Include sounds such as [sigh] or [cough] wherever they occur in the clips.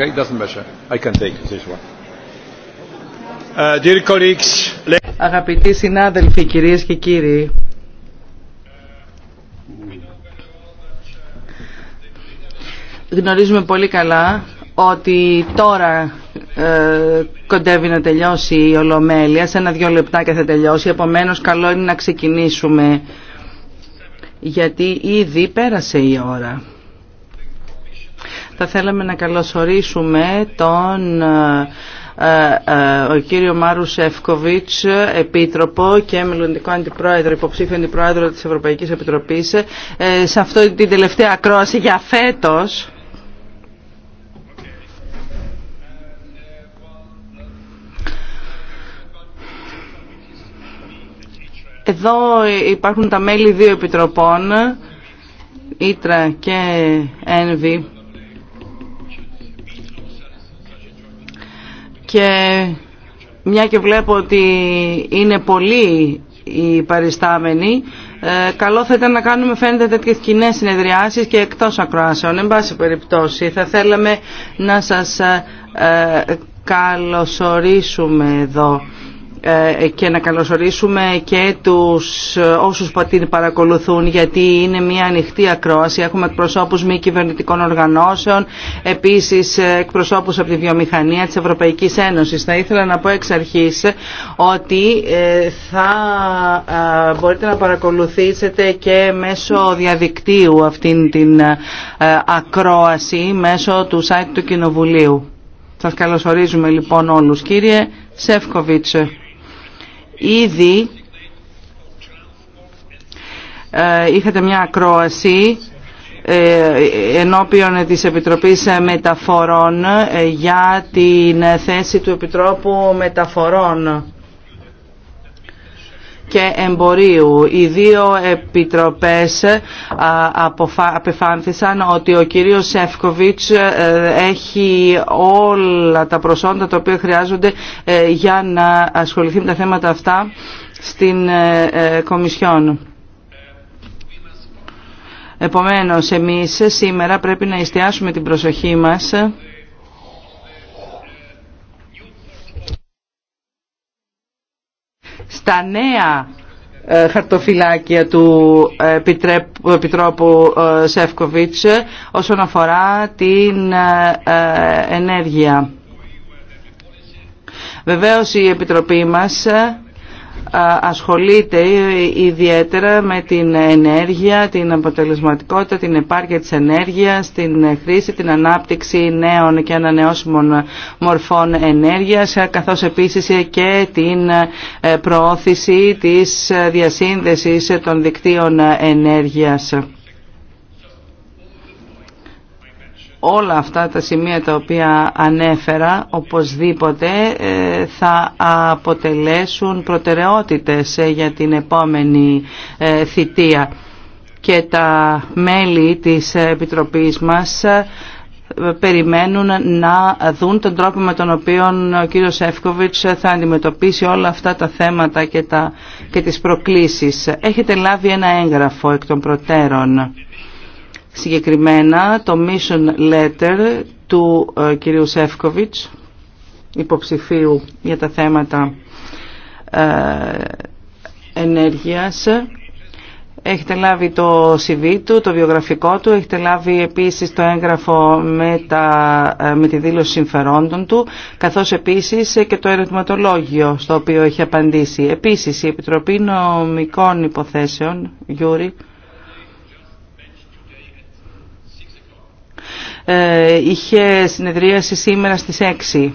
Okay, doesn't matter. I can take this one. Uh, dear colleagues, Αγαπητοί συνάδελφοι, κυρίες και κύριοι, γνωρίζουμε πολύ καλά ότι τώρα ε, κοντεύει να τελειώσει η Ολομέλεια, σε ένα-δυο λεπτά και θα τελειώσει, επομένως καλό είναι να ξεκινήσουμε, γιατί ήδη πέρασε η ώρα. Θα θέλαμε να καλωσορίσουμε τον ε, ε, ε, ο κύριο Μάρου Σεύκοβιτς, Επίτροπο και μελλοντικό αντιπρόεδρο, υποψήφιο αντιπρόεδρο της Ευρωπαϊκής Επιτροπής, σε αυτή την τελευταία ακρόαση για φέτος. Εδώ υπάρχουν τα μέλη δύο επιτροπών, Ήτρα και Ένβη και μια και βλέπω ότι είναι πολύ οι παριστάμενοι, ε, καλό θα ήταν να κάνουμε φαίνεται τέτοιε κοινέ συνεδριάσεις και εκτός ακροάσεων. Εν πάση περιπτώσει θα θέλαμε να σας ε, ε, καλωσορίσουμε εδώ. Ε, και να καλωσορίσουμε και τους ε, όσους την παρακολουθούν γιατί είναι μια ανοιχτή ακρόαση. Έχουμε εκπροσώπους μη κυβερνητικών οργανώσεων, επίσης ε, εκπροσώπους από τη βιομηχανία της Ευρωπαϊκής Ένωσης. Θα ήθελα να πω εξ αρχής ότι θα μπορείτε να παρακολουθήσετε και μέσω διαδικτύου αυτήν την ακρόαση, μέσω του site του Κοινοβουλίου. Σας καλωσορίζουμε λοιπόν όλους. Κύριε Σεύκοβιτς. Ήδη ε, είχατε μια ακρόαση ε, ενώπιον της Επιτροπής Μεταφορών ε, για την θέση του Επιτρόπου Μεταφορών και Εμπορίου. Οι δύο επιτροπές απεφάνθησαν ότι ο κύριος Σεύκοβιτς ε, έχει όλα τα προσόντα τα οποία χρειάζονται ε, για να ασχοληθεί με τα θέματα αυτά στην ε, Κομισιόν. Επομένως, εμείς σήμερα πρέπει να εστιάσουμε την προσοχή μας στα νέα ε, χαρτοφυλάκια του ε, Επιτρόπου ε, Σεύκοβιτς όσον αφορά την ενέργεια. Βεβαίως η Επιτροπή μας ασχολείται ιδιαίτερα με την ενέργεια, την αποτελεσματικότητα, την επάρκεια της ενέργειας, την χρήση, την ανάπτυξη νέων και ανανεώσιμων μορφών ενέργειας, καθώς επίσης και την ε, προώθηση της διασύνδεσης των δικτύων ενέργειας. όλα αυτά τα σημεία τα οποία ανέφερα οπωσδήποτε ε, θα αποτελέσουν προτεραιότητες ε, για την επόμενη ε, θητεία και τα μέλη της Επιτροπής μας περιμένουν να δουν τον τρόπο με τον οποίο ο κύριος Εύκοβιτς θα αντιμετωπίσει όλα αυτά τα θέματα και, τα, και τις προκλήσεις. Έχετε λάβει ένα έγγραφο εκ των προτέρων συγκεκριμένα το mission letter του ε, κυρίου Σεύκοβιτς, υποψηφίου για τα θέματα ε, ενέργειας. Έχετε λάβει το CV του, το βιογραφικό του, έχετε λάβει επίσης το έγγραφο με, τα, ε, με τη δήλωση συμφερόντων του, καθώς επίσης και το ερωτηματολόγιο στο οποίο έχει απαντήσει. Επίσης η Επιτροπή Νομικών Υποθέσεων, Γιούρι, Ε, είχε συνεδρίαση σήμερα στις 6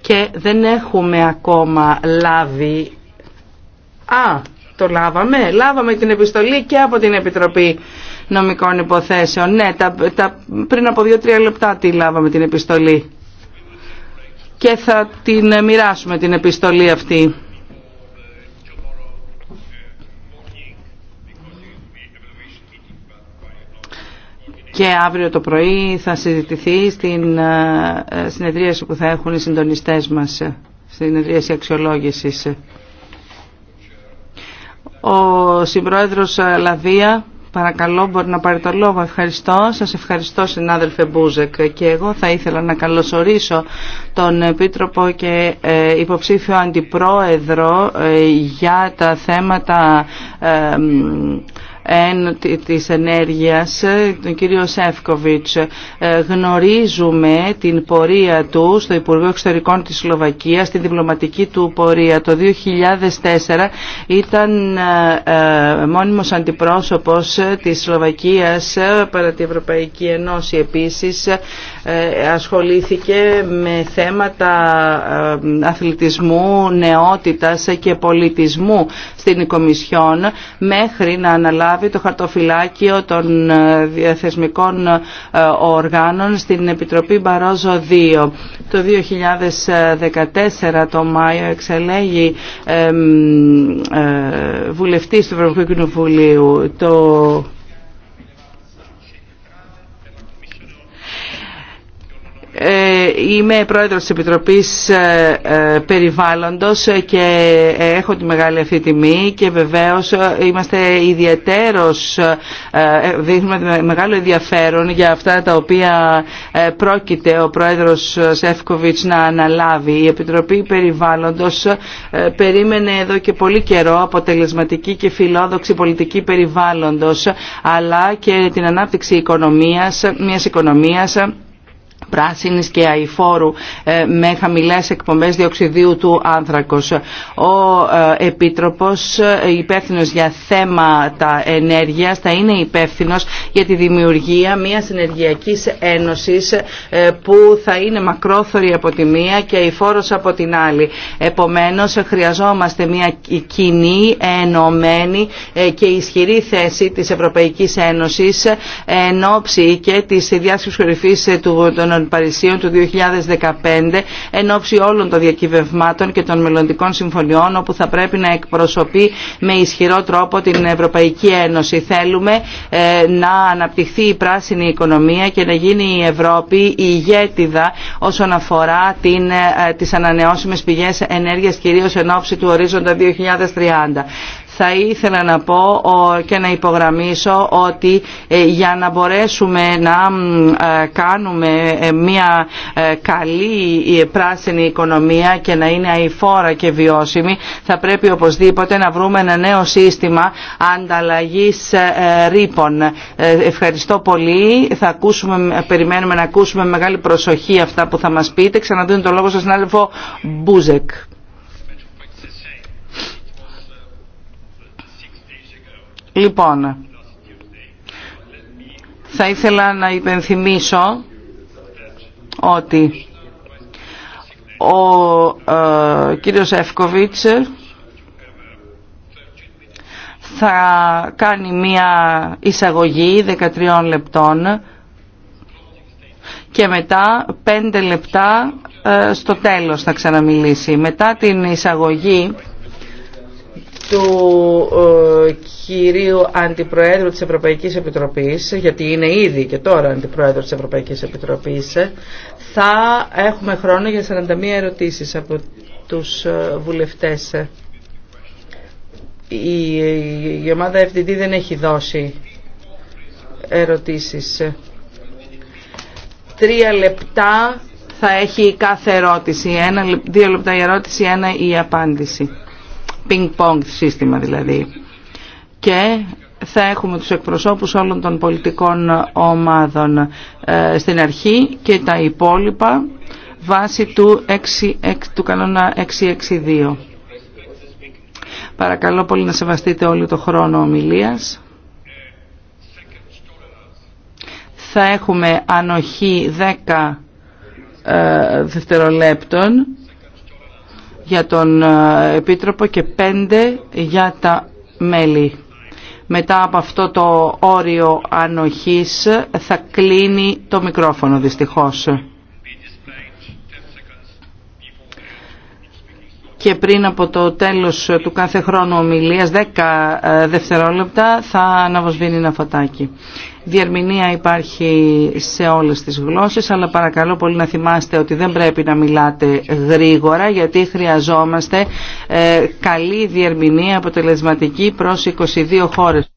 και δεν έχουμε ακόμα λάβει... Α, το λάβαμε. Λάβαμε την επιστολή και από την Επιτροπή Νομικών Υποθέσεων. Ναι, τα, τα, πριν από 2-3 λεπτά τη λάβαμε την επιστολή. Και θα την μοιράσουμε την επιστολή αυτή. και αύριο το πρωί θα συζητηθεί στην ε, συνεδρίαση που θα έχουν οι συντονιστές μας, ε, συνεδρίαση αξιολόγησης. Ο συμπρόεδρος Λαδία, παρακαλώ, μπορεί να πάρει το λόγο. Ευχαριστώ. Σας ευχαριστώ, συνάδελφε Μπούζεκ. Και εγώ θα ήθελα να καλωσορίσω τον Επίτροπο και ε, υποψήφιο Αντιπρόεδρο για τα θέματα της ενέργειας, ε, τον κύριο Σεύκοβιτς. Ε, γνωρίζουμε την πορεία του στο Υπουργείο Εξωτερικών της Σλοβακίας, την διπλωματική του πορεία. Το 2004 ήταν ε, μόνιμος αντιπρόσωπος της Σλοβακίας παρά την Ευρωπαϊκή Ενώση επίσης ε, ασχολήθηκε με θέματα ε, αθλητισμού, νεότητας και πολιτισμού στην Κομισιόν μέχρι να αναλάβει το χαρτοφυλάκιο των ε, διαθεσμικών οργάνων στην Επιτροπή Μπαρόζο 2. Το 2014 το Μάιο εξελέγει βουλευτής του Ευρωπαϊκού Κοινοβουλίου Ε, είμαι πρόεδρος της Επιτροπής ε, ε, Περιβάλλοντος και έχω τη μεγάλη αυτή τιμή και βεβαίως είμαστε ιδιαίτερος, δείχνουμε μεγάλο ενδιαφέρον για αυτά τα οποία πρόκειται ο πρόεδρος Σεφκοβιτς να αναλάβει. Η Επιτροπή Περιβάλλοντος περίμενε εδώ και πολύ καιρό αποτελεσματική και φιλόδοξη πολιτική περιβάλλοντος αλλά και την ανάπτυξη οικονομίας, μιας οικονομίας πράσινης και αηφόρου ε, με χαμηλές εκπομπές διοξιδίου του άνθρακος. Ο ε, Επίτροπος ε, υπεύθυνος για θέματα ενέργειας θα είναι υπεύθυνος για τη δημιουργία μιας ενεργειακής ένωσης που θα είναι μακρόθωρη από τη μία και αηφόρος από την άλλη. Επομένως χρειαζόμαστε μια κοινή, ενωμένη και ισχυρή θέση της Ευρωπαϊκής Ένωσης εν και της διάσκεψης κορυφής των των Παρισίων του 2015 εν ώψη όλων των διακυβευμάτων και των μελλοντικών συμφωνιών όπου θα πρέπει να εκπροσωπεί με ισχυρό τρόπο την Ευρωπαϊκή Ένωση. Θέλουμε ε, να αναπτυχθεί η πράσινη οικονομία και να γίνει η Ευρώπη η ηγέτιδα όσον αφορά την, ε, τις ανανεώσιμες πηγές ενέργειας κυρίως εν ώψη του ορίζοντα 2030 θα ήθελα να πω και να υπογραμμίσω ότι ε, για να μπορέσουμε να ε, κάνουμε ε, μια καλή πράσινη οικονομία και να είναι αηφόρα και βιώσιμη θα πρέπει οπωσδήποτε να βρούμε ένα νέο σύστημα ανταλλαγής ρήπων. Ευχαριστώ πολύ. Θα ακούσουμε, περιμένουμε να ακούσουμε μεγάλη προσοχή αυτά που θα μας πείτε. Ξαναδίνω το λόγο στον συνάδελφο Μπούζεκ. Λοιπόν, θα ήθελα να υπενθυμίσω ότι ο ε, κύριος Εύκοβιτς θα κάνει μία εισαγωγή 13 λεπτών και μετά 5 λεπτά ε, στο τέλος θα ξαναμιλήσει. Μετά την εισαγωγή του ε, κυρίου Αντιπροέδρου της Ευρωπαϊκής Επιτροπής, γιατί είναι ήδη και τώρα Αντιπροέδρου της Ευρωπαϊκής Επιτροπής, θα έχουμε χρόνο για 41 ερωτήσεις από τους ε, βουλευτές. Η, ομάδα FDD δεν έχει δώσει ερωτήσεις. Τρία λεπτά θα έχει κάθε ερώτηση. Ένα, δύο λεπτά η ερώτηση, ένα η απάντηση ping-pong σύστημα δηλαδή. Και θα έχουμε τους εκπροσώπους όλων των πολιτικών ομάδων ε, στην αρχή και τα υπόλοιπα βάσει του, 6, του κανόνα 662. Παρακαλώ πολύ να σεβαστείτε όλο το χρόνο ομιλίας. Θα έχουμε ανοχή 10 ε, δευτερολέπτων για τον ε, Επίτροπο και 5 για τα μέλη. Μετά από αυτό το όριο ανοχής θα κλείνει το μικρόφωνο δυστυχώς. και πριν από το τέλος του κάθε χρόνου ομιλίας, 10 ε, δευτερόλεπτα, θα αναβοσβήνει ένα φωτάκι. Διερμηνία υπάρχει σε όλες τις γλώσσες, αλλά παρακαλώ πολύ να θυμάστε ότι δεν πρέπει να μιλάτε γρήγορα, γιατί χρειαζόμαστε ε, καλή διερμηνία αποτελεσματική προς 22 χώρες.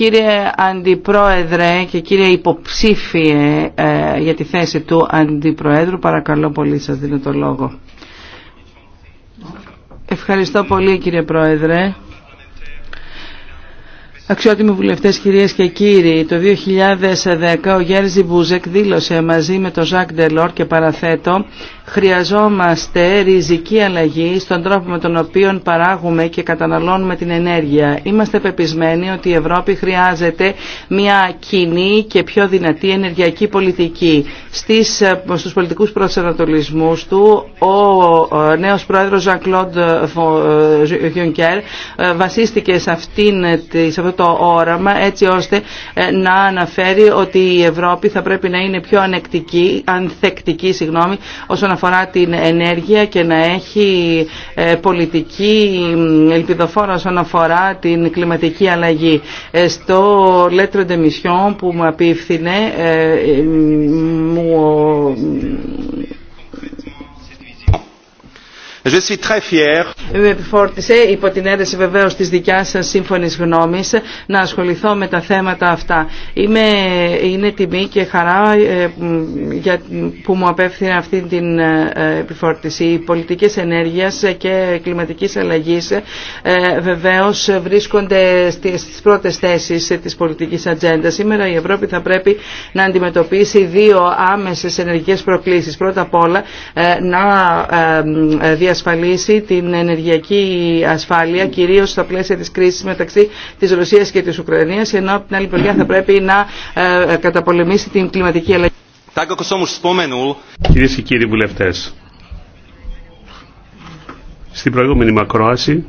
Κύριε Αντιπρόεδρε και κύριε υποψήφιε ε, για τη θέση του Αντιπροέδρου, παρακαλώ πολύ σας δίνω το λόγο. Ευχαριστώ πολύ κύριε Πρόεδρε. Αξιότιμοι βουλευτές κυρίες και κύριοι, το 2010 ο Γέρζι Μπούζεκ δήλωσε μαζί με τον Ζακ Ντελόρ και παραθέτω χρειαζόμαστε ριζική αλλαγή στον τρόπο με τον οποίο παράγουμε και καταναλώνουμε την ενέργεια. Είμαστε πεπισμένοι ότι η Ευρώπη χρειάζεται μια κοινή και πιο δυνατή ενεργειακή πολιτική. Στις, ε, στους πολιτικούς προσανατολισμούς του, ο ε, νέος πρόεδρος Jean-Claude ε, βασίστηκε σε, αυτήν, σε αυτό το όραμα έτσι ώστε να αναφέρει ότι η Ευρώπη θα πρέπει να είναι πιο ανεκτική, ανθεκτική όσον αφορά την ενέργεια και να έχει ε, πολιτική ελπιδοφόρα όσον αφορά την κλιματική αλλαγή. Ε, στο Lettre de που μου απίφθινε ε, μου Je suis très fier. Επιφόρτησε υπό την ένταση βεβαίω τη δικιά σα σύμφωνη γνώμη να ασχοληθώ με τα θέματα αυτά. Είμαι, είναι τιμή και χαρά ε, για, που μου απέφθηνε αυτή την ε, επιφόρτιση. Οι πολιτικέ ενέργεια και κλιματική αλλαγή ε, βεβαίω βρίσκονται στι πρώτε θέσει τη πολιτική ατζέντα. Σήμερα η Ευρώπη θα πρέπει να αντιμετωπίσει δύο άμεσε ενεργέ προκλήσει. Πρώτα απ' όλα ε, να ε, διασφαλίσει την ενεργειακή ασφάλεια, κυρίω στα πλαίσια τη κρίση μεταξύ τη Ρωσία και τη Ουκρανίας, ενώ από την άλλη πλευρά θα πρέπει να ε, ε, καταπολεμήσει την κλιματική αλλαγή. Κυρίε και κύριοι βουλευτέ. στην προηγούμενη μακρόαση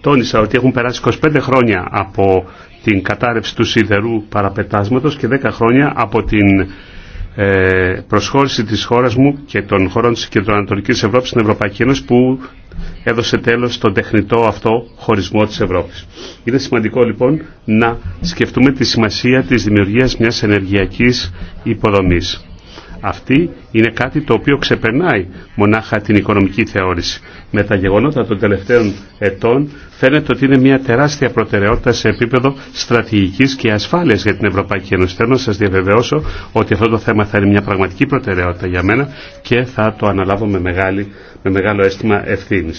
τόνισα ότι έχουν περάσει 25 χρόνια από την κατάρρευση του σιδερού παραπετάσματος και 10 χρόνια από την ε, προσχώρηση της χώρας μου και των χωρών της Κεντροανατολικής Ευρώπης στην Ευρωπαϊκή Ένωση που έδωσε τέλος στον τεχνητό αυτό χωρισμό της Ευρώπης. Είναι σημαντικό λοιπόν να σκεφτούμε τη σημασία της δημιουργίας μιας ενεργειακής υποδομής αυτή είναι κάτι το οποίο ξεπερνάει μονάχα την οικονομική θεώρηση. Με τα γεγονότα των τελευταίων ετών φαίνεται ότι είναι μια τεράστια προτεραιότητα σε επίπεδο στρατηγική και ασφάλεια για την Ευρωπαϊκή Ένωση. Θέλω να σα διαβεβαιώσω ότι αυτό το θέμα θα είναι μια πραγματική προτεραιότητα για μένα και θα το αναλάβω με, μεγάλη, με μεγάλο αίσθημα ευθύνη.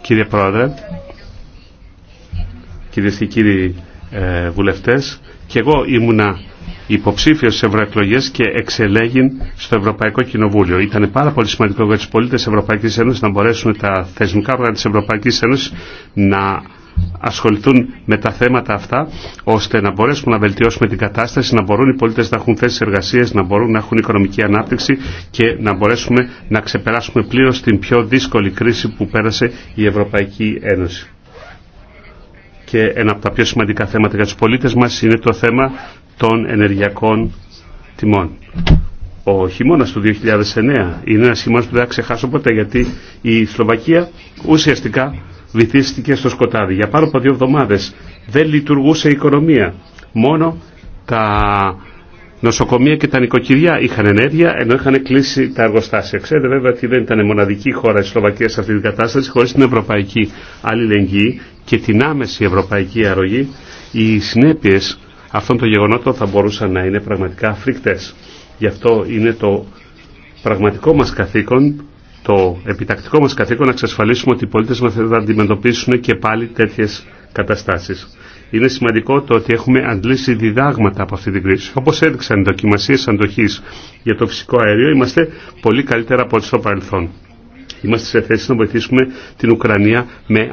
Κύριε Πρόεδρε, κυρίες και κύριοι ε, βουλευτές, και εγώ ήμουνα Υποψήφιο σε ευρωεκλογέ και εξελέγει στο Ευρωπαϊκό Κοινοβούλιο. Ήταν πάρα πολύ σημαντικό για του πολίτε τη Ευρωπαϊκή Ένωση να μπορέσουν τα θεσμικά όργανα τη Ευρωπαϊκή Ένωση να ασχοληθούν με τα θέματα αυτά, ώστε να μπορέσουμε να βελτιώσουμε την κατάσταση, να μπορούν οι πολίτες να έχουν θέσει εργασίες, να μπορούν να έχουν οικονομική ανάπτυξη και να μπορέσουμε να ξεπεράσουμε πλήρως την πιο δύσκολη κρίση που πέρασε η Ευρωπαϊκή Ένωση. Και ένα από τα πιο σημαντικά θέματα για τους πολίτες μας είναι το θέμα των ενεργειακών τιμών. Ο χειμώνα του 2009 είναι ένα χειμώνα που δεν θα ξεχάσω ποτέ γιατί η Σλοβακία ουσιαστικά βυθίστηκε στο σκοτάδι. Για πάνω από δύο εβδομάδε δεν λειτουργούσε η οικονομία. Μόνο τα νοσοκομεία και τα νοικοκυριά είχαν ενέργεια ενώ είχαν κλείσει τα εργοστάσια. Ξέρετε βέβαια ότι δεν ήταν μοναδική χώρα η Σλοβακία σε αυτή την κατάσταση χωρί την ευρωπαϊκή αλληλεγγύη και την άμεση ευρωπαϊκή αρρωγή. Οι συνέπειε αυτών των γεγονότων θα μπορούσαν να είναι πραγματικά φρικτές. Γι' αυτό είναι το πραγματικό μας καθήκον, το επιτακτικό μας καθήκον να εξασφαλίσουμε ότι οι πολίτες μας θα αντιμετωπίσουν και πάλι τέτοιες καταστάσεις. Είναι σημαντικό το ότι έχουμε αντλήσει διδάγματα από αυτή την κρίση. Όπως έδειξαν οι δοκιμασίε αντοχής για το φυσικό αέριο, είμαστε πολύ καλύτερα από ό,τι στο παρελθόν είμαστε σε θέση να βοηθήσουμε την Ουκρανία με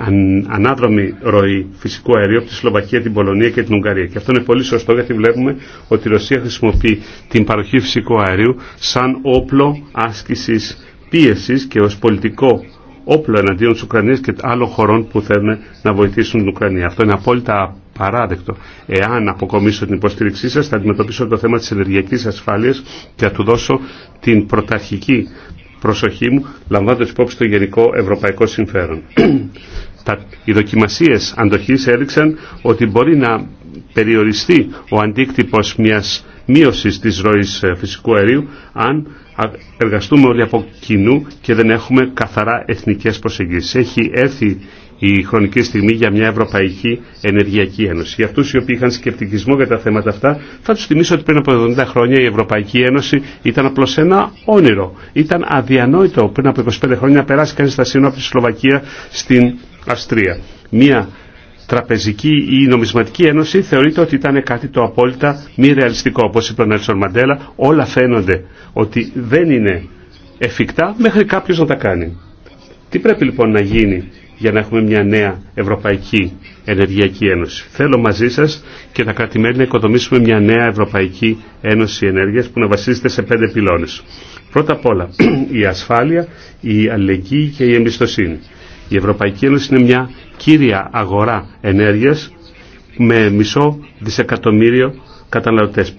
ανάδρομη ροή φυσικού αερίου από τη Σλοβακία, την Πολωνία και την Ουγγαρία. Και αυτό είναι πολύ σωστό γιατί βλέπουμε ότι η Ρωσία χρησιμοποιεί την παροχή φυσικού αερίου σαν όπλο άσκηση πίεση και ω πολιτικό όπλο εναντίον τη Ουκρανία και άλλων χωρών που θέλουν να βοηθήσουν την Ουκρανία. Αυτό είναι απόλυτα παράδεκτο. Εάν αποκομίσω την υποστήριξή σα, θα αντιμετωπίσω το θέμα τη ενεργειακή ασφάλεια και θα του δώσω την πρωταρχική προσοχή μου, λαμβάνοντας υπόψη το γενικό ευρωπαϊκό συμφέρον. [clears throat] Οι δοκιμασίες αντοχής έδειξαν ότι μπορεί να περιοριστεί ο αντίκτυπος μιας μείωσης της ροής ε, φυσικού αερίου αν εργαστούμε όλοι από κοινού και δεν έχουμε καθαρά εθνικές προσεγγίσεις. Έχει έρθει η χρονική στιγμή για μια Ευρωπαϊκή Ενεργειακή Ένωση. Για αυτού οι οποίοι είχαν σκεπτικισμό για τα θέματα αυτά, θα του θυμίσω ότι πριν από 70 χρόνια η Ευρωπαϊκή Ένωση ήταν απλώ ένα όνειρο. Ήταν αδιανόητο πριν από 25 χρόνια να περάσει κανεί τα σύνορα από τη Σλοβακία στην Αυστρία. Μια τραπεζική ή νομισματική ένωση θεωρείται ότι ήταν κάτι το απόλυτα μη ρεαλιστικό. Όπω είπε ο Νέλσον Μαντέλα, όλα φαίνονται ότι δεν είναι εφικτά μέχρι κάποιο να τα κάνει. Τι πρέπει λοιπόν να γίνει για να έχουμε μια νέα Ευρωπαϊκή Ενεργειακή Ένωση. Θέλω μαζί σας και τα κρατη να οικοδομήσουμε μια νέα Ευρωπαϊκή Ένωση Ενέργειας που να βασίζεται σε πέντε πυλώνες. Πρώτα απ' όλα [clears throat] η ασφάλεια, η αλληλεγγύη και η εμπιστοσύνη. Η Ευρωπαϊκή Ένωση είναι μια κύρια αγορά ενέργειας με μισό δισεκατομμύριο καταναλωτές.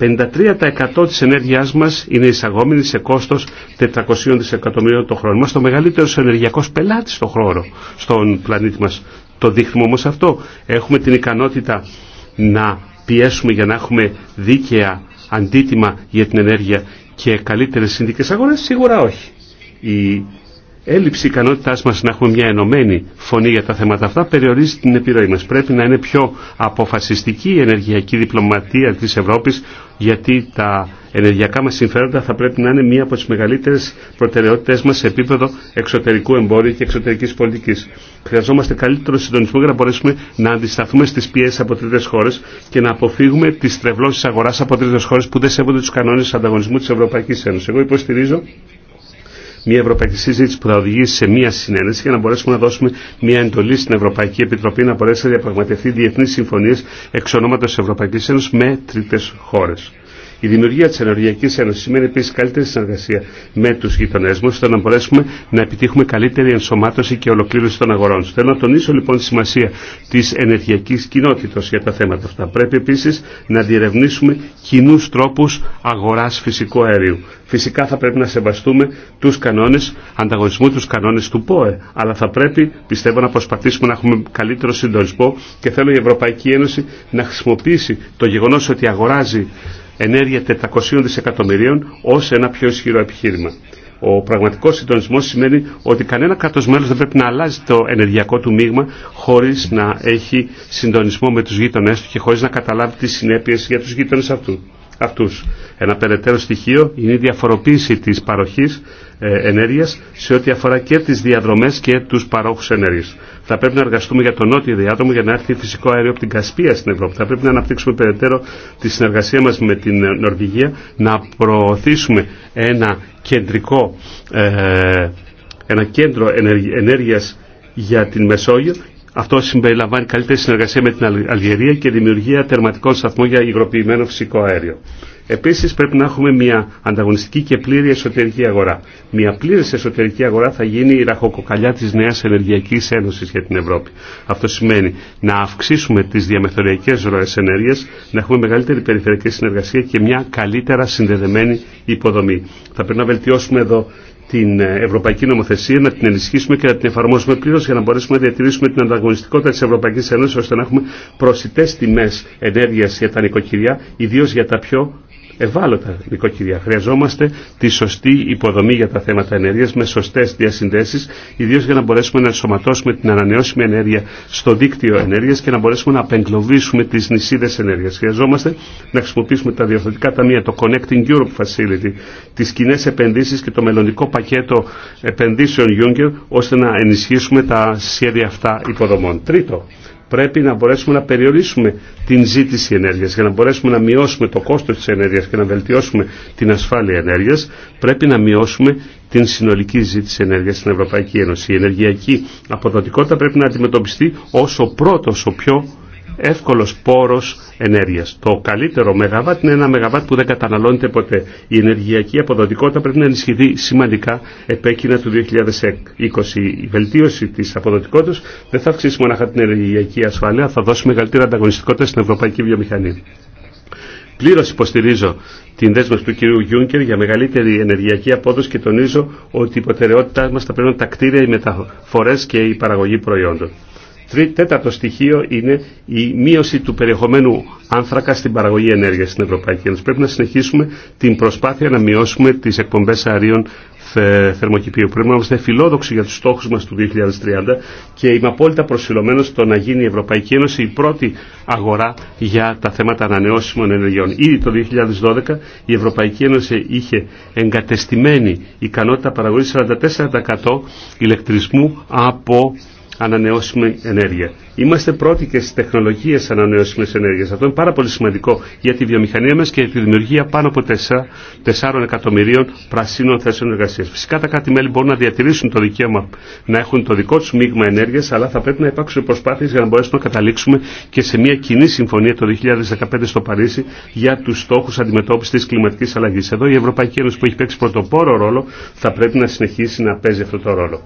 53% της ενέργειάς μας είναι εισαγόμενη σε κόστος 400 δισεκατομμυρίων το χρόνο. Είμαστε ο μεγαλύτερος ενεργειακός πελάτης στον χρόνο, στον πλανήτη μας. Το δείχνουμε όμως αυτό. Έχουμε την ικανότητα να πιέσουμε για να έχουμε δίκαια αντίτιμα για την ενέργεια και καλύτερες συνδικές αγορές. Σίγουρα όχι. Η έλλειψη ικανότητά μα να έχουμε μια ενωμένη φωνή για τα θέματα αυτά περιορίζει την επιρροή μα. Πρέπει να είναι πιο αποφασιστική η ενεργειακή διπλωματία τη Ευρώπη, γιατί τα ενεργειακά μα συμφέροντα θα πρέπει να είναι μία από τι μεγαλύτερε προτεραιότητέ μα σε επίπεδο εξωτερικού εμπόριου και εξωτερική πολιτική. Χρειαζόμαστε καλύτερο συντονισμό για να μπορέσουμε να αντισταθούμε στι πιέσει από τρίτε χώρε και να αποφύγουμε τι τρευλώσει αγορά από τρίτε χώρε που δεν σέβονται του κανόνε ανταγωνισμού τη Ευρωπαϊκή Ένωση. Εγώ υποστηρίζω μια ευρωπαϊκή συζήτηση που θα οδηγήσει σε μια συνένεση για να μπορέσουμε να δώσουμε μια εντολή στην Ευρωπαϊκή Επιτροπή να μπορέσει να διαπραγματευτεί διεθνεί συμφωνίε εξ ονόματο Ευρωπαϊκή Ένωση με τρίτε χώρε. Η δημιουργία τη Ενεργειακή Ένωση σημαίνει επίση καλύτερη συνεργασία με του γειτονέ μα, ώστε να μπορέσουμε να επιτύχουμε καλύτερη ενσωμάτωση και ολοκλήρωση των αγορών Θέλω να τονίσω λοιπόν τη σημασία τη ενεργειακή κοινότητα για τα θέματα αυτά. Πρέπει επίση να διερευνήσουμε κοινού τρόπου αγορά φυσικού αερίου. Φυσικά θα πρέπει να σεβαστούμε του κανόνε ανταγωνισμού, του κανόνε του ΠΟΕ, αλλά θα πρέπει πιστεύω να προσπαθήσουμε να έχουμε καλύτερο συντονισμό και θέλω η Ευρωπαϊκή Ένωση να χρησιμοποιήσει το γεγονό ότι αγοράζει ενέργεια 400 δισεκατομμυρίων ως ένα πιο ισχυρό επιχείρημα. Ο πραγματικός συντονισμός σημαίνει ότι κανένα κράτος μέλος δεν πρέπει να αλλάζει το ενεργειακό του μείγμα χωρίς να έχει συντονισμό με τους γείτονές του και χωρίς να καταλάβει τις συνέπειες για τους γείτονες αυτού αυτούς. Ένα περαιτέρω στοιχείο είναι η διαφοροποίηση της παροχής ε, ενέργειας σε ό,τι αφορά και τις διαδρομές και τους παρόχους ενέργειας. Θα πρέπει να εργαστούμε για τον νότιο διάδρομο για να έρθει φυσικό αέριο από την Κασπία στην Ευρώπη. Θα πρέπει να αναπτύξουμε περαιτέρω τη συνεργασία μας με την ε, Νορβηγία, να προωθήσουμε ένα κεντρικό ε, ένα κέντρο ενέργειας για την Μεσόγειο αυτό συμπεριλαμβάνει καλύτερη συνεργασία με την Αλγερία και δημιουργία τερματικών σταθμών για υγροποιημένο φυσικό αέριο. Επίση, πρέπει να έχουμε μια ανταγωνιστική και πλήρη εσωτερική αγορά. Μια πλήρη εσωτερική αγορά θα γίνει η ραχοκοκαλιά τη νέα Ενεργειακή Ένωση για την Ευρώπη. Αυτό σημαίνει να αυξήσουμε τι διαμεθοριακέ ροέ ενέργεια, να έχουμε μεγαλύτερη περιφερειακή συνεργασία και μια καλύτερα συνδεδεμένη υποδομή. Θα πρέπει να βελτιώσουμε εδώ την ε, ευρωπαϊκή νομοθεσία, να την ενισχύσουμε και να την εφαρμόσουμε πλήρω για να μπορέσουμε να διατηρήσουμε την ανταγωνιστικότητα τη Ευρωπαϊκή Ένωση ώστε να έχουμε προσιτέ τιμέ ενέργεια για τα νοικοκυριά, ιδίω για τα πιο ευάλωτα νοικοκυριά. Χρειαζόμαστε τη σωστή υποδομή για τα θέματα ενέργεια με σωστέ διασυνδέσει, ιδίω για να μπορέσουμε να ενσωματώσουμε την ανανεώσιμη ενέργεια στο δίκτυο ενέργεια και να μπορέσουμε να απεγκλωβίσουμε τι νησίδε ενέργεια. Χρειαζόμαστε να χρησιμοποιήσουμε τα διορθωτικά ταμεία, το Connecting Europe Facility, τι κοινέ επενδύσει και το μελλοντικό πακέτο επενδύσεων Juncker, ώστε να ενισχύσουμε τα σχέδια αυτά υποδομών. Τρίτο, πρέπει να μπορέσουμε να περιορίσουμε την ζήτηση ενέργειας για να μπορέσουμε να μειώσουμε το κόστος της ενέργειας και να βελτιώσουμε την ασφάλεια ενέργειας πρέπει να μειώσουμε την συνολική ζήτηση ενέργειας στην Ευρωπαϊκή Ένωση. Η ενεργειακή αποδοτικότητα πρέπει να αντιμετωπιστεί ως ο πρώτος, ο πιο εύκολος πόρος ενέργειας. Το καλύτερο μεγαβάτ είναι ένα μεγαβάτ που δεν καταναλώνεται ποτέ. Η ενεργειακή αποδοτικότητα πρέπει να ενισχυθεί σημαντικά επέκεινα του 2020. Η βελτίωση της αποδοτικότητας δεν θα αυξήσει μονάχα την ενεργειακή ασφάλεια, θα δώσει μεγαλύτερη ανταγωνιστικότητα στην ευρωπαϊκή βιομηχανία. Πλήρως υποστηρίζω την δέσμευση του κυρίου Γιούνκερ για μεγαλύτερη ενεργειακή απόδοση και τονίζω ότι η υποτεραιότητά μας θα πρέπει να τα κτίρια, οι μεταφορές και η παραγωγή προϊόντων τέταρτο στοιχείο είναι η μείωση του περιεχομένου άνθρακα στην παραγωγή ενέργεια στην Ευρωπαϊκή Ένωση. Πρέπει να συνεχίσουμε την προσπάθεια να μειώσουμε τι εκπομπέ αερίων θερμοκηπίου. Πρέπει να είμαστε φιλόδοξοι για του στόχου μα του 2030 και είμαι απόλυτα προσιλωμένο στο να γίνει η Ευρωπαϊκή Ένωση η πρώτη αγορά για τα θέματα ανανεώσιμων ενεργειών. Ήδη το 2012 η Ευρωπαϊκή Ένωση είχε εγκατεστημένη ικανότητα παραγωγή 44% ηλεκτρισμού από ανανεώσιμη ενέργεια. Είμαστε πρώτοι και στι τεχνολογίε ανανεώσιμη ενέργεια. Αυτό είναι πάρα πολύ σημαντικό για τη βιομηχανία μα και για τη δημιουργία πάνω από 4, 4 εκατομμυρίων πρασίνων θέσεων εργασία. Φυσικά τα κράτη-μέλη μπορούν να διατηρήσουν το δικαίωμα να έχουν το δικό του μείγμα ενέργεια, αλλά θα πρέπει να υπάρξουν προσπάθειε για να μπορέσουμε να καταλήξουμε και σε μια κοινή συμφωνία το 2015 στο Παρίσι για του στόχου αντιμετώπιση τη κλιματική αλλαγή. Εδώ η Ευρωπαϊκή Ένωση που έχει παίξει πρωτοπόρο ρόλο θα πρέπει να συνεχίσει να παίζει αυτό το ρόλο.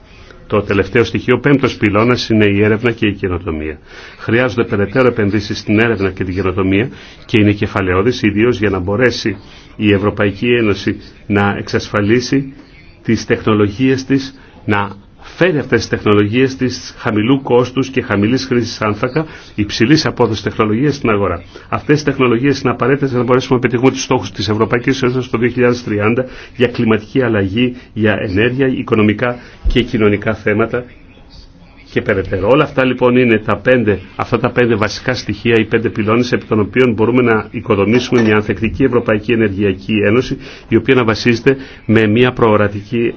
Το τελευταίο στοιχείο, πέμπτο πυλώνα, είναι η έρευνα και η καινοτομία. Χρειάζονται περαιτέρω επενδύσει στην έρευνα και την καινοτομία και είναι κεφαλαιώδη, ιδίω για να μπορέσει η Ευρωπαϊκή Ένωση να εξασφαλίσει τι τεχνολογίε τη να φέρει αυτές τις τεχνολογίες της χαμηλού κόστους και χαμηλής χρήσης άνθρακα, υψηλής απόδοση τεχνολογίας στην αγορά. Αυτές οι τεχνολογίες είναι απαραίτητες για να μπορέσουμε να πετύχουμε τους στόχους της Ευρωπαϊκής Ένωσης το 2030 για κλιματική αλλαγή, για ενέργεια, οικονομικά και κοινωνικά θέματα και περαιτέρω. Όλα αυτά λοιπόν είναι τα πέντε, αυτά τα πέντε βασικά στοιχεία, οι πέντε πυλώνες επί των οποίων μπορούμε να οικοδομήσουμε μια ανθεκτική Ευρωπαϊκή Ενεργειακή Ένωση η οποία να βασίζεται με μια προορατική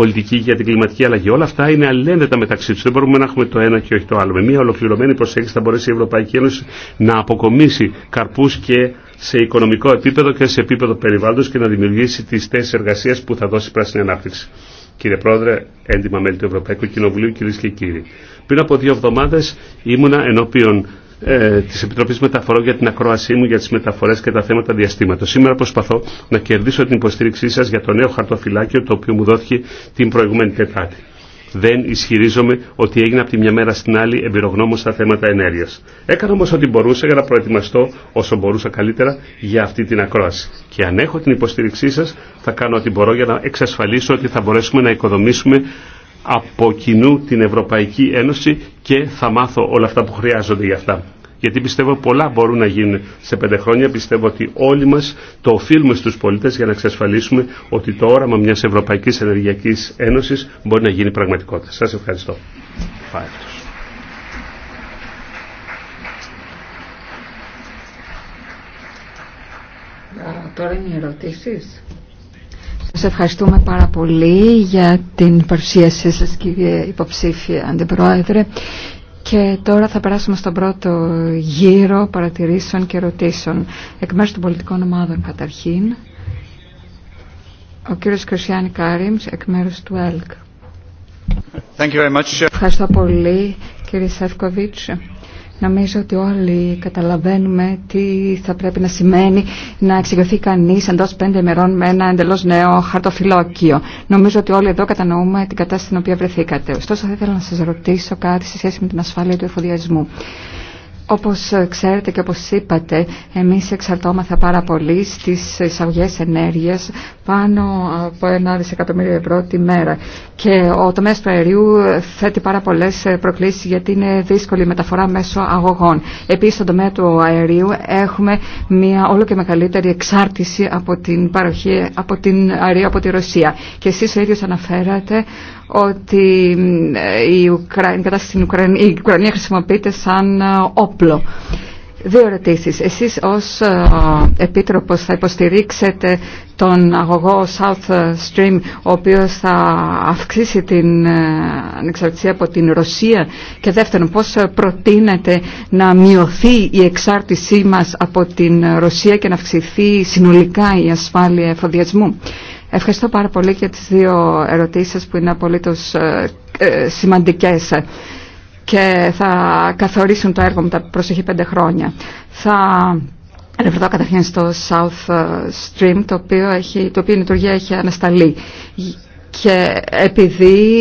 πολιτική για την κλιματική αλλαγή. Όλα αυτά είναι αλληλένδετα μεταξύ του. Δεν μπορούμε να έχουμε το ένα και όχι το άλλο. Με μια ολοκληρωμένη προσέγγιση θα μπορέσει η Ευρωπαϊκή Ένωση να αποκομίσει καρπού και σε οικονομικό επίπεδο και σε επίπεδο περιβάλλοντο και να δημιουργήσει τι θέσει εργασία που θα δώσει πράσινη ανάπτυξη. Κύριε Πρόεδρε, έντιμα μέλη του Ευρωπαϊκού Κοινοβουλίου, κυρίε και κύριοι. Πριν από δύο εβδομάδε ήμουνα ενώπιον ε, τη Επιτροπή Μεταφορών για την ακρόασή μου για τι μεταφορέ και τα θέματα διαστήματο. Σήμερα προσπαθώ να κερδίσω την υποστήριξή σα για το νέο χαρτοφυλάκιο το οποίο μου δόθηκε την προηγούμενη Τετάρτη. Δεν ισχυρίζομαι ότι έγινα από τη μια μέρα στην άλλη εμπειρογνώμο στα θέματα ενέργεια. Έκανα όμω ό,τι μπορούσα για να προετοιμαστώ όσο μπορούσα καλύτερα για αυτή την ακρόαση. Και αν έχω την υποστήριξή σα, θα κάνω ό,τι μπορώ για να εξασφαλίσω ότι θα μπορέσουμε να οικοδομήσουμε από κοινού την Ευρωπαϊκή Ένωση και θα μάθω όλα αυτά που χρειάζονται για αυτά. Γιατί πιστεύω πολλά μπορούν να γίνουν σε πέντε χρόνια. Πιστεύω ότι όλοι μας το οφείλουμε στους πολίτες για να εξασφαλίσουμε ότι το όραμα μιας Ευρωπαϊκής Ενεργειακής Ένωσης μπορεί να γίνει πραγματικότητα. Σας ευχαριστώ. Τώρα είναι ερωτήσεις. Σας ευχαριστούμε πάρα πολύ για την παρουσίασή σας κύριε υποψήφια αντιπρόεδρε και τώρα θα περάσουμε στον πρώτο γύρο παρατηρήσεων και ερωτήσεων εκ μέρους των πολιτικών ομάδων καταρχήν. Ο κύριος Κρυσιάννη Κάριμς εκ μέρους του ΕΛΚ. Ευχαριστώ πολύ κύριε Σεύκοβιτς. Νομίζω ότι όλοι καταλαβαίνουμε τι θα πρέπει να σημαίνει να εξηγηθεί κανεί εντό πέντε ημερών με ένα εντελώ νέο χαρτοφυλόκιο. Νομίζω ότι όλοι εδώ κατανοούμε την κατάσταση στην οποία βρεθήκατε. Ωστόσο, θα ήθελα να σα ρωτήσω κάτι σε σχέση με την ασφάλεια του εφοδιασμού. Όπως ε, ξέρετε και όπως είπατε, εμείς εξαρτώμαθα πάρα πολύ στις εισαγωγές ενέργειας πάνω από 1 δισεκατομμύριο ευρώ τη μέρα. Και ο τομέας του αερίου θέτει πάρα πολλές ε, προκλήσεις γιατί είναι δύσκολη η μεταφορά μέσω αγωγών. Επίσης, στον τομέα του αερίου έχουμε μια όλο και μεγαλύτερη εξάρτηση από την παροχή από την αερίου από τη Ρωσία. Και εσείς ο ίδιος αναφέρατε ότι ε, η, στην Ουκρανία, η χρησιμοποιείται σαν ε, όπλο. Δύο ερωτήσεις. Εσείς ως ε, Επίτροπος θα υποστηρίξετε τον αγωγό South Stream ο οποίος θα αυξήσει την ανεξαρτησία από την Ρωσία και δεύτερον πώς προτείνετε να μειωθεί η εξάρτησή μας από την Ρωσία και να αυξηθεί συνολικά η ασφάλεια εφοδιασμού. Ευχαριστώ πάρα πολύ για τις δύο ερωτήσεις που είναι απολύτως ε, ε, σημαντικές και θα καθορίσουν το έργο μου τα προσεχή πέντε χρόνια. Θα αναφερθώ καταρχήν στο South ε, Stream, το οποίο, το οποίο η λειτουργία έχει ανασταλεί. Και επειδή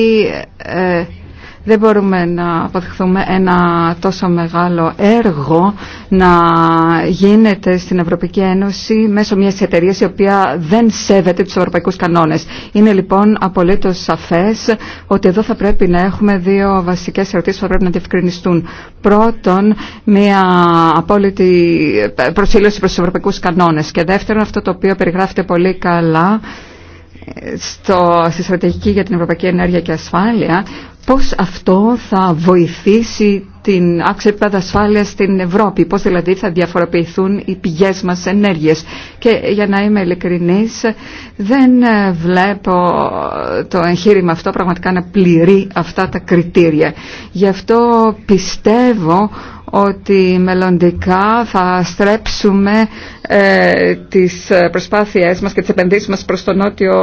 δεν μπορούμε να αποδεχθούμε ένα τόσο μεγάλο έργο να γίνεται στην Ευρωπαϊκή Ένωση μέσω μιας εταιρεία η οποία δεν σέβεται τους ευρωπαϊκούς κανόνες. Είναι λοιπόν απολύτως σαφές ότι εδώ θα πρέπει να έχουμε δύο βασικές ερωτήσεις που θα πρέπει να διευκρινιστούν. Πρώτον, μια απόλυτη προσήλωση προς τους ευρωπαϊκούς κανόνες και δεύτερον αυτό το οποίο περιγράφεται πολύ καλά στο, στη στρατηγική για την Ευρωπαϊκή Ενέργεια και Ασφάλεια πώς αυτό θα βοηθήσει την άξιο επίπεδα ασφάλεια στην Ευρώπη, πώς δηλαδή θα διαφοροποιηθούν οι πηγές μας ενέργειες. Και για να είμαι ειλικρινής, δεν ε, βλέπω το εγχείρημα αυτό πραγματικά να πληρεί αυτά τα κριτήρια. Γι' αυτό πιστεύω ότι μελλοντικά θα στρέψουμε ε, τις προσπάθειές μας και τις επενδύσεις μας προς τον νότιο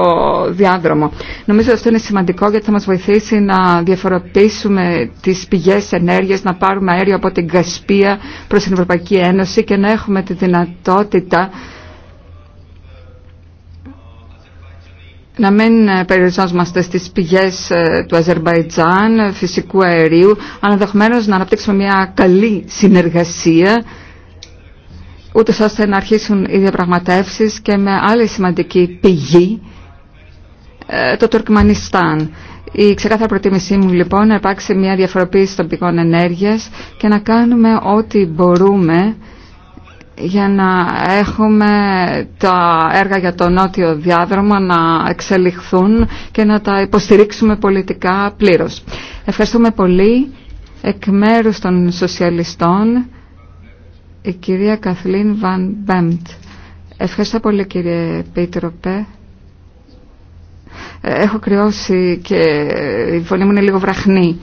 διάδρομο. Νομίζω ότι αυτό είναι σημαντικό γιατί θα μας βοηθήσει να διαφοροποιήσουμε τις πηγές ενέργειας, να πάρουμε αέριο από την Κασπία προς την Ευρωπαϊκή Ένωση και να έχουμε τη δυνατότητα να μην περιοριζόμαστε στις πηγές ε, του Αζερβαϊτζάν, φυσικού αερίου, αλλά να αναπτύξουμε μια καλή συνεργασία, ούτε ώστε να αρχίσουν οι διαπραγματεύσεις και με άλλη σημαντική πηγή, ε, το Τουρκμανιστάν. Η ξεκάθαρη προτίμησή μου λοιπόν να υπάρξει μια διαφοροποίηση των πηγών ενέργειας και να κάνουμε ό,τι μπορούμε για να έχουμε τα έργα για τον νότιο διάδρομο να εξελιχθούν και να τα υποστηρίξουμε πολιτικά πλήρως. Ευχαριστούμε πολύ εκ μέρους των σοσιαλιστών η κυρία Καθλίν Βαν Μπέμπτ. Ευχαριστώ πολύ κύριε Πίτροπε έχω κρυώσει και η φωνή μου είναι λίγο βραχνή.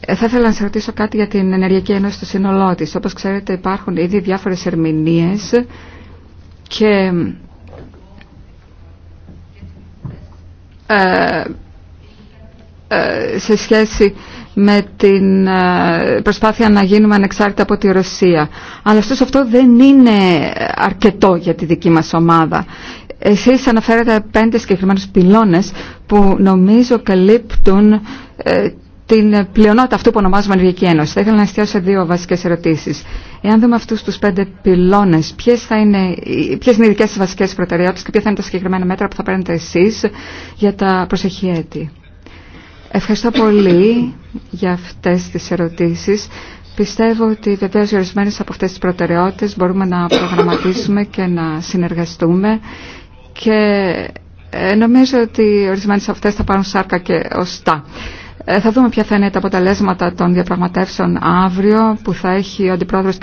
Ε, θα ήθελα να σα ρωτήσω κάτι για την Ενεργειακή Ένωση του σύνολό τη. Όπω ξέρετε, υπάρχουν ήδη διάφορε ερμηνείε και ε, ε, σε σχέση με την προσπάθεια να γίνουμε ανεξάρτητα από τη Ρωσία. Αλλά αυτό δεν είναι αρκετό για τη δική μας ομάδα. Εσείς αναφέρατε πέντε συγκεκριμένους πυλώνες που νομίζω καλύπτουν ε, την πλειονότητα αυτού που ονομάζουμε Ενεργειακή Ένωση. Θα ήθελα να εστιάσω σε δύο βασικές ερωτήσεις. Εάν δούμε αυτούς τους πέντε πυλώνες, ποιες, θα είναι, είναι οι δικές σας βασικές προτεραιότητες και ποια θα είναι τα συγκεκριμένα μέτρα που θα παίρνετε εσείς για τα προσεχή έτη. Ευχαριστώ πολύ για αυτές τις ερωτήσεις. Πιστεύω ότι βεβαίως οι από αυτέ τι προτεραιότητε μπορούμε να προγραμματίσουμε και να συνεργαστούμε και ε, νομίζω ότι ορισμένε αυτές θα πάρουν σάρκα και οστά. Ε, θα δούμε ποια θα είναι τα αποτελέσματα των διαπραγματεύσεων αύριο που θα έχει ο αντιπρόεδρος κ.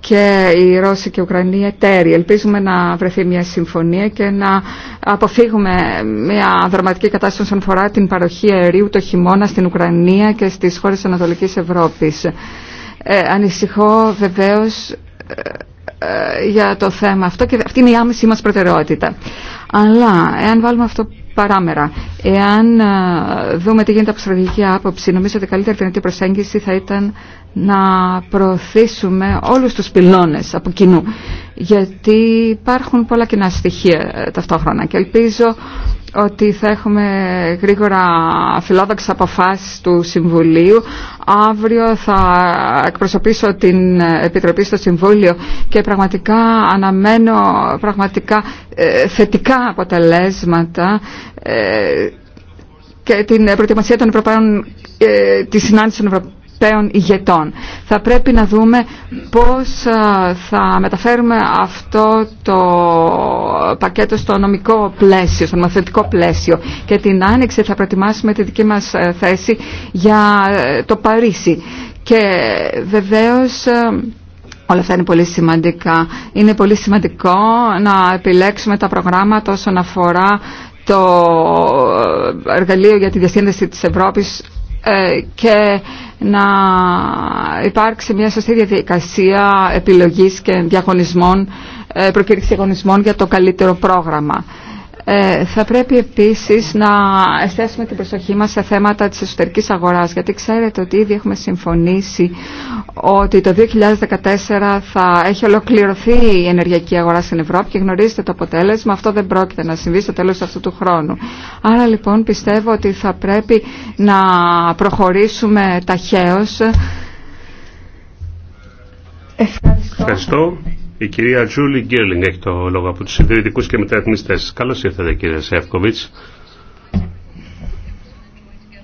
και η Ρώση και η Ουκρανία. εταίροι. Ελπίζουμε να βρεθεί μια συμφωνία και να αποφύγουμε μια δραματική κατάσταση όσον αφορά την παροχή αερίου το χειμώνα στην Ουκρανία και στις χώρες της Ανατολικής Ευρώπης. Ε, ανησυχώ βεβαίως ε, ε, για το θέμα αυτό και αυτή είναι η άμεση μας προτεραιότητα. Αλλά εάν βάλουμε αυτό παράμερα, εάν ε, δούμε τι γίνεται από στρατηγική άποψη, νομίζω ότι η καλύτερη δυνατή προσέγγιση θα ήταν να προωθήσουμε όλους τους πυλώνες από κοινού. Γιατί υπάρχουν πολλά κοινά στοιχεία ε, ταυτόχρονα και ελπίζω ότι θα έχουμε γρήγορα φιλόδοξε αποφάσεις του Συμβουλίου. Αύριο θα εκπροσωπήσω την Επιτροπή στο Συμβούλιο και πραγματικά αναμένω πραγματικά ε, θετικά αποτελέσματα ε, και την προετοιμασία των Ευρωπαίων, ε, τη συνάντησης των Ευρωπαίων ηγετών. Θα πρέπει να δούμε πώς ε, θα μεταφέρουμε αυτό το πακέτο στο νομικό πλαίσιο, στο νομοθετικό πλαίσιο. Και την άνοιξη θα προετοιμάσουμε τη δική μας ε, θέση για ε, το Παρίσι. Και βεβαίως... Όλα αυτά είναι πολύ σημαντικά. Είναι πολύ σημαντικό να επιλέξουμε τα προγράμματα όσον αφορά το εργαλείο για τη διασύνδεση της Ευρώπης και να υπάρξει μια σωστή διαδικασία επιλογής και διαγωνισμών, ε, προκήρυξης διαγωνισμών για το καλύτερο πρόγραμμα. Ε, θα πρέπει επίσης να εστιάσουμε την προσοχή μας σε θέματα της εσωτερικής αγοράς, γιατί ξέρετε ότι ήδη έχουμε συμφωνήσει ότι το 2014 θα έχει ολοκληρωθεί η ενεργειακή αγορά στην Ευρώπη και γνωρίζετε το αποτέλεσμα. Αυτό δεν πρόκειται να συμβεί στο τέλος αυτού του χρόνου. Άρα λοιπόν πιστεύω ότι θα πρέπει να προχωρήσουμε ταχαίως. Ευχαριστώ. Η κυρία Τζούλη Γκέρλινγκ έχει το λόγο από τους συντηρητικούς και μεταρρυθμιστές. Καλώς ήρθατε κύριε Σεύκοβιτς.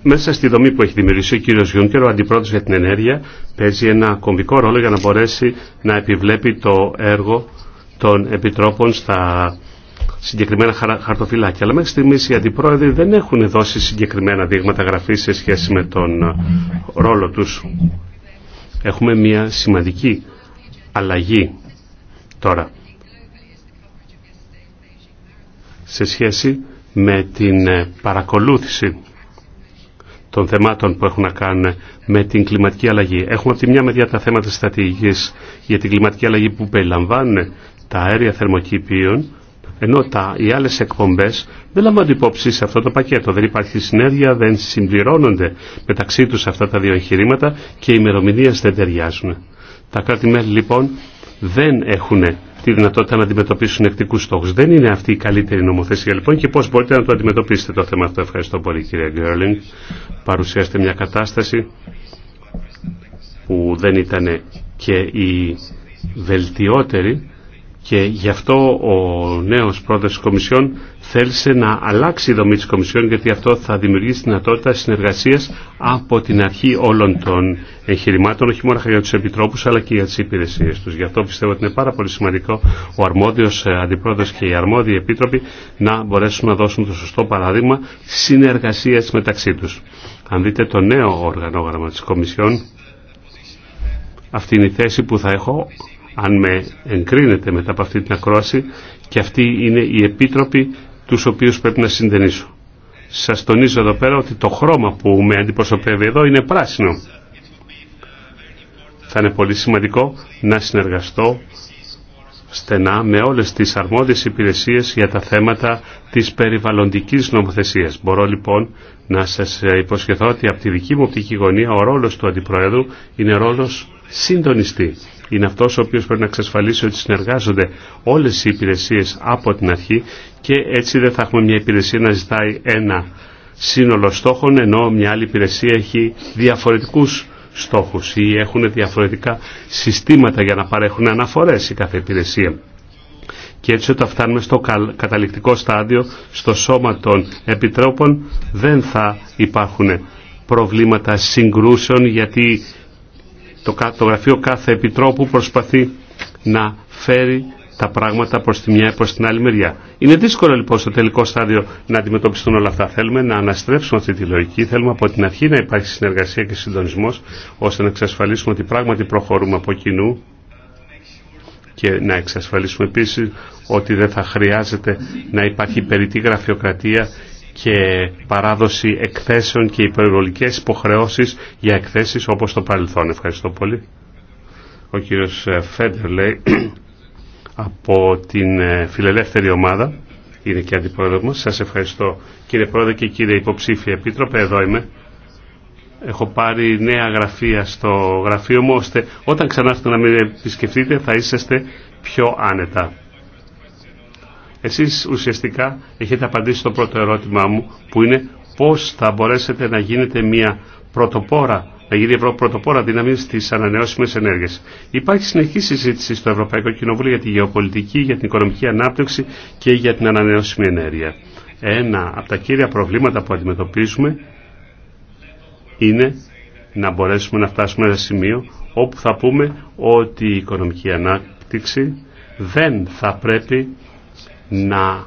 Μέσα στη δομή που έχει δημιουργήσει ο κύριος Γιούνκερ, ο αντιπρόεδρος για την ενέργεια παίζει ένα κομβικό ρόλο για να μπορέσει να επιβλέπει το έργο των επιτρόπων στα συγκεκριμένα χαρτοφυλάκια. Αλλά μέχρι στιγμής οι αντιπρόεδροι δεν έχουν δώσει συγκεκριμένα δείγματα γραφή σε σχέση με τον ρόλο τους. Έχουμε μια σημαντική αλλαγή Τώρα, σε σχέση με την ε, παρακολούθηση των θεμάτων που έχουν να κάνουν με την κλιματική αλλαγή. Έχουμε από τη μια μεριά τα θέματα στρατηγικής για την κλιματική αλλαγή που περιλαμβάνουν τα αέρια θερμοκήπιων, ενώ τα, οι άλλε εκπομπέ δεν λαμβάνουν υπόψη σε αυτό το πακέτο. Δεν υπάρχει συνέργεια, δεν συμπληρώνονται μεταξύ του αυτά τα δύο εγχειρήματα και οι ημερομηνίε δεν ταιριάζουν. Τα κράτη-μέλη λοιπόν δεν έχουν τη δυνατότητα να αντιμετωπίσουν εκτικούς στόχους. Δεν είναι αυτή η καλύτερη νομοθεσία λοιπόν και πώς μπορείτε να το αντιμετωπίσετε το θέμα αυτό. Ευχαριστώ πολύ κύριε Γκέρλινγκ. Παρουσιάστε μια κατάσταση που δεν ήταν και η βελτιότερη και γι' αυτό ο νέος πρόεδρος της Κομισιόν θέλησε να αλλάξει η δομή της Κομισιόν γιατί αυτό θα δημιουργήσει δυνατότητα συνεργασία από την αρχή όλων των εγχειρημάτων, όχι μόνο για τους επιτρόπους αλλά και για τις υπηρεσίες τους. Γι' αυτό πιστεύω ότι είναι πάρα πολύ σημαντικό ο αρμόδιος ε, αντιπρόεδρος και οι αρμόδιοι επίτροποι να μπορέσουν να δώσουν το σωστό παράδειγμα συνεργασίας μεταξύ τους. Αν δείτε το νέο οργανόγραμμα της Κομισιόν, αυτή είναι η θέση που θα έχω αν με εγκρίνετε μετά από αυτή την ακρόαση και αυτοί είναι οι επίτροποι τους οποίους πρέπει να συνδενήσω. Σας τονίζω εδώ πέρα ότι το χρώμα που με αντιπροσωπεύει εδώ είναι πράσινο. Θα είναι πολύ σημαντικό να συνεργαστώ στενά με όλες τις αρμόδιες υπηρεσίες για τα θέματα της περιβαλλοντικής νομοθεσίας. Μπορώ λοιπόν να σας υποσχεθώ ότι από τη δική μου οπτική γωνία ο ρόλος του Αντιπροέδρου είναι ρόλος συντονιστή είναι αυτός ο οποίος πρέπει να εξασφαλίσει ότι συνεργάζονται όλες οι υπηρεσίες από την αρχή και έτσι δεν θα έχουμε μια υπηρεσία να ζητάει ένα σύνολο στόχων ενώ μια άλλη υπηρεσία έχει διαφορετικούς στόχους ή έχουν διαφορετικά συστήματα για να παρέχουν αναφορές η κάθε υπηρεσία. Και έτσι όταν φτάνουμε στο καταληκτικό στάδιο, στο σώμα των επιτρόπων, δεν θα υπάρχουν προβλήματα συγκρούσεων γιατί το, το γραφείο κάθε επιτρόπου προσπαθεί να φέρει τα πράγματα προς τη μια ή προς την άλλη μεριά. Είναι δύσκολο λοιπόν στο τελικό στάδιο να αντιμετωπιστούν όλα αυτά. Θέλουμε να αναστρέψουμε αυτή τη λογική, θέλουμε από την αρχή να υπάρχει συνεργασία και συντονισμός ώστε να εξασφαλίσουμε ότι πράγματι προχωρούμε από κοινού και να εξασφαλίσουμε επίσης ότι δεν θα χρειάζεται να υπάρχει τη γραφειοκρατία και παράδοση εκθέσεων και υπερβολικές υποχρεώσεις για εκθέσεις όπως το παρελθόν. Ευχαριστώ πολύ. Ο κύριος ε, Φέντερ λέει [clears throat] από την ε, φιλελεύθερη ομάδα είναι και αντιπρόεδρο μας. Σας ευχαριστώ κύριε Πρόεδρε και κύριε Υποψήφια Επίτροπε. Εδώ είμαι. Έχω πάρει νέα γραφεία στο γραφείο μου ώστε όταν ξανάρθετε να με επισκεφτείτε θα είσαστε πιο άνετα. Εσείς ουσιαστικά έχετε απαντήσει στο πρώτο ερώτημά μου που είναι πώς θα μπορέσετε να γίνετε μια πρωτοπόρα να γίνει η Ευρώπη πρωτοπόρα δύναμη στι ανανεώσιμε ενέργειε. Υπάρχει συνεχή συζήτηση στο Ευρωπαϊκό Κοινοβούλιο για τη γεωπολιτική, για την οικονομική ανάπτυξη και για την ανανεώσιμη ενέργεια. Ένα από τα κύρια προβλήματα που αντιμετωπίζουμε είναι να μπορέσουμε να φτάσουμε σε ένα σημείο όπου θα πούμε ότι η οικονομική ανάπτυξη δεν θα πρέπει να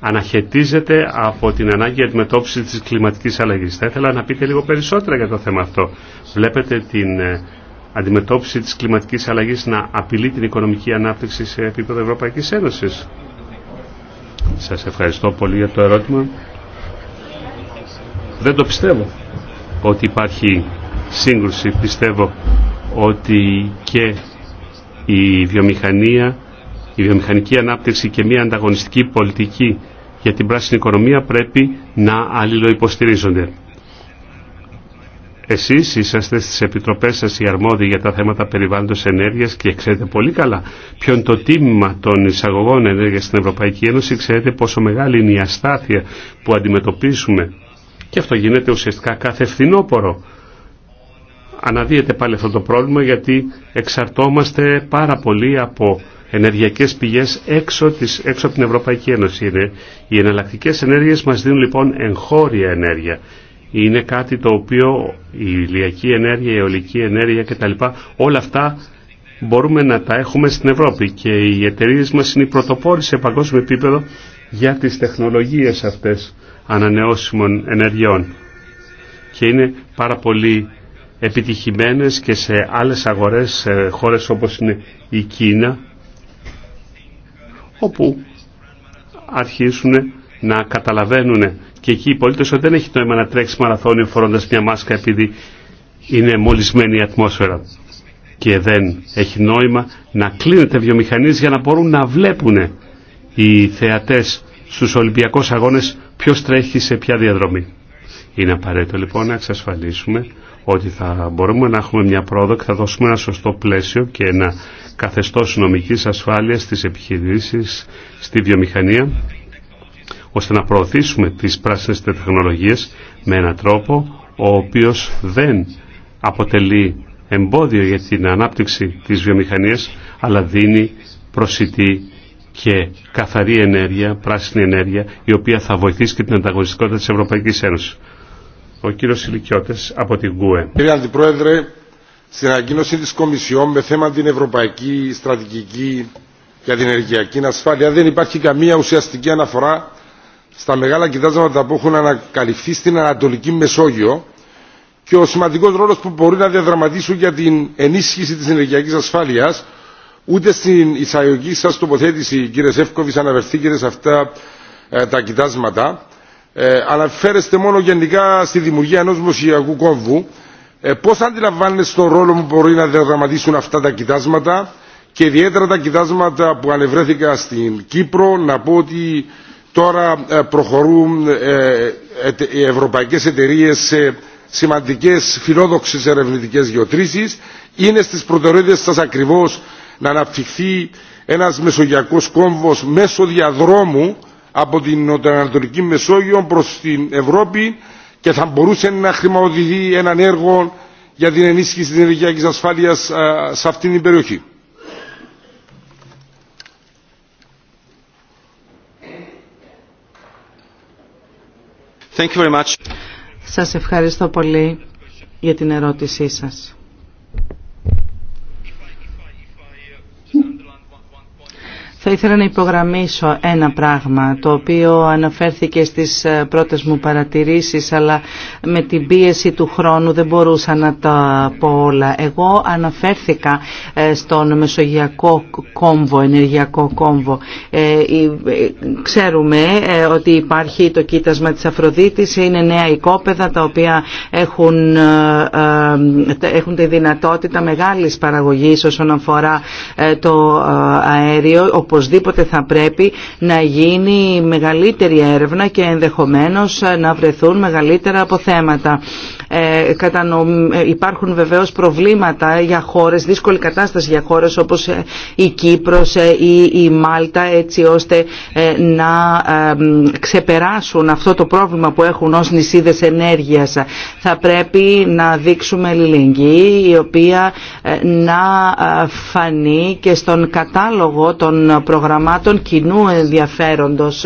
αναχαιτίζεται από την ανάγκη αντιμετώπιση της κλιματικής αλλαγής. Θα ήθελα να πείτε λίγο περισσότερα για το θέμα αυτό. Βλέπετε την ε, αντιμετώπιση της κλιματικής αλλαγής να απειλεί την οικονομική ανάπτυξη σε επίπεδο Ευρωπαϊκής Ένωσης. Σας ευχαριστώ πολύ για το ερώτημα. Δεν το πιστεύω ότι υπάρχει σύγκρουση. Πιστεύω ότι και η βιομηχανία η βιομηχανική ανάπτυξη και μια ανταγωνιστική πολιτική για την πράσινη οικονομία πρέπει να αλληλοϊποστηρίζονται. Εσείς είσαστε στις επιτροπές σας οι αρμόδιοι για τα θέματα περιβάλλοντος ενέργειας και ξέρετε πολύ καλά ποιο είναι το τίμημα των εισαγωγών ενέργειας στην Ευρωπαϊκή Ένωση. Ξέρετε πόσο μεγάλη είναι η αστάθεια που αντιμετωπίσουμε και αυτό γίνεται ουσιαστικά κάθε φθινόπωρο. Αναδύεται πάλι αυτό το πρόβλημα γιατί εξαρτώμαστε πάρα πολύ από ενεργειακές πηγές έξω, της, από την Ευρωπαϊκή Ένωση. Είναι. Οι εναλλακτικέ ενέργειες μας δίνουν λοιπόν εγχώρια ενέργεια. Είναι κάτι το οποίο η ηλιακή ενέργεια, η αιωλική ενέργεια κτλ. Όλα αυτά μπορούμε να τα έχουμε στην Ευρώπη και οι εταιρείε μας είναι οι πρωτοπόροι σε παγκόσμιο επίπεδο για τις τεχνολογίες αυτές ανανεώσιμων ενεργειών και είναι πάρα πολύ επιτυχημένες και σε άλλες αγορές, σε χώρες όπως είναι η Κίνα όπου αρχίσουν να καταλαβαίνουν και εκεί οι πολίτες ότι δεν έχει νόημα να τρέξει μαραθώνιο φορώντας μια μάσκα επειδή είναι μολυσμένη η ατμόσφαιρα και δεν έχει νόημα να κλείνεται βιομηχανίες για να μπορούν να βλέπουν οι θεατές στους Ολυμπιακούς Αγώνες ποιος τρέχει σε ποια διαδρομή. Είναι απαραίτητο λοιπόν να εξασφαλίσουμε ότι θα μπορούμε να έχουμε μια πρόοδο και θα δώσουμε ένα σωστό πλαίσιο και ένα καθεστώς νομικής ασφάλειας στις επιχειρήσεις, στη βιομηχανία, ώστε να προωθήσουμε τις πράσινες τεχνολογίες με έναν τρόπο ο οποίος δεν αποτελεί εμπόδιο για την ανάπτυξη της βιομηχανίας, αλλά δίνει προσιτή και καθαρή ενέργεια, πράσινη ενέργεια, η οποία θα βοηθήσει και την ανταγωνιστικότητα της Ευρωπαϊκής Ένωσης ο κύριος Σιλικιώτης από την ΚΟΕ. Κύριε Αντιπρόεδρε, στην ανακοίνωση της Κομισιόν με θέμα την Ευρωπαϊκή Στρατηγική για την Ενεργειακή Ασφάλεια δεν υπάρχει καμία ουσιαστική αναφορά στα μεγάλα κοιτάσματα που έχουν ανακαλυφθεί στην Ανατολική Μεσόγειο και ο σημαντικός ρόλος που μπορεί να διαδραματίσουν για την ενίσχυση της ενεργειακής ασφάλειας ούτε στην εισαγωγική σας τοποθέτηση κύριε Σεύκοβης αναβερθήκετε σε αυτά ε, τα κοιτάσματα ε, αναφέρεστε μόνο γενικά στη δημιουργία ενός μοσιακού κόμβου. Ε, πώς αντιλαμβάνεστε τον ρόλο που μπορεί να διαδραματίσουν αυτά τα κοιτάσματα και ιδιαίτερα τα κοιτάσματα που ανεβρέθηκα στην Κύπρο να πω ότι τώρα ε, προχωρούν ε, οι ευρωπαϊκές εταιρείες σε σημαντικές φιλόδοξες ερευνητικές γεωτρήσεις. Είναι στις προτεραιότητες σας ακριβώς να αναπτυχθεί ένας μεσογειακός κόμβος μέσω διαδρόμου από την νοτιοανατολική Μεσόγειο προς την Ευρώπη και θα μπορούσε να χρηματοδοτηθεί έναν έργο για την ενίσχυση της ενεργειακής ασφάλειας σε αυτήν την περιοχή. Thank Σας ευχαριστώ πολύ για την ερώτησή σας. Θα ήθελα να υπογραμμίσω ένα πράγμα το οποίο αναφέρθηκε στις ε, πρώτες μου παρατηρήσεις αλλά με την πίεση του χρόνου δεν μπορούσα να τα πω όλα. Εγώ αναφέρθηκα ε, στον Μεσογειακό κόμβο, ενεργειακό κόμβο. Ε, ξέρουμε ότι υπάρχει το κοίτασμα της Αφροδίτης, είναι νέα οικόπεδα τα οποία έχουν, έχουν τη δυνατότητα μεγάλης παραγωγής όσον αφορά το αέριο, οπωσδήποτε θα πρέπει να γίνει μεγαλύτερη έρευνα και ενδεχομένως να βρεθούν μεγαλύτερα αποθέματα. Ε, ε, υπάρχουν βεβαίως προβλήματα για χώρες, δύσκολη κατάσταση για χώρες όπως ε, η Κύπρος ή η Μάλτα έτσι ώστε να ξεπεράσουν αυτό το πρόβλημα που έχουν ως νησίδες ενέργειας. Θα πρέπει να δείξουμε αλληλεγγύη η οποία να ξεπερασουν αυτο το προβλημα που εχουν ως νησιδες ενεργειας θα πρεπει να δειξουμε λιγη η οποια να φανει και στον κατάλογο των προγραμμάτων κοινού ενδιαφέροντος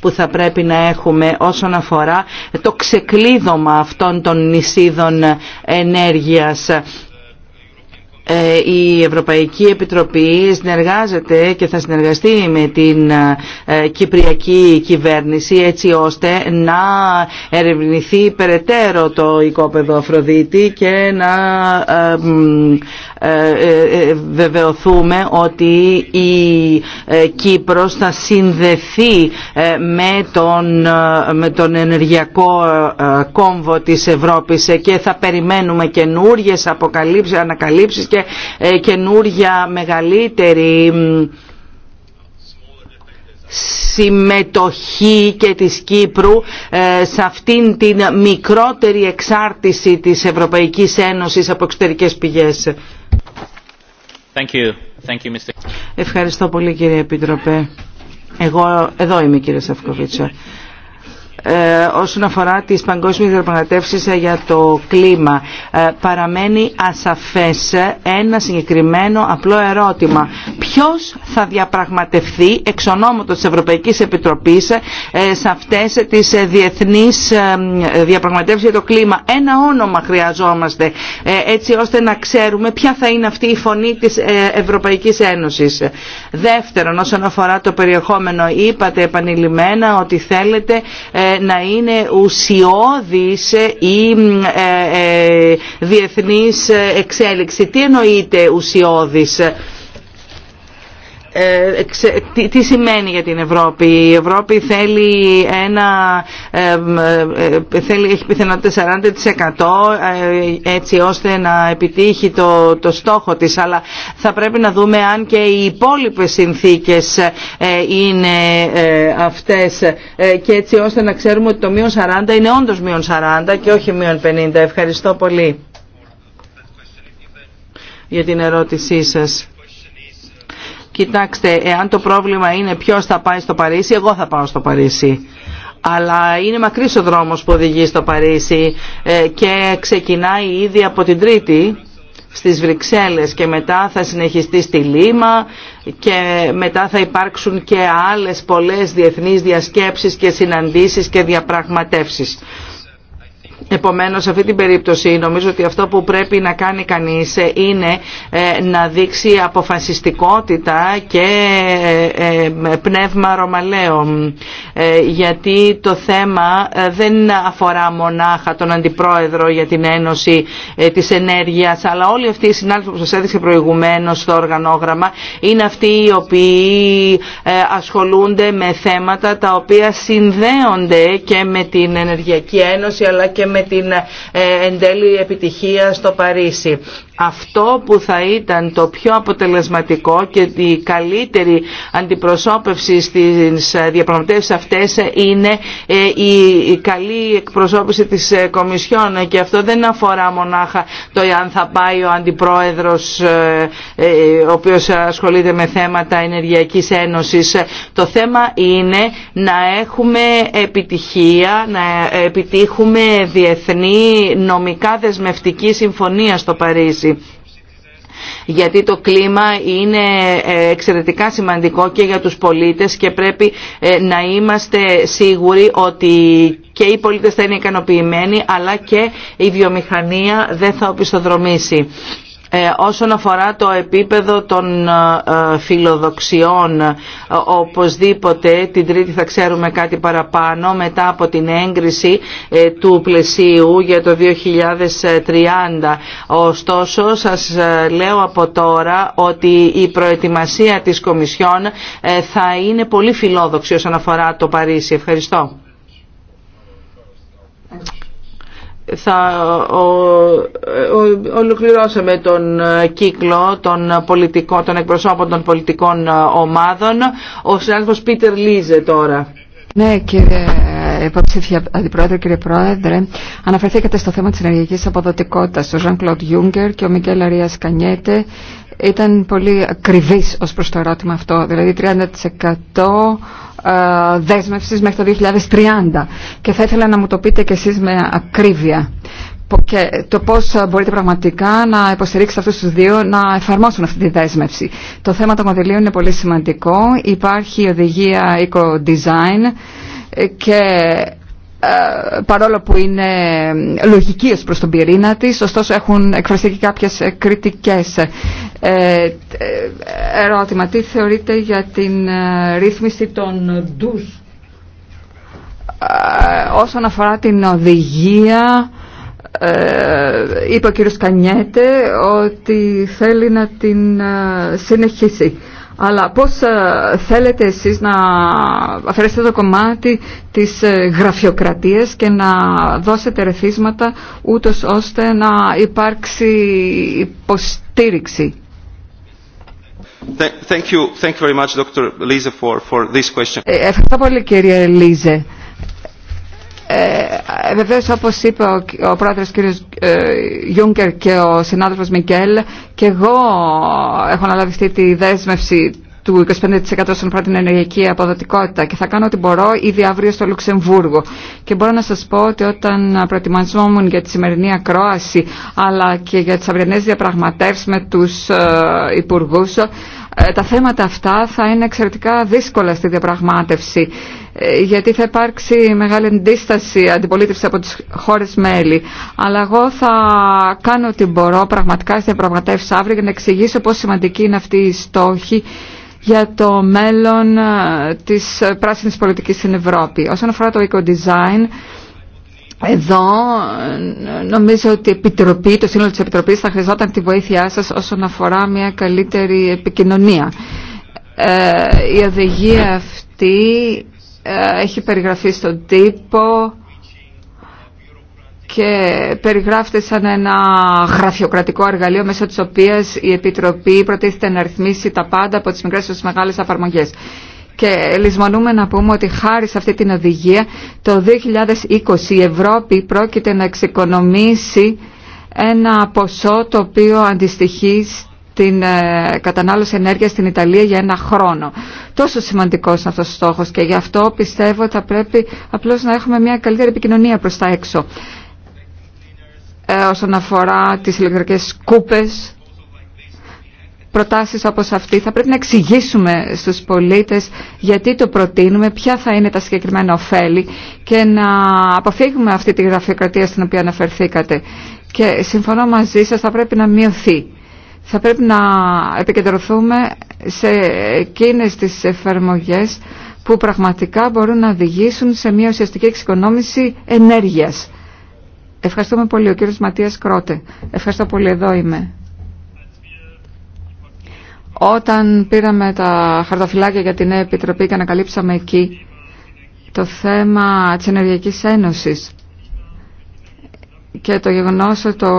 που θα πρέπει να έχουμε όσον αφορά το ξεκλείδωμα αυτών των νησίδων αλυσίδων ενέργειας ε, η Ευρωπαϊκή Επιτροπή συνεργάζεται και θα συνεργαστεί με την ε, ε, Κυπριακή κυβέρνηση έτσι ώστε να ερευνηθεί περαιτέρω το οικόπεδο Αφροδίτη και να βεβαιωθούμε ότι η Κύπρος θα συνδεθεί με τον, με τον ενεργειακό κόμβο της Ευρώπης και θα περιμένουμε καινούριε αποκαλύψεις, ανακαλύψεις και ε, καινούρια μεγαλύτερη συμμετοχή και της Κύπρου ε, σε αυτήν την μικρότερη εξάρτηση της Ευρωπαϊκής Ένωσης από εξωτερικές πηγές. Thank you. Ευχαριστώ πολύ κύριε Επίτροπε. Εγώ εδώ είμαι κύριε Σαφκοβίτσα. Ε, όσον αφορά τις παγκόσμιες διαπραγματεύσεις ε, για το κλίμα. Ε, παραμένει ασαφές ένα συγκεκριμένο απλό ερώτημα. Ποιος θα διαπραγματευτεί εξ ονόματος της Ευρωπαϊκής Επιτροπής σε αυτές τις διεθνείς διαπραγματεύσεις για το κλίμα. Ένα όνομα χρειαζόμαστε έτσι ώστε να ξέρουμε ποια θα είναι αυτή η φωνή της Ευρωπαϊκής Ένωσης. Δεύτερον, όσον αφορά το περιεχόμενο, είπατε επανειλημμένα ότι θέλετε να είναι ουσιώδης η ε, ε, διεθνής εξέλιξη. Τι εννοείται ουσιώδης. Ε, τι, σημαίνει για την Ευρώπη. Η Ευρώπη θέλει ένα, ε, ε, θέλει, έχει πιθανότητα 40% ε, έτσι ώστε να επιτύχει το, το στόχο της. Αλλά θα πρέπει να δούμε αν και οι υπόλοιπε συνθήκες είναι αυτές και έτσι ώστε να ξέρουμε ότι το μείον 40 είναι όντως μείον 40 και όχι μείον 50. Ευχαριστώ πολύ για την ερώτησή σας. Κοιτάξτε, εάν το πρόβλημα είναι ποιο θα πάει στο Παρίσι, εγώ θα πάω στο Παρίσι αλλά είναι μακρύς ο δρόμος που οδηγεί στο Παρίσι ε, και ξεκινάει ήδη από την Τρίτη στις Βρυξέλλες και μετά θα συνεχιστεί στη Λίμα και μετά θα υπάρξουν και άλλες πολλές διεθνείς διασκέψεις και συναντήσεις και διαπραγματεύσεις. Επομένως, σε αυτή την περίπτωση νομίζω ότι αυτό που πρέπει να κάνει κανείς ε, είναι ε, να δείξει αποφασιστικότητα και ε, πνεύμα ρωμαλαίων. Γιατί το θέμα δεν αφορά μονάχα τον Αντιπρόεδρο για την Ένωση της Ενέργειας, αλλά όλοι αυτοί οι συνάδελφοι που σας έδειξε προηγουμένως στο οργανόγραμμα είναι αυτοί οι οποίοι ασχολούνται με θέματα τα οποία συνδέονται και με την Ενεργειακή Ένωση αλλά και με την ε, εν τέλει επιτυχία στο Παρίσι. Αυτό που θα ήταν το πιο αποτελεσματικό και η καλύτερη αντιπροσώπευση στις διαπραγματεύσεις αυτές είναι ε, η καλή εκπροσώπηση της ε, Κομισιόν και αυτό δεν αφορά μονάχα το αν θα πάει ο αντιπρόεδρος ο οποίος ασχολείται με θέματα ενεργειακής ένωσης. Το θέμα είναι να έχουμε επιτυχία, να επιτύχουμε διεθνή νομικά δεσμευτική συμφωνία στο Παρίσι γιατί το κλίμα είναι ε, εξαιρετικά σημαντικό και για τους πολίτες και πρέπει ε, να είμαστε σίγουροι ότι και οι πολίτες θα είναι ικανοποιημένοι αλλά και η βιομηχανία δεν θα οπισθοδρομήσει. Ε, όσον αφορά το επίπεδο των ε, ε, φιλοδοξιών, οπωσδήποτε την Τρίτη θα ξέρουμε κάτι παραπάνω μετά από την έγκριση του πλαισίου για το 2030. Ωστόσο, σας λέω από τώρα ότι η προετοιμασία της Κομισιόν θα είναι πολύ φιλόδοξη όσον αφορά το Παρίσι. Ευχαριστώ θα ολοκληρώσαμε τον ε, κύκλο των, πολιτικών, των εκπροσώπων των πολιτικών ε, ομάδων. Ο συνάδελφος Πίτερ Λίζε τώρα. Ναι κύριε υποψήφια αντιπρόεδρε, κύριε πρόεδρε, αναφερθήκατε στο θέμα της ενεργειακής αποδοτικότητας. Ο Ζαν Κλοντ Γιούγκερ και ο Μικέλ Αρίας Κανιέτε ήταν πολύ ακριβείς ως προς το ερώτημα αυτό. Δηλαδή 30% ε, δέσμευσης μέχρι το 2030 και θα ήθελα να μου το πείτε και εσείς με ακρίβεια και το πώς ε, μπορείτε πραγματικά να υποστηρίξετε αυτούς τους δύο να εφαρμόσουν αυτή τη δέσμευση. Το θέμα των κονδυλίων είναι πολύ σημαντικό. Υπάρχει η οδηγία Eco Design ε, και ε, παρόλο που είναι λογική προς τον πυρήνα της, ωστόσο έχουν εκφραστεί και κάποιες ε, κριτικές. Ε, ε, ερώτημα, τι θεωρείτε για την ρύθμιση των ντους όσον αφορά την οδηγία είπε ο κύριος Κανιέτε ότι θέλει να την συνεχίσει. Αλλά πώς ε, θέλετε εσείς να αφαιρέσετε το κομμάτι της ε, γραφειοκρατίας και να δώσετε ρεθίσματα ούτως ώστε να υπάρξει υποστήριξη. Thank you, thank ε, Ευχαριστώ πολύ κύριε Λίζε ε, ε, βεβαίως όπως είπε ο, ο πρόεδρος κ. Ε, Γιούγκερ και ο συνάδελφος Μικέλ και εγώ έχω αναλάβει τη δέσμευση του 25% στον πρώτη ενεργειακή αποδοτικότητα και θα κάνω ό,τι μπορώ ήδη αύριο στο Λουξεμβούργο. Και μπορώ να σας πω ότι όταν προετοιμαζόμουν για τη σημερινή ακρόαση αλλά και για τις αυριανές διαπραγματεύσεις με τους ε, υπουργούς, ε, τα θέματα αυτά θα είναι εξαιρετικά δύσκολα στη διαπραγμάτευση ε, γιατί θα υπάρξει μεγάλη αντίσταση αντιπολίτευση από τις χώρες μέλη. Αλλά εγώ θα κάνω ό,τι μπορώ πραγματικά στην πραγματεύσεις αύριο για να εξηγήσω πόσο σημαντική είναι αυτή η στόχη για το μέλλον ε, της πράσινης πολιτικής στην Ευρώπη. Όσον αφορά το eco-design, εδώ ε, νομίζω ότι η Επιτροπή, το σύνολο της Επιτροπής θα χρειαζόταν τη βοήθειά σας όσον αφορά μια καλύτερη επικοινωνία. η οδηγία αυτή ε, έχει περιγραφεί στον τύπο και περιγράφεται σαν ένα γραφειοκρατικό εργαλείο μέσω της οποίας η Επιτροπή προτίθεται να ρυθμίσει τα πάντα από τις μικρές στις μεγάλες αφαρμογές. Και λησμονούμε να πούμε ότι χάρη σε αυτή την οδηγία το 2020 η Ευρώπη πρόκειται να εξοικονομήσει ένα ποσό το οποίο αντιστοιχεί την ε, κατανάλωση ενέργεια στην Ιταλία για ένα χρόνο. Τόσο σημαντικό είναι αυτό ο στόχο, και γι' αυτό πιστεύω ότι θα πρέπει απλώ να έχουμε μια καλύτερη επικοινωνία προ τα έξω. Ε, όσον αφορά τις ηλεκτρικές σκούπες, προτάσει όπω αυτή θα πρέπει να εξηγήσουμε στου πολίτε γιατί το προτείνουμε, ποια θα είναι τα συγκεκριμένα ωφέλη και να αποφύγουμε αυτή τη γραφειοκρατία στην οποία αναφερθήκατε. Και συμφωνώ μαζί σα, θα πρέπει να μειωθεί θα πρέπει να επικεντρωθούμε σε εκείνες τις εφαρμογές που πραγματικά μπορούν να οδηγήσουν σε μια ουσιαστική εξοικονόμηση ενέργειας. Ευχαριστούμε πολύ ο κύριος Ματίας Κρότε. Ευχαριστώ πολύ εδώ είμαι. Όταν πήραμε τα χαρτοφυλάκια για την Επιτροπή και ανακαλύψαμε εκεί το θέμα της Ενεργειακής Ένωσης και το γεγονός ότι το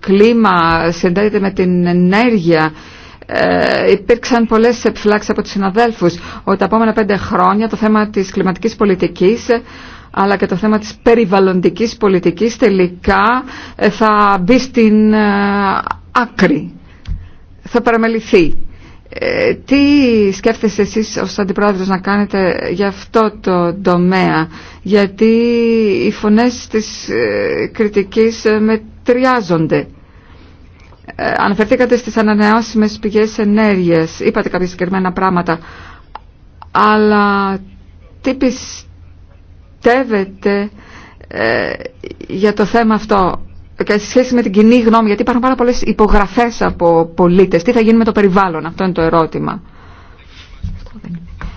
κλίμα συνδέεται με την ενέργεια ε, υπήρξαν πολλές επιφυλάξεις από τους συναδέλφους ότι τα επόμενα πέντε χρόνια το θέμα της κλιματικής πολιτικής αλλά και το θέμα της περιβαλλοντικής πολιτικής τελικά ε, θα μπει στην ε, άκρη, θα παραμεληθεί. Ε, τι σκέφτεστε εσείς ως αντιπρόεδρος να κάνετε για αυτό το τομέα γιατί οι φωνές της ε, κριτικής ε, μετριάζονται ε, αναφερθήκατε στις ανανεώσιμες πηγές ενέργειας είπατε κάποια συγκεκριμένα πράγματα αλλά τι πιστεύετε για το θέμα αυτό και σε σχέση με την κοινή γνώμη, γιατί υπάρχουν πάρα πολλέ υπογραφές από πολίτες. Τι θα γίνει με το περιβάλλον, αυτό είναι το ερώτημα.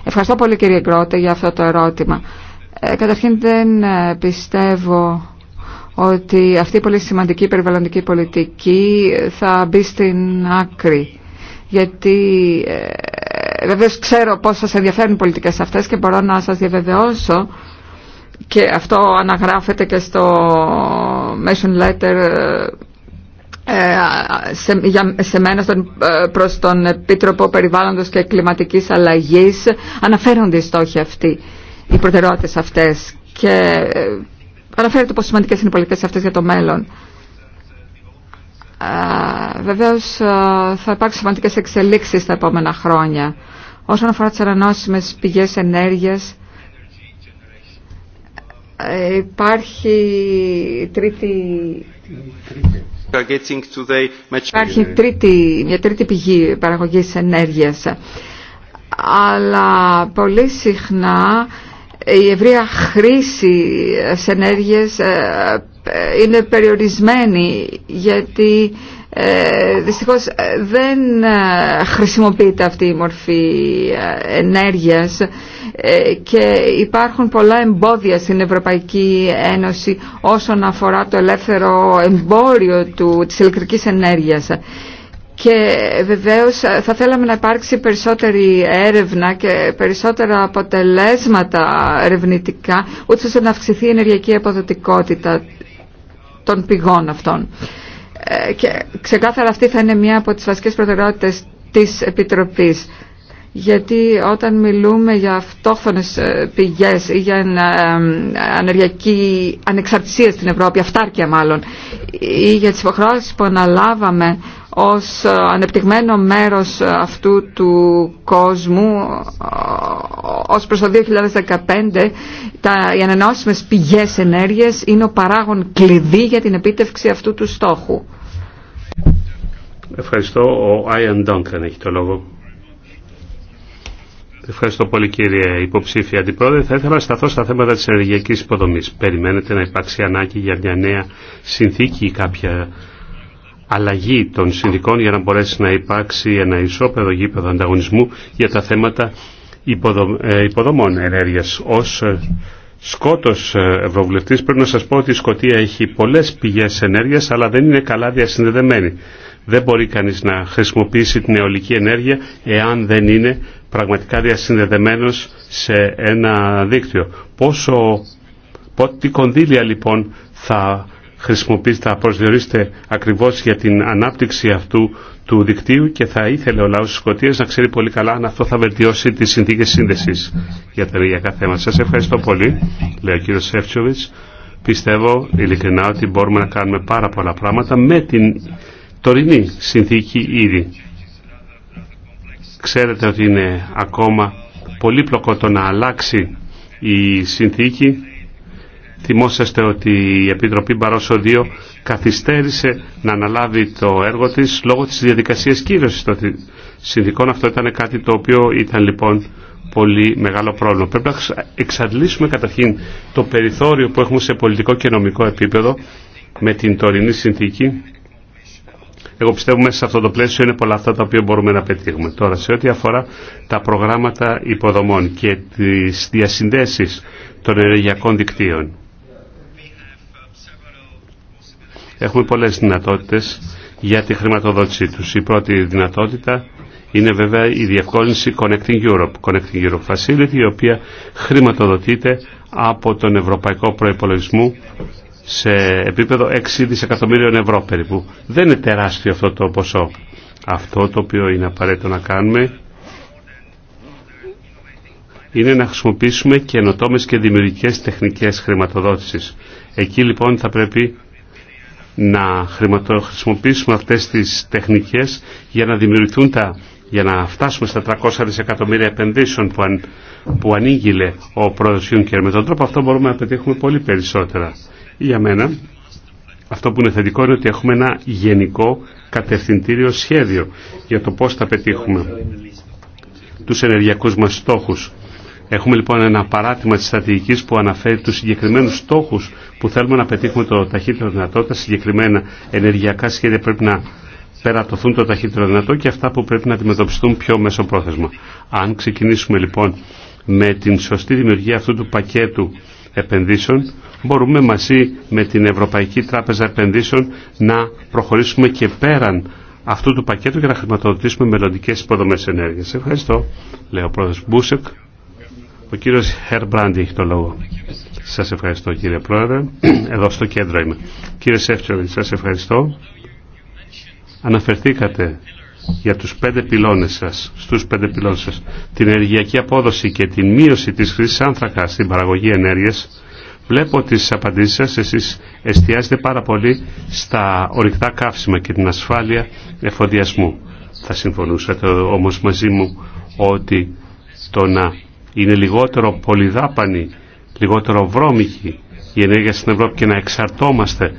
Ευχαριστώ πολύ κύριε Γκρότε για αυτό το ερώτημα. Ε, καταρχήν δεν ε, πιστεύω ότι αυτή η πολύ σημαντική περιβαλλοντική πολιτική θα μπει στην άκρη. Γιατί ε, ε βεβαίω ξέρω πώς σας ενδιαφέρουν οι πολιτικές αυτές και μπορώ να σας διαβεβαιώσω και αυτό αναγράφεται και στο Mission Letter ε, ε, σε, μένα στον, ε, προς τον Επίτροπο Περιβάλλοντος και Κλιματικής Αλλαγής αναφέρονται οι στόχοι αυτοί, οι προτεραιότητες αυτές και αναφέρεται πόσο σημαντικές είναι οι πολιτικές αυτές για το μέλλον. Βεβαίως θα υπάρξουν σημαντικές εξελίξεις τα επόμενα χρόνια. Όσον αφορά τις ανανόσιμες πηγές ενέργειας, ε, υπάρχει τρίτη... Υπάρχει τρίτη, μια τρίτη πηγή παραγωγής ενέργειας. Αλλά πολύ συχνά η ευρεία χρήση ενέργειας ε, ε, είναι περιορισμένη γιατί δυστυχώς δεν χρησιμοποιείται αυτή η μορφή ενέργειας ε, και υπάρχουν πολλά εμπόδια στην Ευρωπαϊκή Ένωση όσον αφορά το ελεύθερο εμπόριο του, της ηλεκτρικής ενέργειας. Και βεβαίως ε, θα θέλαμε να υπάρξει περισσότερη έρευνα και περισσότερα αποτελέσματα ερευνητικά, ούτως ώστε να αυξηθεί η ενεργειακή αποδοτικότητα των πηγών αυτών. Ε, και ξεκάθαρα αυτή θα είναι μία από τις βασικές προτεραιότητες της Επιτροπής γιατί όταν μιλούμε για αυτόχθονες ε, πηγές ή για ανεργιακή ανεξαρτησία στην Ευρώπη, αυτάρκεια μάλλον, ή για τις υποχρεώσεις που αναλάβαμε ως ε, ανεπτυγμένο μέρος ε, αυτού του κόσμου ως προς το 2015 τα, οι ανανεώσιμες πηγές ενέργειας είναι ο παράγον κλειδί για την επίτευξη αυτού του στόχου. Ευχαριστώ. Ο Άιαν Ντόγκαν έχει το λόγο. Ευχαριστώ πολύ κύριε υποψήφια αντιπρόεδρε. Θα ήθελα να σταθώ στα θέματα της ενεργειακής υποδομής. Περιμένετε να υπάρξει ανάγκη για μια νέα συνθήκη ή κάποια αλλαγή των συνδικών για να μπορέσει να υπάρξει ένα ισόπεδο γήπεδο ανταγωνισμού για τα θέματα ε, υποδομών ενέργειας. Ως ε, σκότος ε, ευρωβουλευτής πρέπει να σας πω ότι η Σκοτία έχει πολλές πηγές ενέργειας αλλά δεν είναι καλά διασυνδεδεμένη. Δεν μπορεί κανείς να χρησιμοποιήσει την αιωλική ενέργεια εάν δεν είναι πραγματικά διασυνδεδεμένος σε ένα δίκτυο. Πόσο, κονδύλια λοιπόν θα χρησιμοποιήσετε, θα προσδιορίσετε ακριβώς για την ανάπτυξη αυτού του δικτύου και θα ήθελε ο λαός της Σκοτίας να ξέρει πολύ καλά αν αυτό θα βελτιώσει τις συνθήκες σύνδεσης για τα ενεργειακά θέματα. Σας ευχαριστώ πολύ, λέει ο κύριος Σεύτσοβιτς. Πιστεύω ειλικρινά ότι μπορούμε να κάνουμε πάρα πολλά πράγματα με την τωρινή συνθήκη ήδη. Ξέρετε ότι είναι ακόμα πολύπλοκο το να αλλάξει η συνθήκη. Θυμόσαστε ότι η Επιτροπή Μπαρόσο 2 καθυστέρησε να αναλάβει το έργο της λόγω της διαδικασίας κύρωσης των συνθήκων. Αυτό ήταν κάτι το οποίο ήταν λοιπόν πολύ μεγάλο πρόβλημα. Πρέπει να εξαντλήσουμε καταρχήν το περιθώριο που έχουμε σε πολιτικό και νομικό επίπεδο με την τωρινή συνθήκη εγώ πιστεύω μέσα σε αυτό το πλαίσιο είναι πολλά αυτά τα οποία μπορούμε να πετύχουμε. Τώρα σε ό,τι αφορά τα προγράμματα υποδομών και τις διασυνδέσεις των ενεργειακών δικτύων. Έχουμε πολλές δυνατότητες για τη χρηματοδότησή τους. Η πρώτη δυνατότητα είναι βέβαια η διευκόλυνση Connecting Europe, Connecting Europe Facility, η οποία χρηματοδοτείται από τον Ευρωπαϊκό Προϋπολογισμό σε επίπεδο 6 δισεκατομμύριων ευρώ περίπου. Δεν είναι τεράστιο αυτό το ποσό. Αυτό το οποίο είναι απαραίτητο να κάνουμε είναι να χρησιμοποιήσουμε καινοτόμε και δημιουργικές τεχνικές χρηματοδότησης. Εκεί λοιπόν θα πρέπει να χρησιμοποιήσουμε αυτές τις τεχνικές για να δημιουργηθούν για να φτάσουμε στα 300 δισεκατομμύρια επενδύσεων που, αν, που ανήγγειλε ο πρόεδρος Ιούνκερ. Με τον τρόπο αυτό μπορούμε να πετύχουμε πολύ περισσότερα. Για μένα αυτό που είναι θετικό είναι ότι έχουμε ένα γενικό κατευθυντήριο σχέδιο για το πώς θα πετύχουμε τους ενεργειακούς μας στόχους. Έχουμε λοιπόν ένα παράτημα της στρατηγικής που αναφέρει τους συγκεκριμένους στόχους που θέλουμε να πετύχουμε το ταχύτερο δυνατό. Τα συγκεκριμένα ενεργειακά σχέδια πρέπει να περατωθούν το ταχύτερο δυνατό και αυτά που πρέπει να αντιμετωπιστούν πιο μέσο πρόθεσμα. Αν ξεκινήσουμε λοιπόν με την σωστή δημιουργία αυτού του πακέτου επενδύσεων, μπορούμε μαζί με την Ευρωπαϊκή Τράπεζα Επενδύσεων να προχωρήσουμε και πέραν αυτού του πακέτου για να χρηματοδοτήσουμε μελλοντικέ υποδομέ ενέργεια. Ευχαριστώ, λέει ο πρόεδρο Μπούσεκ. Ο κύριο Χερμπράντι έχει το λόγο. Σα ευχαριστώ, κύριε πρόεδρε. [clears throat] Εδώ στο κέντρο είμαι. Κύριε Σεύτσοβιτ, σα ευχαριστώ. Αναφερθήκατε για τους πέντε πυλώνες σας, στους πέντε πυλώνες την ενεργειακή απόδοση και την μείωση της χρήσης άνθρακα στην παραγωγή ενέργειας, βλέπω ότι στις απαντήσεις σας εσείς εστιάζετε πάρα πολύ στα ορυκτά καύσιμα και την ασφάλεια εφοδιασμού. Θα συμφωνούσατε όμως μαζί μου ότι το να είναι λιγότερο πολυδάπανη, λιγότερο βρώμικη η ενέργεια στην Ευρώπη και να εξαρτώμαστε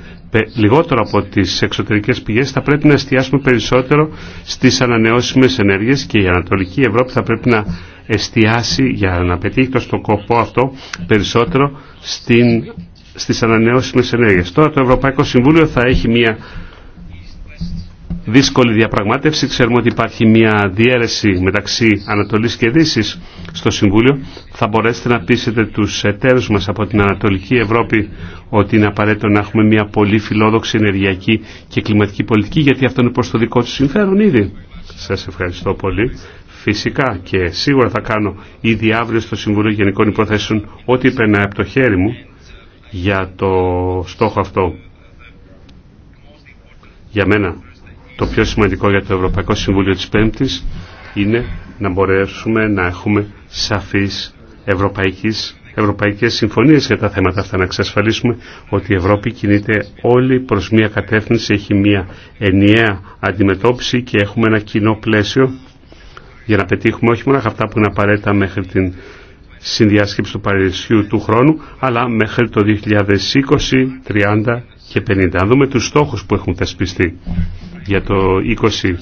λιγότερο από τις εξωτερικές πηγές θα πρέπει να εστιάσουμε περισσότερο στις ανανεώσιμες ενέργειες και η Ανατολική Ευρώπη θα πρέπει να εστιάσει για να πετύχει το στον αυτό περισσότερο στην, στις ανανεώσιμες ενέργειες. Τώρα το Ευρωπαϊκό Συμβούλιο θα έχει μια δύσκολη διαπραγμάτευση. Ξέρουμε ότι υπάρχει μια διαίρεση μεταξύ Ανατολή και Δύσης στο Συμβούλιο. Θα μπορέσετε να πείσετε του εταίρους μα από την Ανατολική Ευρώπη ότι είναι απαραίτητο να έχουμε μια πολύ φιλόδοξη ενεργειακή και κλιματική πολιτική γιατί αυτό είναι προ το δικό του συμφέρον ήδη. Σα ευχαριστώ πολύ. Φυσικά και σίγουρα θα κάνω ήδη αύριο στο Συμβούλιο Γενικών Υποθέσεων ό,τι περνάει από το χέρι μου για το στόχο αυτό. Για μένα το πιο σημαντικό για το Ευρωπαϊκό Συμβούλιο της Πέμπτης είναι να μπορέσουμε να έχουμε σαφείς ευρωπαϊκής, ευρωπαϊκές συμφωνίες για τα θέματα αυτά, να εξασφαλίσουμε ότι η Ευρώπη κινείται όλη προς μία κατεύθυνση, έχει μία ενιαία αντιμετώπιση και έχουμε ένα κοινό πλαίσιο για να πετύχουμε όχι μόνο αυτά που είναι απαραίτητα μέχρι την συνδιάσκεψη του Παρισιού του χρόνου, αλλά μέχρι το 2020, 30 και 50. Αν δούμε τους στόχους που έχουν θεσπιστεί για το 20,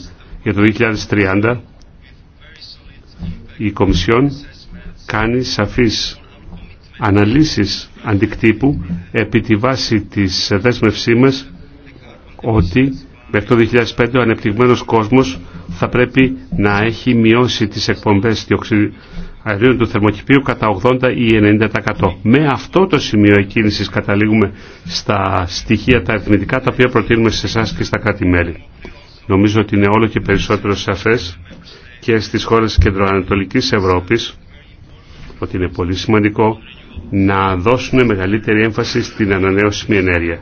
για το 2030 η Κομισιόν κάνει σαφείς αναλύσεις αντικτύπου επί τη βάση της δέσμευσή μας ότι μέχρι το 2005 ο ανεπτυγμένος κόσμος θα πρέπει να έχει μειώσει τις εκπομπές αερίων του θερμοκηπίου κατά 80 ή 90%. Με αυτό το σημείο εκκίνησης καταλήγουμε στα στοιχεία τα αριθμητικά τα οποία προτείνουμε σε εσά και στα κράτη-μέλη. Νομίζω ότι είναι όλο και περισσότερο σαφές και στις χώρες κεντροανατολικής Ευρώπης ότι είναι πολύ σημαντικό να δώσουν μεγαλύτερη έμφαση στην ανανεώσιμη ενέργεια.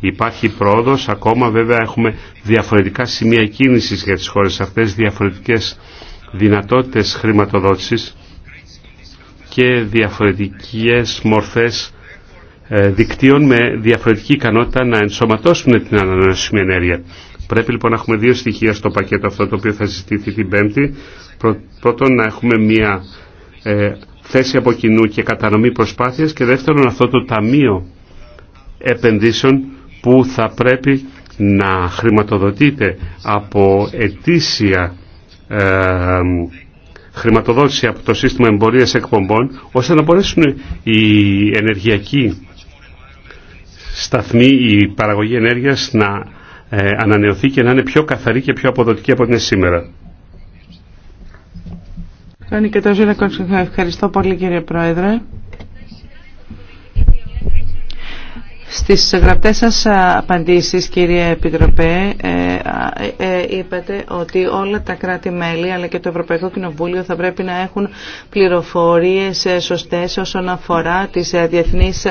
Υπάρχει πρόοδος, ακόμα βέβαια έχουμε διαφορετικά σημεία κίνησης για τις χώρες αυτές, διαφορετικές δυνατότητες χρηματοδότησης και διαφορετικές μορφές ε, δικτύων με διαφορετική ικανότητα να ενσωματώσουν την ανανεώσιμη ενέργεια. Πρέπει λοιπόν να έχουμε δύο στοιχεία στο πακέτο αυτό το οποίο θα συζητήθει την Πέμπτη. Πρώτον να έχουμε μία ε, θέση από κοινού και κατανομή προσπάθειας και δεύτερον αυτό το ταμείο επενδύσεων που θα πρέπει να χρηματοδοτείται από ετήσια ε, χρηματοδότηση από το σύστημα εμπορίας εκπομπών ώστε να μπορέσουν οι ενεργειακοί σταθμοί, η παραγωγή ενέργειας να ε, ανανεωθεί και να είναι πιο καθαρή και πιο αποδοτική από την σήμερα. Ευχαριστώ πολύ κύριε Πρόεδρε. Στις γραπτές σας απαντήσεις, κύριε Επιτροπέ, ε, ε, ε, είπατε ότι όλα τα κράτη-μέλη αλλά και το Ευρωπαϊκό Κοινοβούλιο θα πρέπει να έχουν πληροφορίες σωστές όσον αφορά τις διεθνείς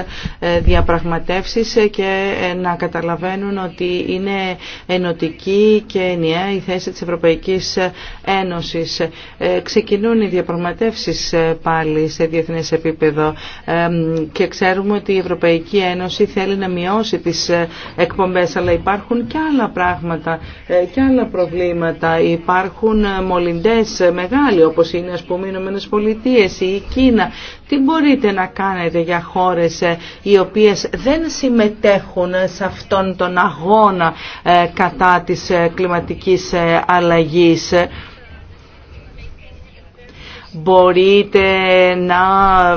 διαπραγματεύσεις και να καταλαβαίνουν ότι είναι ενωτική και ενιαία η θέση της Ευρωπαϊκής Ένωσης. Ξεκινούν οι διαπραγματεύσεις πάλι σε διεθνές επίπεδο και ξέρουμε ότι η Ευρωπαϊκή Ένωση θέλει να μειώσει τις ε, εκπομπές, αλλά υπάρχουν και άλλα πράγματα, ε, και άλλα προβλήματα. Υπάρχουν ε, μολυντές μεγάλοι, όπως είναι ας πούμε οι Ηνωμένες Πολιτείες ή η Κίνα. Τι μπορείτε να κάνετε για χώρες οι οποίες δεν συμμετέχουν σε αυτόν τον αγώνα κατά της κλιματικής αλλαγής. Μπορείτε να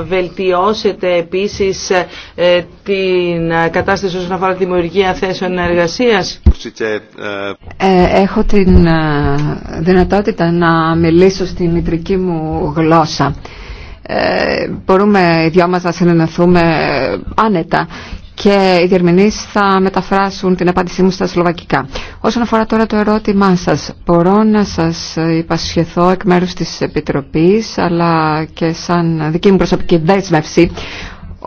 βελτιώσετε επίσης ε, την κατάσταση όσον αφορά τη δημιουργία θέσεων εργασίας. Ε, έχω την ε, δυνατότητα να μιλήσω στη μητρική μου γλώσσα. Ε, μπορούμε οι δυο μας να συνενεθούμε ε, άνετα και οι διερμηνείς θα μεταφράσουν την απάντησή μου στα σλοβακικά. Όσον αφορά τώρα το ερώτημά σας, μπορώ να σας υπασχεθώ εκ μέρους της Επιτροπής αλλά και σαν δική μου προσωπική δέσμευση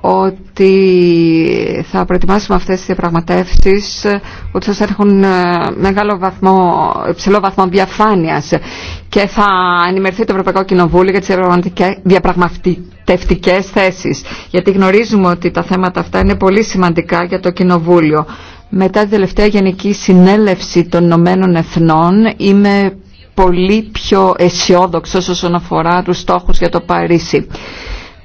ότι θα προετοιμάσουμε αυτές τις διαπραγματεύσεις ότι θα έχουν ε, μεγάλο βαθμό, υψηλό βαθμό διαφάνειας και θα ενημερθεί το Ευρωπαϊκό Κοινοβούλιο για τις διαπραγματευτικές θέσεις γιατί γνωρίζουμε ότι τα θέματα αυτά είναι πολύ σημαντικά για το Κοινοβούλιο. Μετά την τελευταία Γενική Συνέλευση των Ηνωμένων Εθνών είμαι πολύ πιο αισιόδοξο όσον αφορά τους στόχους για το Παρίσι.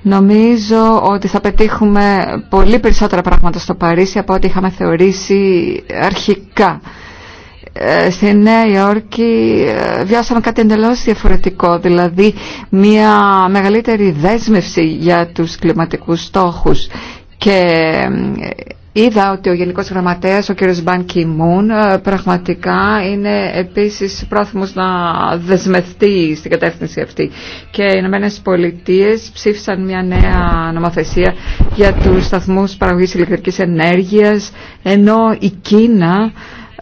Νομίζω ότι θα πετύχουμε πολύ περισσότερα πράγματα στο Παρίσι από ό,τι είχαμε θεωρήσει αρχικά. Ε, στη Νέα Υόρκη ε, βιώσαμε κάτι εντελώς διαφορετικό, δηλαδή μια μεγαλύτερη δέσμευση για τους κλιματικούς στόχους και ε, Είδα ότι ο Γενικός Γραμματέας, ο κ. Μπαν Κιμούν, ε, πραγματικά είναι επίσης πρόθυμο να δεσμευτεί στην κατεύθυνση αυτή. Και οι Ηνωμένε Πολιτείε ψήφισαν μια νέα νομοθεσία για του σταθμούς παραγωγής ηλεκτρικής ενέργειας, ενώ η Κίνα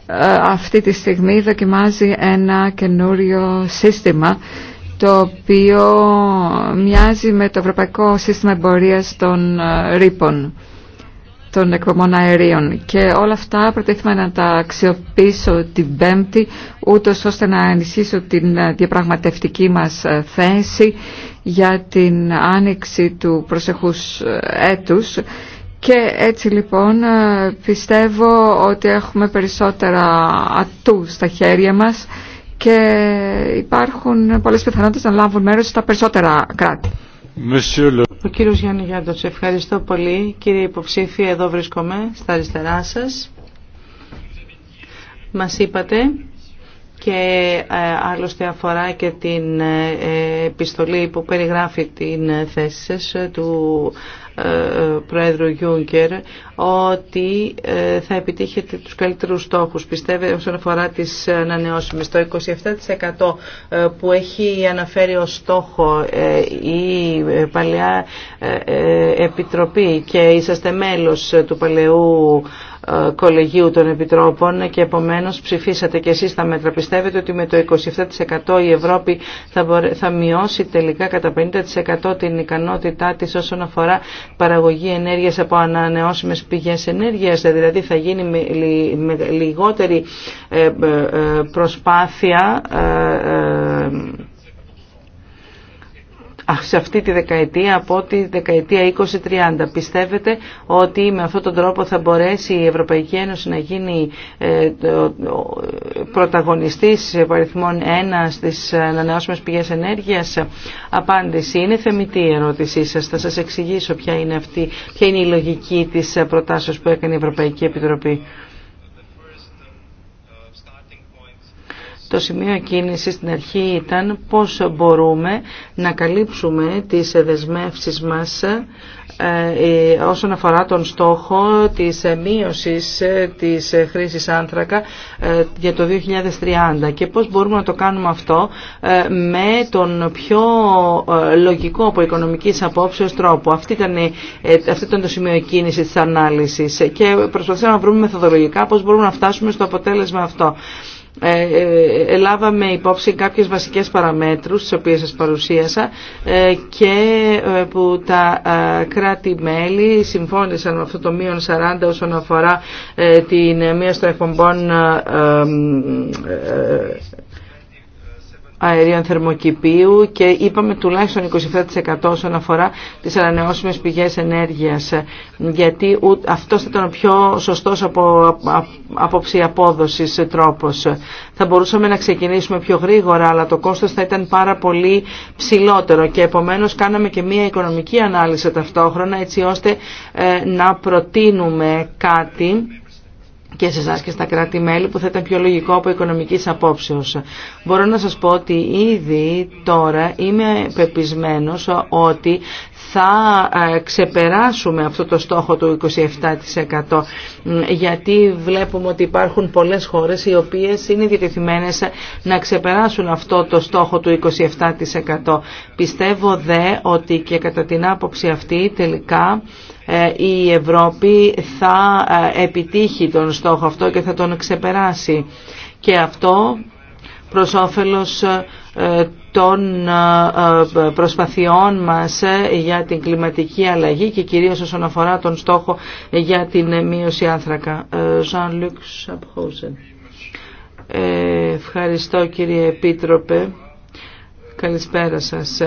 ε, αυτή τη στιγμή δοκιμάζει ένα καινούριο σύστημα το οποίο μοιάζει με το Ευρωπαϊκό Σύστημα Εμπορίας των ε, Ρήπων των εκπομπών αερίων και όλα αυτά προτίθεμα να τα αξιοποιήσω την Πέμπτη ούτω ώστε να ενισχύσω την ε, διαπραγματευτική μας ε, θέση για την άνοιξη του προσεχούς ε, έτους και έτσι λοιπόν πιστεύω ότι έχουμε περισσότερα ατού στα χέρια μας και υπάρχουν πολλές πιθανότητες να λάβουν μέρος στα περισσότερα κράτη. Ο κύριος Γιάννη Γιάντος, ευχαριστώ πολύ. Κύριε υποψήφι, εδώ βρίσκομαι, στα αριστερά σας. Μας είπατε και ε, άλλωστε αφορά και την ε, ε, επιστολή που περιγράφει την θέση σας του ε, ε, πρόεδρο Γιούγκερ ότι ε, θα επιτύχετε τους καλύτερους στόχους. Πιστεύετε όσον αφορά τις ανανεώσιμες, το 27% που έχει αναφέρει ως στόχο η παλαιά Επιτροπή και είσαστε μέλος του παλαιού ε, κολεγίου των Επιτρόπων και επομένως ψηφίσατε και εσείς τα μέτρα. Πιστεύετε ότι με το 27% η Ευρώπη θα, μειώσει τελικά κατά 50% την ικανότητά της όσον αφορά παραγωγή ενέργειας από ανανεώσιμες πηγές ενέργειας, δηλαδή θα γίνει με, λιγότερη ε, ε, προσπάθεια σε αυτή τη δεκαετία από τη δεκαετία 20-30. Πιστεύετε ότι με αυτόν τον τρόπο θα μπορέσει η Ευρωπαϊκή Ένωση να γίνει ε, πρωταγωνιστής παριθμόν ένα στις ανανεώσιμες πηγές ενέργειας. Απάντηση είναι θεμητή η ερώτησή σας. Θα σας εξηγήσω ποια είναι, αυτή, ποια είναι η λογική της προτάσεως που έκανε η Ευρωπαϊκή Επιτροπή. Το σημείο κίνηση στην αρχή ήταν πώς μπορούμε να καλύψουμε τις δεσμεύσεις μας ε, ε, όσον αφορά τον στόχο της μείωσης ε, της χρήσης άνθρακα για το 2030 και πώς μπορούμε να το κάνουμε αυτό με τον πιο λογικό από οικονομικής απόψεως τρόπο. Αυτή ήταν, αυτό ήταν το σημείο κίνηση της ανάλυσης και προσπαθήσαμε να βρούμε μεθοδολογικά πώς μπορούμε να φτάσουμε στο αποτέλεσμα αυτό. Ε, ε, λάβαμε υπόψη κάποιες βασικές παραμέτρους τις οποίες σας παρουσίασα ε, και που τα κράτη-μέλη συμφώνησαν με αυτό το μείον 40 όσον αφορά την μία των εκπομπών αερίων θερμοκηπίου και είπαμε τουλάχιστον 27% όσον αφορά τις ανανεώσιμες πηγές ενέργειας γιατί αυτό θα ήταν ο πιο σωστός από απόψη απόδοσης τρόπος. Θα μπορούσαμε να ξεκινήσουμε πιο γρήγορα αλλά το κόστος θα ήταν πάρα πολύ ψηλότερο και επομένως κάναμε και μία οικονομική ανάλυση ταυτόχρονα έτσι ώστε ε, να προτείνουμε κάτι και σε εσά και στα κράτη-μέλη που θα ήταν πιο λογικό από οικονομική απόψεως. Μπορώ να σας πω ότι ήδη τώρα είμαι πεπισμένος ότι θα ε, ξεπεράσουμε αυτό το στόχο του 27% γιατί βλέπουμε ότι υπάρχουν πολλές χώρες οι οποίες είναι διατεθειμένες να ξεπεράσουν αυτό το στόχο του 27%. Πιστεύω δε ότι και κατά την άποψη αυτή τελικά ε, η Ευρώπη θα ε, επιτύχει τον στόχο αυτό και θα τον ξεπεράσει. Και αυτό προς όφελος ε, των προσπαθειών μας για την κλιματική αλλαγή και κυρίως όσον αφορά τον στόχο για την μείωση άνθρακα. Jean-Luc Ευχαριστώ κύριε Επίτροπε. Καλησπέρα σας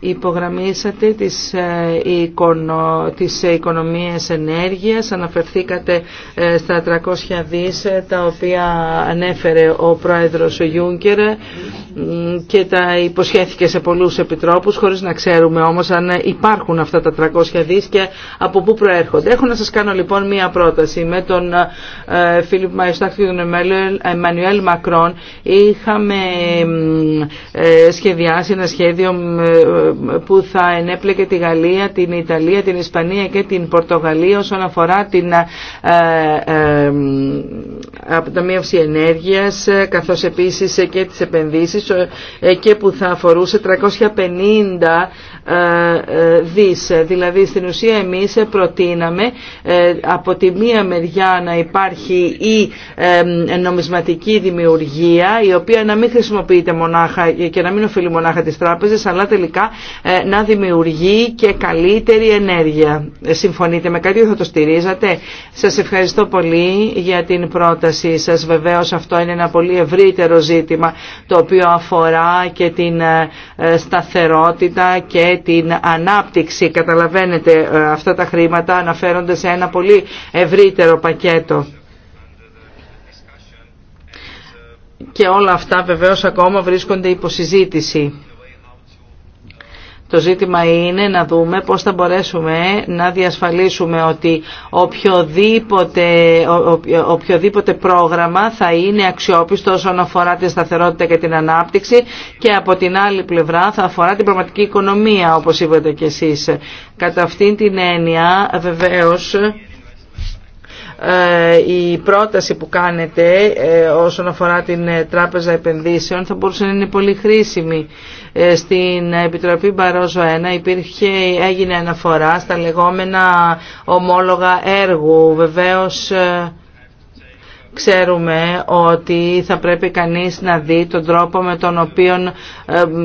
υπογραμμίσατε τις, οικονο, ε, τις οικονομίες ενέργειας, αναφερθήκατε ε, στα 300 δις ε, τα οποία ανέφερε ο πρόεδρος Γιούγκερ και τα υποσχέθηκε σε πολλούς επιτρόπους χωρίς να ξέρουμε όμως αν υπάρχουν αυτά τα 300 δις και από πού προέρχονται. Έχω να σας κάνω λοιπόν μία πρόταση. Με τον Φίλιπ Μαϊστάκ και τον Εμμανουέλ Μακρόν είχαμε σχεδιάσει ένα σχέδιο που θα ενέπλεκε τη Γαλλία, την Ιταλία, την Ισπανία και την Πορτογαλία όσον αφορά την ε, ε, αποταμίευση ενέργειας καθώς επίσης και τις επενδύσεις ε, και που θα αφορούσε 350 ε, ε, δις. Δηλαδή στην ουσία εμείς προτείναμε ε, από τη μία μεριά να υπάρχει η νομισματική δημιουργία η οποία να μην χρησιμοποιείται μονάχα και να μην οφείλει μονάχα τις τράπεζες αλλά τελικά να δημιουργεί και καλύτερη ενέργεια. Συμφωνείτε με κάτι, θα το στηρίζατε. Σας ευχαριστώ πολύ για την πρότασή σας. Βεβαίως αυτό είναι ένα πολύ ευρύτερο ζήτημα το οποίο αφορά και την σταθερότητα και την ανάπτυξη. Καταλαβαίνετε ε, αυτά τα χρήματα αναφέρονται σε ένα πολύ ευρύτερο πακέτο. Και όλα αυτά βεβαίως ακόμα βρίσκονται υποσυζήτηση. Το ζήτημα είναι να δούμε πώς θα μπορέσουμε να διασφαλίσουμε ότι οποιοδήποτε, οποιοδήποτε πρόγραμμα θα είναι αξιόπιστο όσον αφορά τη σταθερότητα και την ανάπτυξη και από την άλλη πλευρά θα αφορά την πραγματική οικονομία όπως είπατε και εσείς. Κατά αυτήν την έννοια βεβαίως ε, η πρόταση που κάνετε ε, όσον αφορά την ε, Τράπεζα Επενδύσεων θα μπορούσε να είναι πολύ χρήσιμη. Στην Επιτροπή Μπαρόζο 1 υπήρχε, έγινε αναφορά στα λεγόμενα ομόλογα έργου. Βεβαίως ξέρουμε ότι θα πρέπει κανείς να δει τον τρόπο με τον οποίο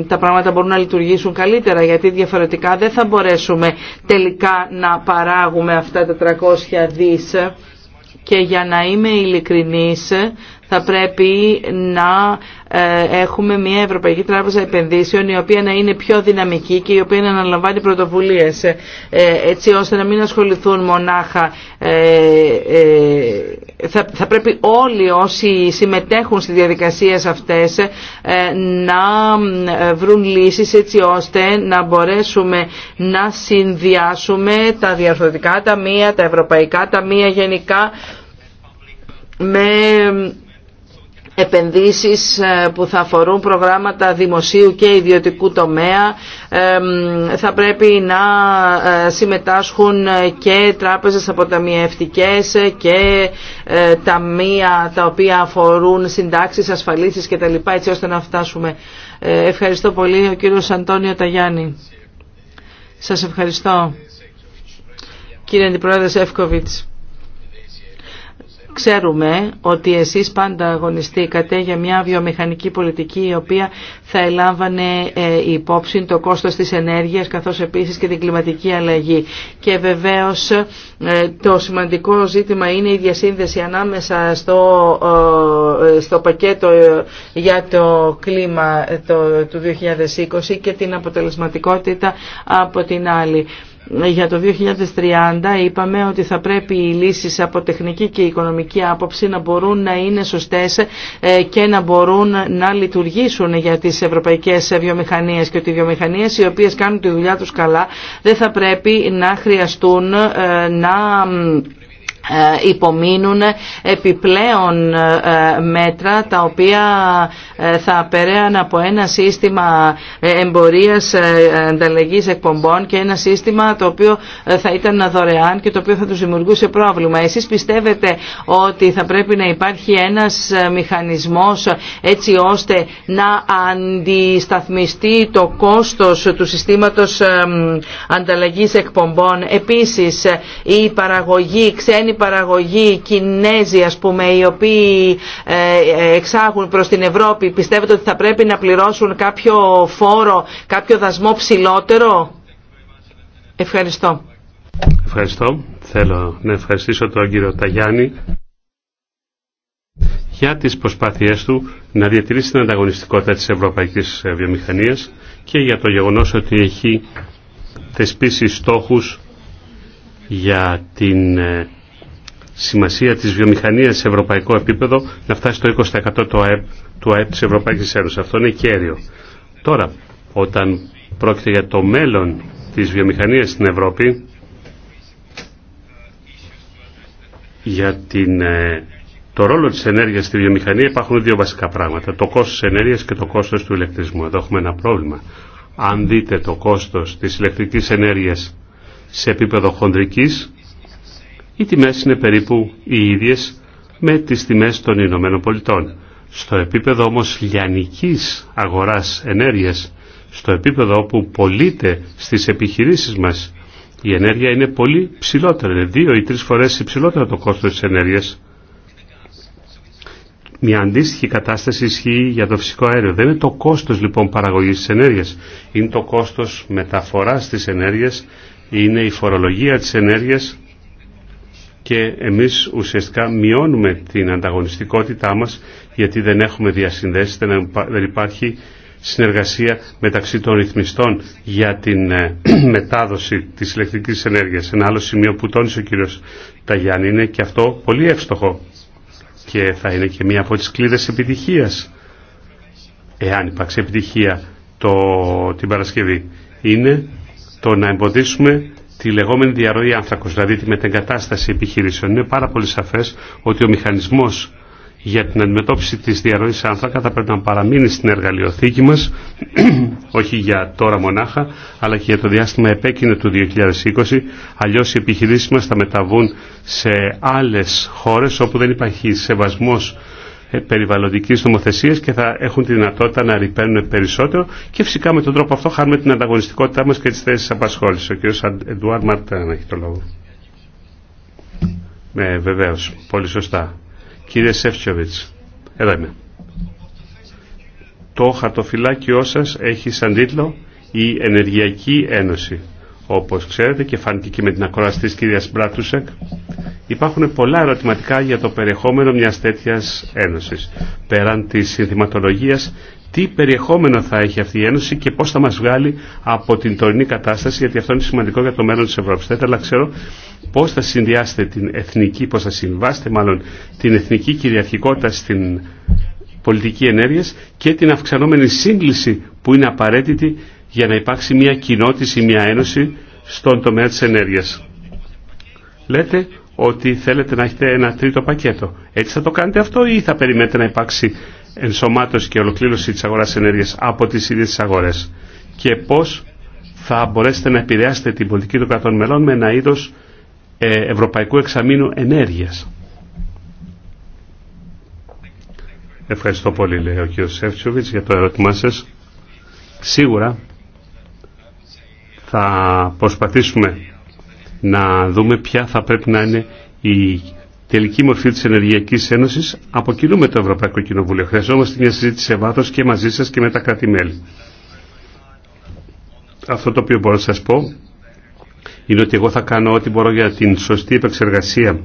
τα πράγματα μπορούν να λειτουργήσουν καλύτερα γιατί διαφορετικά δεν θα μπορέσουμε τελικά να παράγουμε αυτά τα 300 δις και για να είμαι ειλικρινής θα πρέπει να ε, έχουμε μια Ευρωπαϊκή Τράπεζα Επενδύσεων η οποία να είναι πιο δυναμική και η οποία να αναλαμβάνει πρωτοβουλίες ε, ε, έτσι ώστε να μην ασχοληθούν μονάχα θα, πρέπει όλοι όσοι συμμετέχουν στις διαδικασίες αυτές ε, να ε, βρουν λύσεις έτσι ώστε να μπορέσουμε να συνδυάσουμε τα διαρθρωτικά ταμεία, τα ευρωπαϊκά ταμεία γενικά με επενδύσεις ε, που θα αφορούν προγράμματα δημοσίου και ιδιωτικού τομέα. Θα πρέπει να ε, συμμετάσχουν ε, και τράπεζες αποταμιευτικές και ταμεία τα οποία αφορούν συντάξεις, ασφαλίσεις κτλ. έτσι ώστε να φτάσουμε. Ευχαριστώ πολύ ο κύριος Αντώνιο Ταγιάννη. Σας ευχαριστώ. Κύριε Αντιπρόεδρε Εύκοβιτς. Ξέρουμε ότι εσείς πάντα αγωνιστήκατε για μια βιομηχανική πολιτική η οποία θα ελάμβανε ε, υπόψη το κόστος της ενέργειας καθώς επίσης και την κλιματική αλλαγή. Και βεβαίως ε, το σημαντικό ζήτημα είναι η διασύνδεση ανάμεσα στο, ε, στο πακέτο για το κλίμα του 2020 και την αποτελεσματικότητα από την άλλη για το 2030 είπαμε ότι θα πρέπει οι λύσεις από τεχνική και οικονομική άποψη να μπορούν να είναι σωστές ε, και να μπορούν να λειτουργήσουν για τις ευρωπαϊκές βιομηχανίες και ότι οι βιομηχανίες οι οποίες κάνουν τη δουλειά τους καλά δεν θα πρέπει να χρειαστούν ε, να ε, υπομείνουν επιπλέον ε, ε, μέτρα τα οποία θα απεραίαν από ένα σύστημα εμπορίας ανταλλαγής εκπομπών και ένα σύστημα το οποίο θα ήταν δωρεάν και το οποίο θα τους δημιουργούσε πρόβλημα. Εσείς πιστεύετε ότι θα πρέπει να υπάρχει ένας μηχανισμός έτσι ώστε να αντισταθμιστεί το κόστος του συστήματος ανταλλαγής εκπομπών. Επίσης η παραγωγή ξένη παραγωγή, παραγωγή, Κινέζοι ας πούμε, οι οποίοι ε, εξάγουν προς την Ευρώπη, πιστεύετε ότι θα πρέπει να πληρώσουν κάποιο φόρο, κάποιο δασμό ψηλότερο. Ευχαριστώ. Ευχαριστώ. Θέλω να ευχαριστήσω τον κύριο Ταγιάννη για τις προσπάθειές του να διατηρήσει την ανταγωνιστικότητα της ευρωπαϊκής ε, βιομηχανίας και για το γεγονός ότι έχει θεσπίσει στόχους για την ε, σημασία της βιομηχανίας σε ευρωπαϊκό επίπεδο να φτάσει στο 20% του ΑΕΠ, του ΑΕΠ της Ευρωπαϊκής Ένωσης. Αυτό είναι κέριο. Τώρα, όταν πρόκειται για το μέλλον της βιομηχανίας στην Ευρώπη, για την, ε, το ρόλο της ενέργειας στη βιομηχανία υπάρχουν δύο βασικά πράγματα. Το κόστος της ενέργειας και το κόστος του ηλεκτρισμού. Εδώ έχουμε ένα πρόβλημα. Αν δείτε το κόστος της ηλεκτρικής ενέργειας σε επίπεδο χοντρικής, οι τιμές είναι περίπου οι ίδιες με τις τιμές των Ηνωμένων Πολιτών. Στο επίπεδο όμως λιανικής αγοράς ενέργειας, στο επίπεδο όπου πωλείται στις επιχειρήσεις μας, η ενέργεια είναι πολύ ψηλότερη, είναι δύο ή τρεις φορές υψηλότερο το κόστος της ενέργειας. Μια αντίστοιχη κατάσταση ισχύει για το φυσικό αέριο. Δεν είναι το κόστος λοιπόν παραγωγής της ενέργειας, είναι το κόστος μεταφοράς της ενέργειας, είναι η φορολογία της ενέργειας, και εμείς ουσιαστικά μειώνουμε την ανταγωνιστικότητά μας γιατί δεν έχουμε διασυνδέσεις, δεν υπάρχει συνεργασία μεταξύ των ρυθμιστών για την ε, [clears throat] μετάδοση της ηλεκτρικής ενέργειας. Ένα άλλο σημείο που τόνισε ο κύριος Ταγιάννη είναι και αυτό πολύ εύστοχο και θα είναι και μία από τις κλίδες επιτυχίας εάν υπάρξει επιτυχία το, την Παρασκευή είναι το να εμποδίσουμε τη λεγόμενη διαρροή άνθρακο, δηλαδή τη μετεγκατάσταση επιχειρήσεων. Είναι πάρα πολύ σαφέ ότι ο μηχανισμός για την αντιμετώπιση της διαρροής άνθρακα θα πρέπει να παραμείνει στην εργαλειοθήκη μας, [clears throat] όχι για τώρα μονάχα, αλλά και για το διάστημα επέκεινο του 2020, αλλιώς οι επιχειρήσει μα θα μεταβούν σε άλλε χώρε όπου δεν υπάρχει σεβασμό. Ε, περιβαλλοντικής νομοθεσίας και θα έχουν τη δυνατότητα να ρηπαίνουν περισσότερο και φυσικά με τον τρόπο αυτό χάνουμε την ανταγωνιστικότητά μας και τις θέσεις απασχόλησης. Ο κ. Εντουάρ να έχει το λόγο. Ναι, βεβαίως. Πολύ σωστά. Κύριε Σεφτσοβιτς, εδώ είμαι. Το χαρτοφυλάκιό σας έχει σαν τίτλο «Η Ενεργειακή Ένωση». Όπως ξέρετε και φάνηκε και με την ακρόαση της κυρίας Μπράτουσεκ, υπάρχουν πολλά ερωτηματικά για το περιεχόμενο μιας τέτοιας ένωσης. Πέραν της συνθηματολογίας, τι περιεχόμενο θα έχει αυτή η Ένωση και πώς θα μας βγάλει από την τωρινή κατάσταση, γιατί αυτό είναι σημαντικό για το μέλλον της Ευρώπης. Θα ήθελα να ξέρω πώς θα συνδυάσετε την εθνική, πώς θα συμβάσετε μάλλον την εθνική κυριαρχικότητα στην πολιτική ενέργεια και την αυξανόμενη σύγκληση που είναι απαραίτητη για να υπάρξει μια κοινότηση, μια ένωση στον τομέα της ενέργειας. Λέτε ότι θέλετε να έχετε ένα τρίτο πακέτο. Έτσι θα το κάνετε αυτό ή θα περιμένετε να υπάρξει ενσωμάτωση και ολοκλήρωση της αγοράς ενέργειας από τις ίδιες τις αγορές. Και πώς θα μπορέσετε να επηρεάσετε την πολιτική των κρατών μελών με ένα είδος ε, ευρωπαϊκού εξαμήνου ενέργειας. Ευχαριστώ πολύ, λέει ο κ. Σεύτσοβιτς, για το ερώτημά σας. Σίγουρα θα προσπαθήσουμε να δούμε ποια θα πρέπει να είναι η τελική μορφή της Ενεργειακής Ένωσης από κοινού το Ευρωπαϊκό Κοινοβούλιο. Χρειαζόμαστε μια συζήτηση σε βάθος και μαζί σας και με τα κράτη-μέλη. Αυτό το οποίο μπορώ να σας πω είναι ότι εγώ θα κάνω ό,τι μπορώ για την σωστή επεξεργασία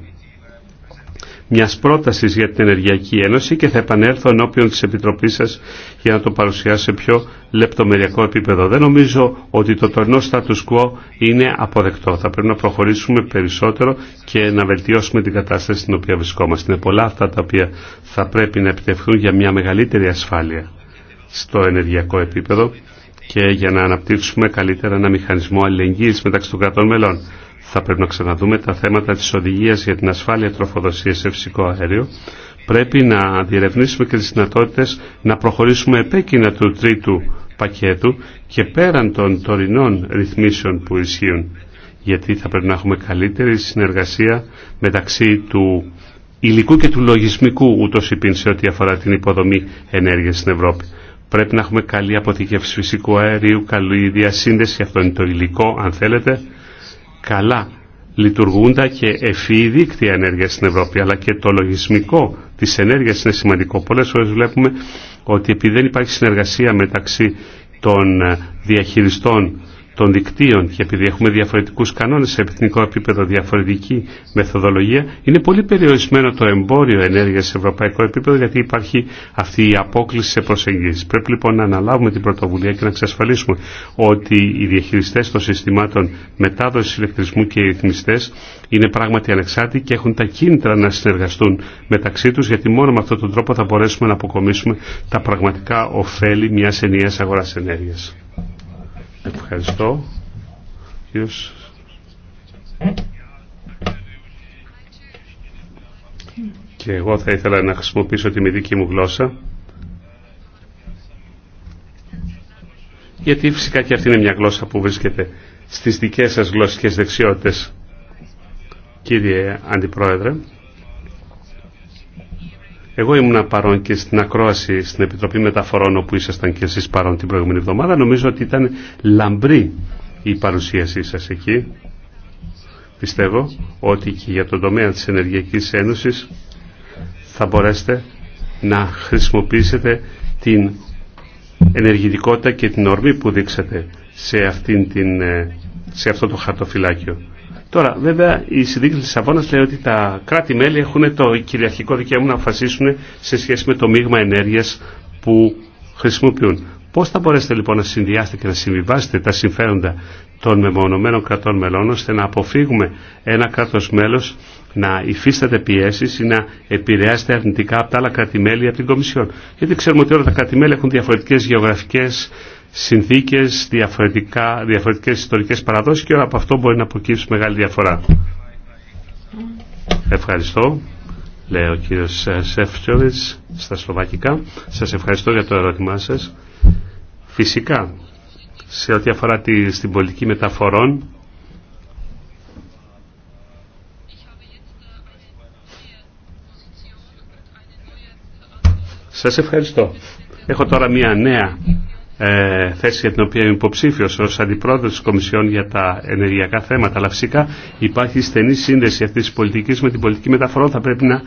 μια πρόταση για την Ενεργειακή Ένωση και θα επανέλθω ενώπιον τη Επιτροπή σα για να το παρουσιάσω σε πιο λεπτομεριακό επίπεδο. Δεν νομίζω ότι το τωρινό status quo είναι αποδεκτό. Θα πρέπει να προχωρήσουμε περισσότερο και να βελτιώσουμε την κατάσταση στην οποία βρισκόμαστε. Είναι πολλά αυτά τα οποία θα πρέπει να επιτευχθούν για μια μεγαλύτερη ασφάλεια στο ενεργειακό επίπεδο και για να αναπτύξουμε καλύτερα ένα μηχανισμό αλληλεγγύης μεταξύ των κρατών μελών θα πρέπει να ξαναδούμε τα θέματα της οδηγίας για την ασφάλεια τροφοδοσίας σε φυσικό αέριο. Πρέπει να διερευνήσουμε και τις δυνατότητες να προχωρήσουμε επέκεινα του τρίτου πακέτου και πέραν των τωρινών ρυθμίσεων που ισχύουν. Γιατί θα πρέπει να έχουμε καλύτερη συνεργασία μεταξύ του υλικού και του λογισμικού ούτως υπήν σε ό,τι αφορά την υποδομή ενέργειας στην Ευρώπη. Πρέπει να έχουμε καλή αποθήκευση φυσικού αερίου, καλή διασύνδεση, αυτό είναι το υλικό αν θέλετε, καλά λειτουργούντα και ευφυή δίκτυα στην Ευρώπη, αλλά και το λογισμικό τη ενέργεια είναι σημαντικό. Πολλέ φορέ βλέπουμε ότι επειδή δεν υπάρχει συνεργασία μεταξύ των ε, διαχειριστών των δικτύων και επειδή έχουμε διαφορετικούς κανόνες σε εθνικό επίπεδο, διαφορετική μεθοδολογία, είναι πολύ περιορισμένο το εμπόριο ενέργειας σε ευρωπαϊκό επίπεδο γιατί υπάρχει αυτή η απόκληση σε προσεγγίσεις. Πρέπει λοιπόν να αναλάβουμε την πρωτοβουλία και να εξασφαλίσουμε ότι οι διαχειριστές των συστημάτων μετάδοσης ηλεκτρισμού και οι ρυθμιστές είναι πράγματι ανεξάρτητοι και έχουν τα κίνητρα να συνεργαστούν μεταξύ τους γιατί μόνο με αυτόν τον τρόπο θα μπορέσουμε να αποκομίσουμε τα πραγματικά ωφέλη μιας ενιαίας αγοράς ενέργειας. Ευχαριστώ. Και εγώ θα ήθελα να χρησιμοποιήσω τη δική μου γλώσσα. Γιατί φυσικά και αυτή είναι μια γλώσσα που βρίσκεται στις δικές σας γλωσσικές δεξιότητες. Κύριε Αντιπρόεδρε, εγώ ήμουν παρόν και στην ακρόαση στην Επιτροπή Μεταφορών όπου ήσασταν και εσείς παρόν την προηγούμενη εβδομάδα. Νομίζω ότι ήταν λαμπρή η παρουσίασή σας εκεί. Πιστεύω ότι και για τον τομέα της Ενεργειακής Ένωσης θα μπορέσετε να χρησιμοποιήσετε την ενεργητικότητα και την ορμή που δείξατε σε, αυτήν την, ε, σε αυτό το χαρτοφυλάκιο. Τώρα, βέβαια, η συνδίκη τη Λισαβόνα λέει ότι τα κράτη-μέλη έχουν το κυριαρχικό δικαίωμα να αποφασίσουν σε σχέση με το μείγμα ενέργεια που χρησιμοποιούν. Πώ θα μπορέσετε λοιπόν να συνδυάσετε και να συμβιβάσετε τα συμφέροντα των μεμονωμένων κρατών μελών ώστε να αποφύγουμε ένα κράτο μέλο να υφίσταται πιέσει ή να επηρεάζεται αρνητικά από τα άλλα κράτη-μέλη από την Κομισιόν. Γιατί ξέρουμε ότι όλα τα κράτη-μέλη έχουν διαφορετικέ γεωγραφικέ συνθήκες, διαφορετικά, διαφορετικές ιστορικές παραδόσεις και όλα από αυτό μπορεί να αποκύψει μεγάλη διαφορά. Ευχαριστώ, λέει ο κύριος Σεφτσοβιτς στα Σλοβακικά. Σας ευχαριστώ για το ερώτημά σας. Φυσικά, σε ό,τι αφορά τη, στην πολιτική μεταφορών, Σας ευχαριστώ. Έχω τώρα μία νέα ε, θέση για την οποία είμαι υποψήφιος ως αντιπρόεδρος της Κομισιόν για τα ενεργειακά θέματα. Αλλά φυσικά υπάρχει στενή σύνδεση αυτής της πολιτικής με την πολιτική μεταφορών. Θα πρέπει να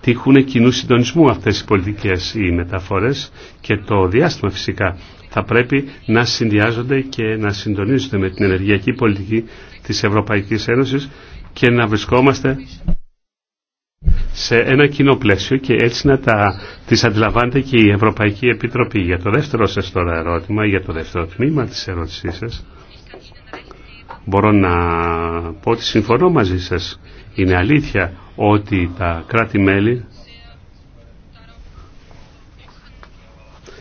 τύχουν κοινού συντονισμού αυτές οι πολιτικές οι μεταφορές και το διάστημα φυσικά θα πρέπει να συνδυάζονται και να συντονίζονται με την ενεργειακή πολιτική της Ευρωπαϊκής Ένωσης και να βρισκόμαστε σε ένα κοινό πλαίσιο και έτσι να τα, τις αντιλαμβάνεται και η Ευρωπαϊκή Επιτροπή. Για το δεύτερο σας τώρα ερώτημα, για το δεύτερο τμήμα της ερώτησής σας, μπορώ να πω ότι συμφωνώ μαζί σας. Είναι αλήθεια ότι τα κράτη-μέλη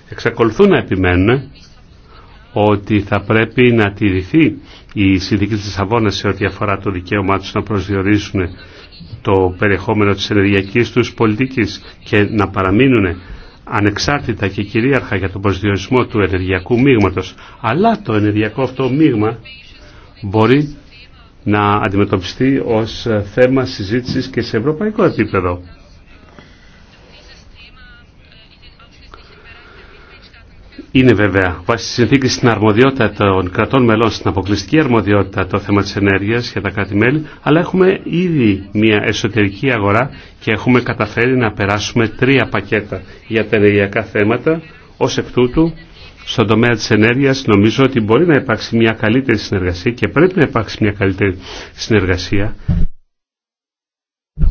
εξακολουθούν να επιμένουν ότι θα πρέπει να τηρηθεί η συνδίκη της Αβώνας σε ό,τι αφορά το δικαίωμά τους να προσδιορίσουν το περιεχόμενο της ενεργειακής τους πολιτικής και να παραμείνουν ανεξάρτητα και κυρίαρχα για τον προσδιορισμό του ενεργειακού μείγματος. Αλλά το ενεργειακό αυτό μείγμα μπορεί να αντιμετωπιστεί ως θέμα συζήτησης και σε ευρωπαϊκό επίπεδο. Είναι βέβαια βάσει τη συνθήκη στην αρμοδιότητα των κρατών μελών, στην αποκλειστική αρμοδιότητα το θέμα τη ενέργεια για τα κράτη-μέλη, αλλά έχουμε ήδη μια εσωτερική αγορά και έχουμε καταφέρει να περάσουμε τρία πακέτα για τα ενεργειακά θέματα. Ω εκ τούτου, στον τομέα τη ενέργεια νομίζω ότι μπορεί να υπάρξει μια καλύτερη συνεργασία και πρέπει να υπάρξει μια καλύτερη συνεργασία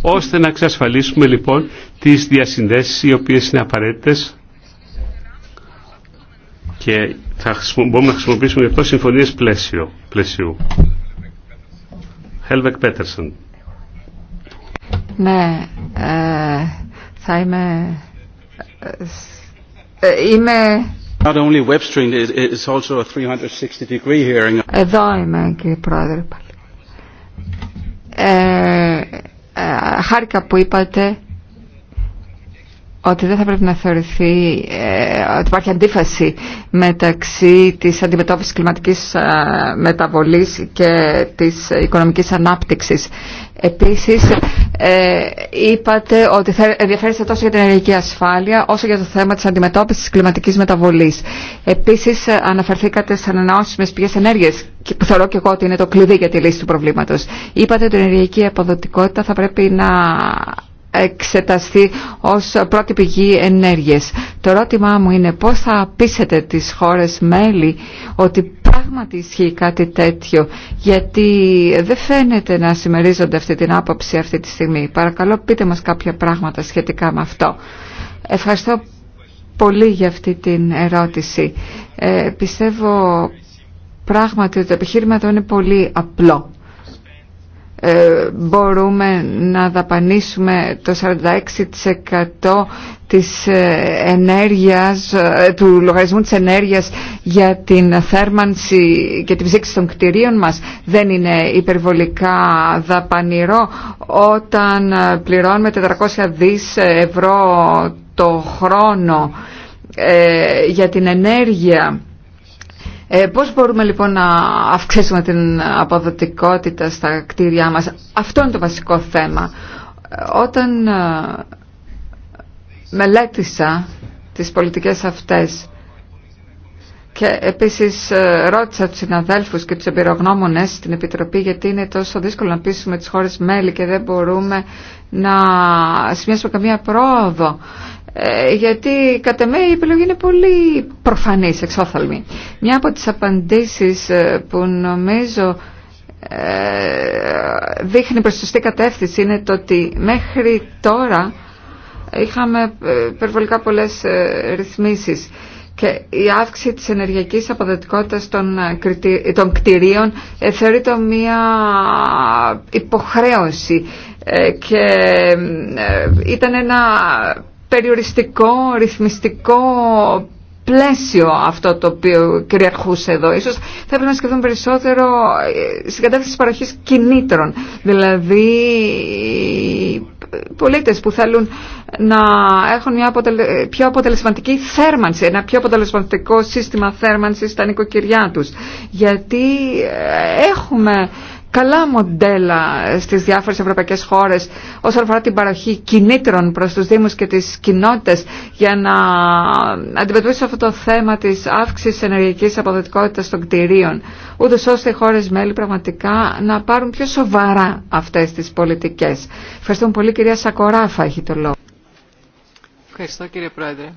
ώστε να εξασφαλίσουμε λοιπόν τις διασυνδέσεις οι οποίες είναι απαραίτητες και θα μπορούμε να χρησιμοποιήσουμε γι' αυτό συμφωνίες πλαίσιο, πλαισιού. Χέλβεκ Πέτερσον. Ναι, ε, θα είμαι... Ε, ε είμαι... Not only web it's also a 360 degree hearing. Εδώ είμαι κύριε Πρόεδρε. Ε, ε, χάρηκα που είπατε ότι δεν θα πρέπει να θεωρηθεί ε, ότι υπάρχει αντίφαση μεταξύ της αντιμετώπισης κλιματικής ε, μεταβολής και της οικονομικής ανάπτυξης. Επίσης, ε, είπατε ότι θα ενδιαφέρεστε τόσο για την ενεργειακή ασφάλεια όσο για το θέμα της αντιμετώπισης της κλιματικής μεταβολής. Επίσης, ε, αναφερθήκατε σε ανανεώσιμες πηγές ενέργειας που θεωρώ και εγώ ότι είναι το κλειδί για τη λύση του προβλήματος. Είπατε ότι η ενεργειακή αποδοτικότητα θα πρέπει να εξεταστεί ως πρώτη πηγή ενέργειας. Το ερώτημά μου είναι πώς θα πείσετε τις χώρες μέλη ότι πράγματι ισχύει κάτι τέτοιο γιατί δεν φαίνεται να συμμερίζονται αυτή την άποψη αυτή τη στιγμή. Παρακαλώ πείτε μας κάποια πράγματα σχετικά με αυτό. Ευχαριστώ πολύ για αυτή την ερώτηση. Ε, πιστεύω πράγματι ότι το επιχείρημα εδώ είναι πολύ απλό. Ε, μπορούμε να δαπανίσουμε το 46% της ε, ενέργειας, ε, του λογαριασμού της ενέργειας για την θέρμανση και την ψήξη των κτηρίων μας δεν είναι υπερβολικά δαπανηρό όταν πληρώνουμε 400 δις ευρώ το χρόνο για την ενέργεια ε, πώς μπορούμε λοιπόν να αυξήσουμε την αποδοτικότητα στα κτίρια μας. Αυτό είναι το βασικό θέμα. Όταν ε, μελέτησα τις πολιτικές αυτές και επίσης ε, ρώτησα τους συναδέλφους και τους εμπειρογνώμονες στην Επιτροπή γιατί είναι τόσο δύσκολο να πείσουμε τις χώρες μέλη και δεν μπορούμε να σημειώσουμε καμία πρόοδο ε, γιατί κατά μέρη η επιλογή είναι πολύ προφανής, εξόθαλμη. Μια από τις απαντήσεις ε, που νομίζω ε, δείχνει προς σωστή κατεύθυνση είναι το ότι μέχρι τώρα είχαμε υπερβολικά πολλές ρυθμίσεις και η αύξηση της ενεργειακής αποδοτικότητας των, κτηρίων θεωρείται μια υποχρέωση και ήταν ένα περιοριστικό, ρυθμιστικό πλαίσιο αυτό το οποίο κυριαρχούσε εδώ. Ίσως θα έπρεπε να σκεφτούμε περισσότερο ε, στην κατεύθυνση της παροχής κινήτρων. Δηλαδή πολίτες που θέλουν να έχουν μια πιο αποτελεσματική θέρμανση, ένα πιο αποτελεσματικό σύστημα θέρμανσης στα νοικοκυριά τους. Γιατί ε, έχουμε καλά μοντέλα στις διάφορες ευρωπαϊκές χώρες όσον αφορά την παροχή κινήτρων προς τους Δήμους και τις κοινότητες για να αντιμετωπίσουν αυτό το θέμα της αύξησης ενεργειακής αποδοτικότητας των κτηρίων ούτω ώστε οι χώρες μέλη πραγματικά να πάρουν πιο σοβαρά αυτές τις πολιτικές. Ευχαριστούμε πολύ κυρία Σακοράφα έχει το λόγο. Ευχαριστώ κύριε Πρόεδρε.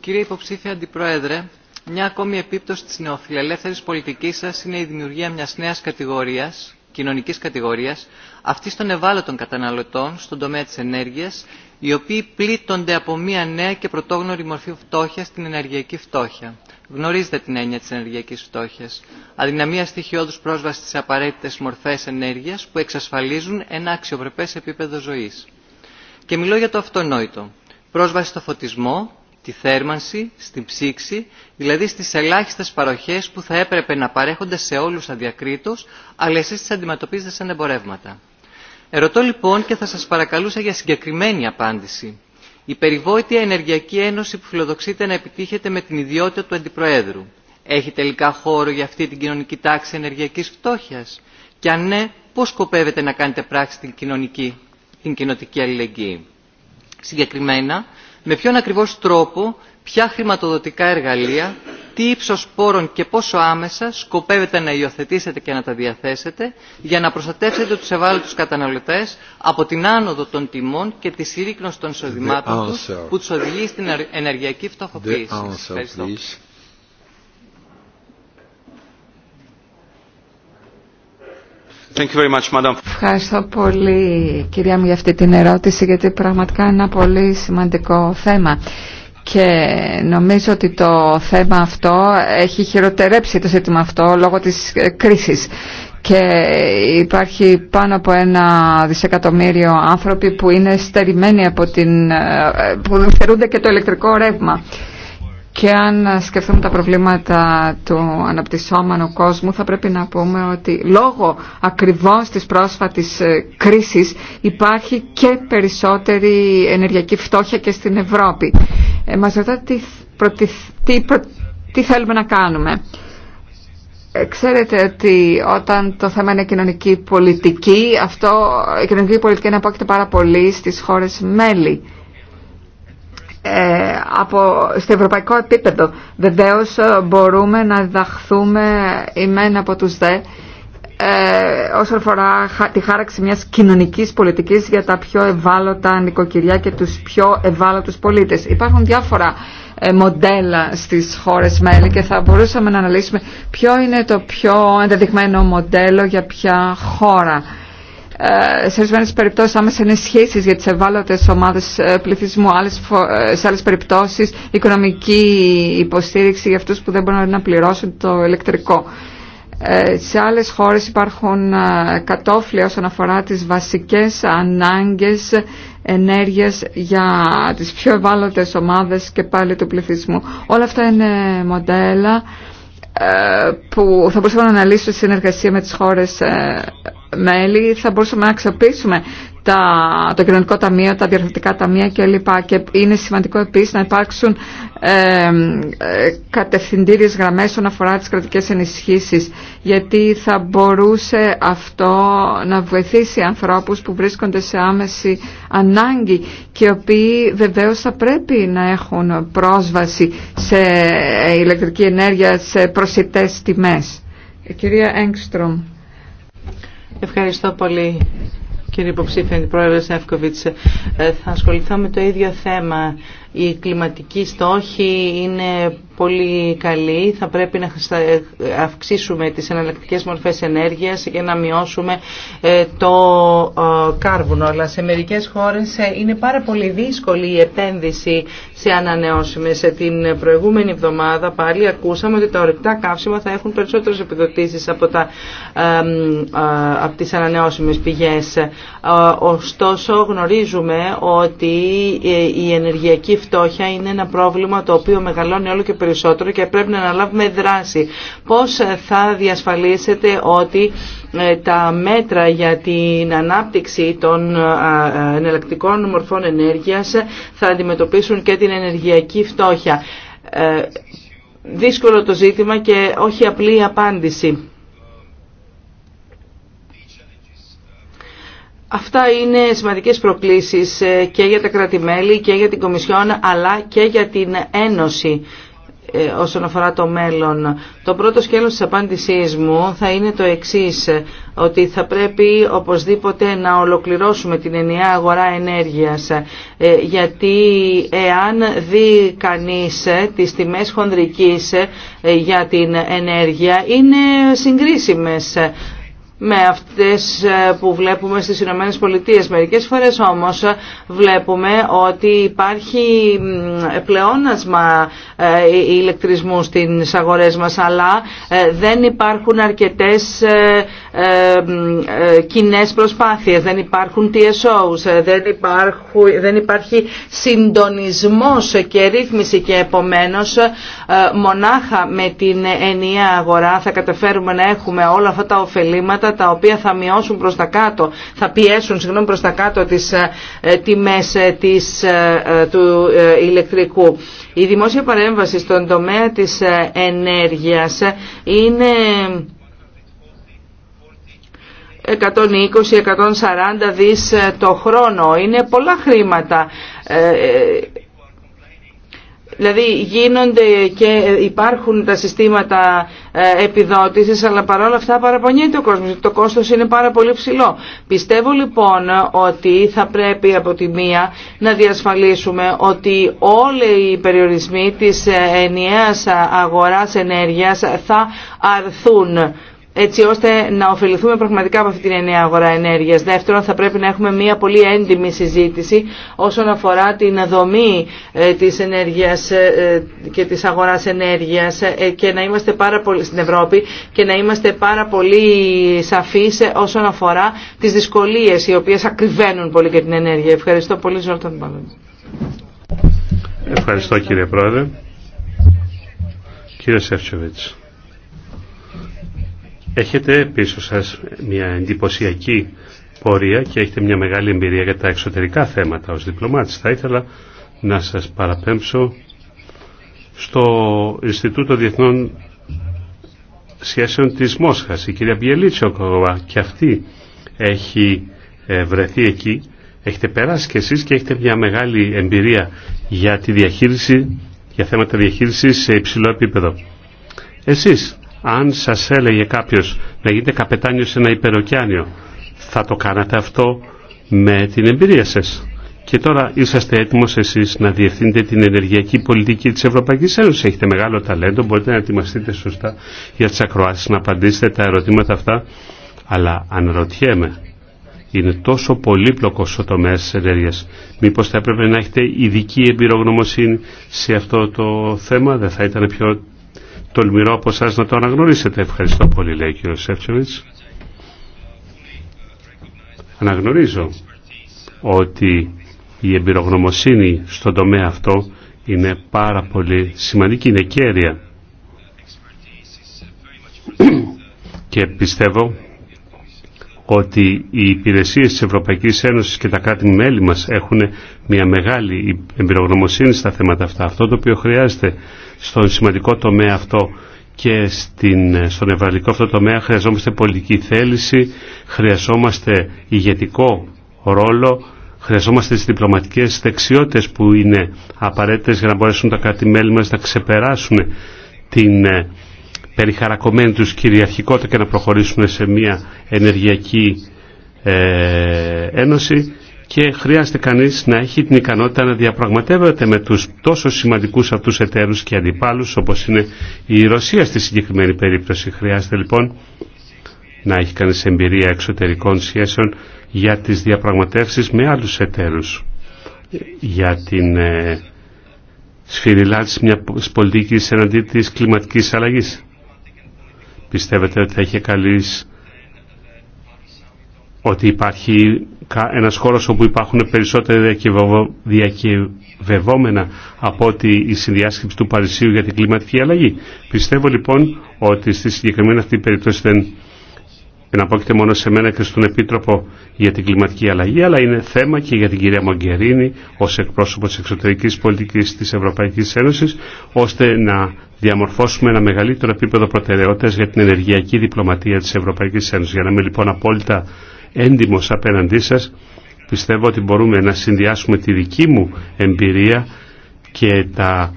Κύριε Υποψήφια Αντιπρόεδρε, μια ακόμη επίπτωση της νεοφιλελεύθερης πολιτικής σας είναι η δημιουργία μιας νέας κατηγορίας κοινωνική κατηγορία, αυτή των ευάλωτων καταναλωτών στον τομέα τη ενέργεια, οι οποίοι πλήττονται από μια νέα και πρωτόγνωρη μορφή φτώχεια την ενεργειακή φτώχεια. Γνωρίζετε την έννοια τη ενεργειακή φτώχεια. Αδυναμία στοιχειώδου πρόσβαση στι απαραίτητε μορφέ ενέργεια που εξασφαλίζουν ένα αξιοπρεπέ επίπεδο ζωή. Και μιλώ για το αυτονόητο. Πρόσβαση στο φωτισμό, ...στη θέρμανση, στην ψήξη, δηλαδή στις ελάχιστες παροχές που θα έπρεπε να παρέχονται σε όλους αδιακρίτως, αλλά εσείς τις αντιμετωπίζετε σαν εμπορεύματα. Ερωτώ λοιπόν και θα σας παρακαλούσα για συγκεκριμένη απάντηση. Η περιβόητη ενεργειακή ένωση που φιλοδοξείται να επιτύχετε με την ιδιότητα του Αντιπροέδρου. Έχει τελικά χώρο για αυτή την κοινωνική τάξη ενεργειακής φτώχειας. Και αν ναι, πώς σκοπεύετε να κάνετε πράξη την κοινωνική, την αλληλεγγύη. Συγκεκριμένα, με ποιον ακριβώς τρόπο, ποια χρηματοδοτικά εργαλεία, τι ύψος πόρων και πόσο άμεσα σκοπεύετε να υιοθετήσετε και να τα διαθέσετε για να προστατεύσετε τους ευάλωτους καταναλωτές από την άνοδο των τιμών και τη συρρήκνωση των εισοδημάτων τους που τους οδηγεί στην ενεργειακή φτωχοποίηση. Ευχαριστώ πολύ κυρία μου για αυτή την ερώτηση γιατί πραγματικά είναι ένα πολύ σημαντικό θέμα και νομίζω ότι το θέμα αυτό έχει χειροτερέψει το ζήτημα αυτό λόγω της ε, κρίσης και υπάρχει πάνω από ένα δισεκατομμύριο άνθρωποι που είναι στερημένοι από την, ε, ε, που δεν και το ηλεκτρικό ρεύμα. Και αν σκεφτούμε τα προβλήματα του αναπτυσσόμενου κόσμου θα πρέπει να πούμε ότι λόγω ακριβώς της πρόσφατης ε, κρίσης υπάρχει και περισσότερη ενεργειακή φτώχεια και στην Ευρώπη. Ε, μας ρωτάτε τι, τι, θέλουμε να κάνουμε. Ε, ξέρετε ότι όταν το θέμα είναι κοινωνική πολιτική, αυτό, η κοινωνική πολιτική είναι πάρα πολύ στις χώρες μέλη. Ε, από, στο ευρωπαϊκό επίπεδο. Βεβαίως ε, μπορούμε να διδαχθούμε ημένα από τους δε ε, όσον αφορά τη χάραξη μιας κοινωνικής πολιτικής για τα πιο ευάλωτα νοικοκυριά και τους πιο ευάλωτους πολίτες. Υπάρχουν διάφορα ε, μοντέλα στις χώρες μέλη και θα μπορούσαμε να αναλύσουμε ποιο είναι το πιο ενδεδειγμένο μοντέλο για ποια χώρα. Ε, σε ορισμένε περιπτώσει άμεσα είναι σχέσει για τι ευάλωτε ομάδε ε, πληθυσμού. Ε, σε άλλε περιπτώσει οικονομική υποστήριξη για αυτού που δεν μπορούν να πληρώσουν το ηλεκτρικό. Σε άλλες χώρες υπάρχουν κατόφλια όσον αφορά τις βασικές ανάγκες ενέργειας για τις πιο ευάλωτες ομάδες και πάλι του πληθυσμού. Όλα αυτά είναι μοντέλα που θα μπορούσαμε να αναλύσουμε συνεργασία με τις χώρες μέλη θα μπορούσαμε να αξιοποιήσουμε τα, το κοινωνικό ταμείο, τα διαρθρωτικά ταμεία κλπ. Και είναι σημαντικό επίσης να υπάρξουν ε, ε, κατευθυντήριες γραμμές όσον αφορά τις κρατικές ενισχύσεις γιατί θα μπορούσε αυτό να βοηθήσει ανθρώπους που βρίσκονται σε άμεση ανάγκη και οι οποίοι βεβαίως θα πρέπει να έχουν πρόσβαση σε ηλεκτρική ενέργεια σε προσιτές τιμές. Ε, κυρία Έγκστρομ. Ευχαριστώ πολύ κύριε υποψήφια πρόεδρε Σεύκοβιτς. Ε, θα ασχοληθώ με το ίδιο θέμα. Οι κλιματικοί στόχοι είναι πολύ καλή. Θα πρέπει να αυξήσουμε τις εναλλακτικές μορφές ενέργειας και να μειώσουμε ε, το ε, κάρβουνο. Αλλά σε μερικές χώρες ε, είναι πάρα πολύ δύσκολη η επένδυση σε ανανεώσιμες. Την προηγούμενη εβδομάδα πάλι ακούσαμε ότι τα ορυκτά καύσιμα θα έχουν περισσότερες επιδοτήσεις από, τα, από τις ανανεώσιμες πηγές. Ωστόσο γνωρίζουμε ότι η ενεργειακή φτώχεια είναι ένα πρόβλημα το οποίο μεγαλώνει όλο και περισσότερο και πρέπει να αναλάβουμε δράση. Πώς θα διασφαλίσετε ότι ε, τα μέτρα για την ανάπτυξη των ε, εναλλακτικών μορφών ενέργειας θα αντιμετωπίσουν και την ενεργειακή φτώχεια. Ε, δύσκολο το ζήτημα και όχι απλή απάντηση. Αυτά είναι σημαντικές προκλήσεις και για τα κρατη και για την Κομισιόν αλλά και για την Ένωση. Ε, όσον αφορά το μέλλον. Το πρώτο σκέλος της απάντησής μου θα είναι το εξής, ότι θα πρέπει οπωσδήποτε να ολοκληρώσουμε την ενιαία αγορά ενέργειας, ε, γιατί εάν δει κανείς ε, τις τιμές χονδρικής για την ενέργεια, είναι συγκρίσιμες με αυτές ε, που βλέπουμε στις Ηνωμένε Πολιτείε. Μερικές φορές όμως βλέπουμε ότι υπάρχει πλεόνασμα ε, ηλεκτρισμού στις αγορές μας αλλά ε, δεν υπάρχουν αρκετές κοινέ προσπάθειες, δεν υπάρχουν TSOs, δεν, υπάρχουν, δεν υπάρχει συντονισμός και ρύθμιση και επομένως μονάχα με την ενιαία αγορά θα καταφέρουμε να έχουμε όλα αυτά τα ωφελήματα τα οποία θα μειώσουν προς τα κάτω, θα πιέσουν συγγνώμη προς τα κάτω τις ε, ε, τιμές ε, της, του ηλεκτρικού. Η δημόσια παρέμβαση στον τομέα της ενέργειας είναι 120-140 δις το χρόνο. Είναι πολλά χρήματα Δηλαδή γίνονται και υπάρχουν τα συστήματα ε, επιδότησης αλλά παρόλα αυτά παραπονιέται ο κόσμος. Το κόστος είναι πάρα πολύ ψηλό. Πιστεύω λοιπόν ότι θα πρέπει από τη μία να διασφαλίσουμε ότι όλοι οι περιορισμοί της ε, ενιαίας αγοράς ενέργειας θα αρθούν έτσι ώστε να ωφεληθούμε πραγματικά από αυτή την νέα αγορά ενέργειας. Δεύτερον, θα πρέπει να έχουμε μια πολύ έντιμη συζήτηση όσον αφορά την δομή ε, της ενέργειας ε, ε, και της αγοράς ενέργειας και να είμαστε πάρα πολύ στην Ευρώπη και να είμαστε πάρα πολύ σαφείς όσον αφορά τις δυσκολίες οι οποίες ακριβένουν πολύ και την ενέργεια. Ευχαριστώ πολύ Ζόρταν Μπαλόν. Ευχαριστώ κύριε Πρόεδρε. Κύριε Σεύτσοβιτς. Έχετε πίσω σας μια εντυπωσιακή πορεία και έχετε μια μεγάλη εμπειρία για τα εξωτερικά θέματα ως διπλωμάτης. Θα ήθελα να σας παραπέμψω στο Ινστιτούτο Διεθνών Σχέσεων της Μόσχας, η κυρία Βιελίτσοκο και αυτή έχει ε, βρεθεί εκεί. Έχετε περάσει κι εσείς και έχετε μια μεγάλη εμπειρία για τη διαχείριση, για θέματα διαχείρισης σε υψηλό επίπεδο. Εσείς αν σας έλεγε κάποιος να γίνετε καπετάνιος σε ένα υπεροκιάνιο, θα το κάνατε αυτό με την εμπειρία σας. Και τώρα είσαστε έτοιμος εσείς να διευθύνετε την ενεργειακή πολιτική της Ευρωπαϊκής Ένωσης. Έχετε μεγάλο ταλέντο, μπορείτε να ετοιμαστείτε σωστά για τις ακροάσεις, να απαντήσετε τα ερωτήματα αυτά. Αλλά αν αναρωτιέμαι, είναι τόσο πολύπλοκο ο τομέα της ενέργεια. Μήπως θα έπρεπε να έχετε ειδική εμπειρογνωμοσύνη σε αυτό το θέμα, δεν θα ήταν πιο τολμηρό από εσά να το αναγνωρίσετε. Ευχαριστώ πολύ, λέει ο κ. Σεφτσεβιτ. Αναγνωρίζω ότι η εμπειρογνωμοσύνη στον τομέα αυτό είναι πάρα πολύ σημαντική, είναι κέρια. [clears throat] Και πιστεύω ότι οι υπηρεσίες της Ευρωπαϊκής Ένωσης και τα κράτη-μέλη μας έχουν μια μεγάλη εμπειρογνωμοσύνη στα θέματα αυτά. Αυτό το οποίο χρειάζεται στον σημαντικό τομέα αυτό και στην, στον ευραλικό αυτό τομέα χρειαζόμαστε πολιτική θέληση, χρειαζόμαστε ηγετικό ρόλο, χρειαζόμαστε τις διπλωματικές δεξιότητες που είναι απαραίτητες για να μπορέσουν τα κράτη-μέλη μας να ξεπεράσουν την ε, περιχαρακωμένη τους κυριαρχικότητα και να προχωρήσουν σε μια ενεργειακή ε, ένωση και χρειάζεται κανείς να έχει την ικανότητα να διαπραγματεύεται με τους τόσο σημαντικούς αυτούς εταίρους και αντιπάλους όπως είναι η Ρωσία στη συγκεκριμένη περίπτωση. Χρειάζεται λοιπόν να έχει κανείς εμπειρία εξωτερικών σχέσεων για τις διαπραγματεύσεις με άλλους εταίρους για την ε, σφυριλάτηση μιας πολιτικής εναντί της κλιματικής αλλαγής. Πιστεύετε ότι θα είχε ότι υπάρχει ένας χώρος όπου υπάρχουν περισσότερα διακυβευόμενα από ότι η συνδιάσκεψη του Παρισίου για την κλιματική αλλαγή. Πιστεύω λοιπόν ότι στη συγκεκριμένη αυτή περίπτωση δεν δεν απόκειται μόνο σε μένα και στον Επίτροπο για την κλιματική αλλαγή, αλλά είναι θέμα και για την κυρία Μογκερίνη ως εκπρόσωπο της εξωτερικής πολιτικής της Ευρωπαϊκής Ένωσης, ώστε να διαμορφώσουμε ένα μεγαλύτερο επίπεδο προτεραιότητας για την ενεργειακή διπλωματία της Ευρωπαϊκής Ένωσης. Για να είμαι λοιπόν απόλυτα έντιμος απέναντί σας, πιστεύω ότι μπορούμε να συνδυάσουμε τη δική μου εμπειρία και τα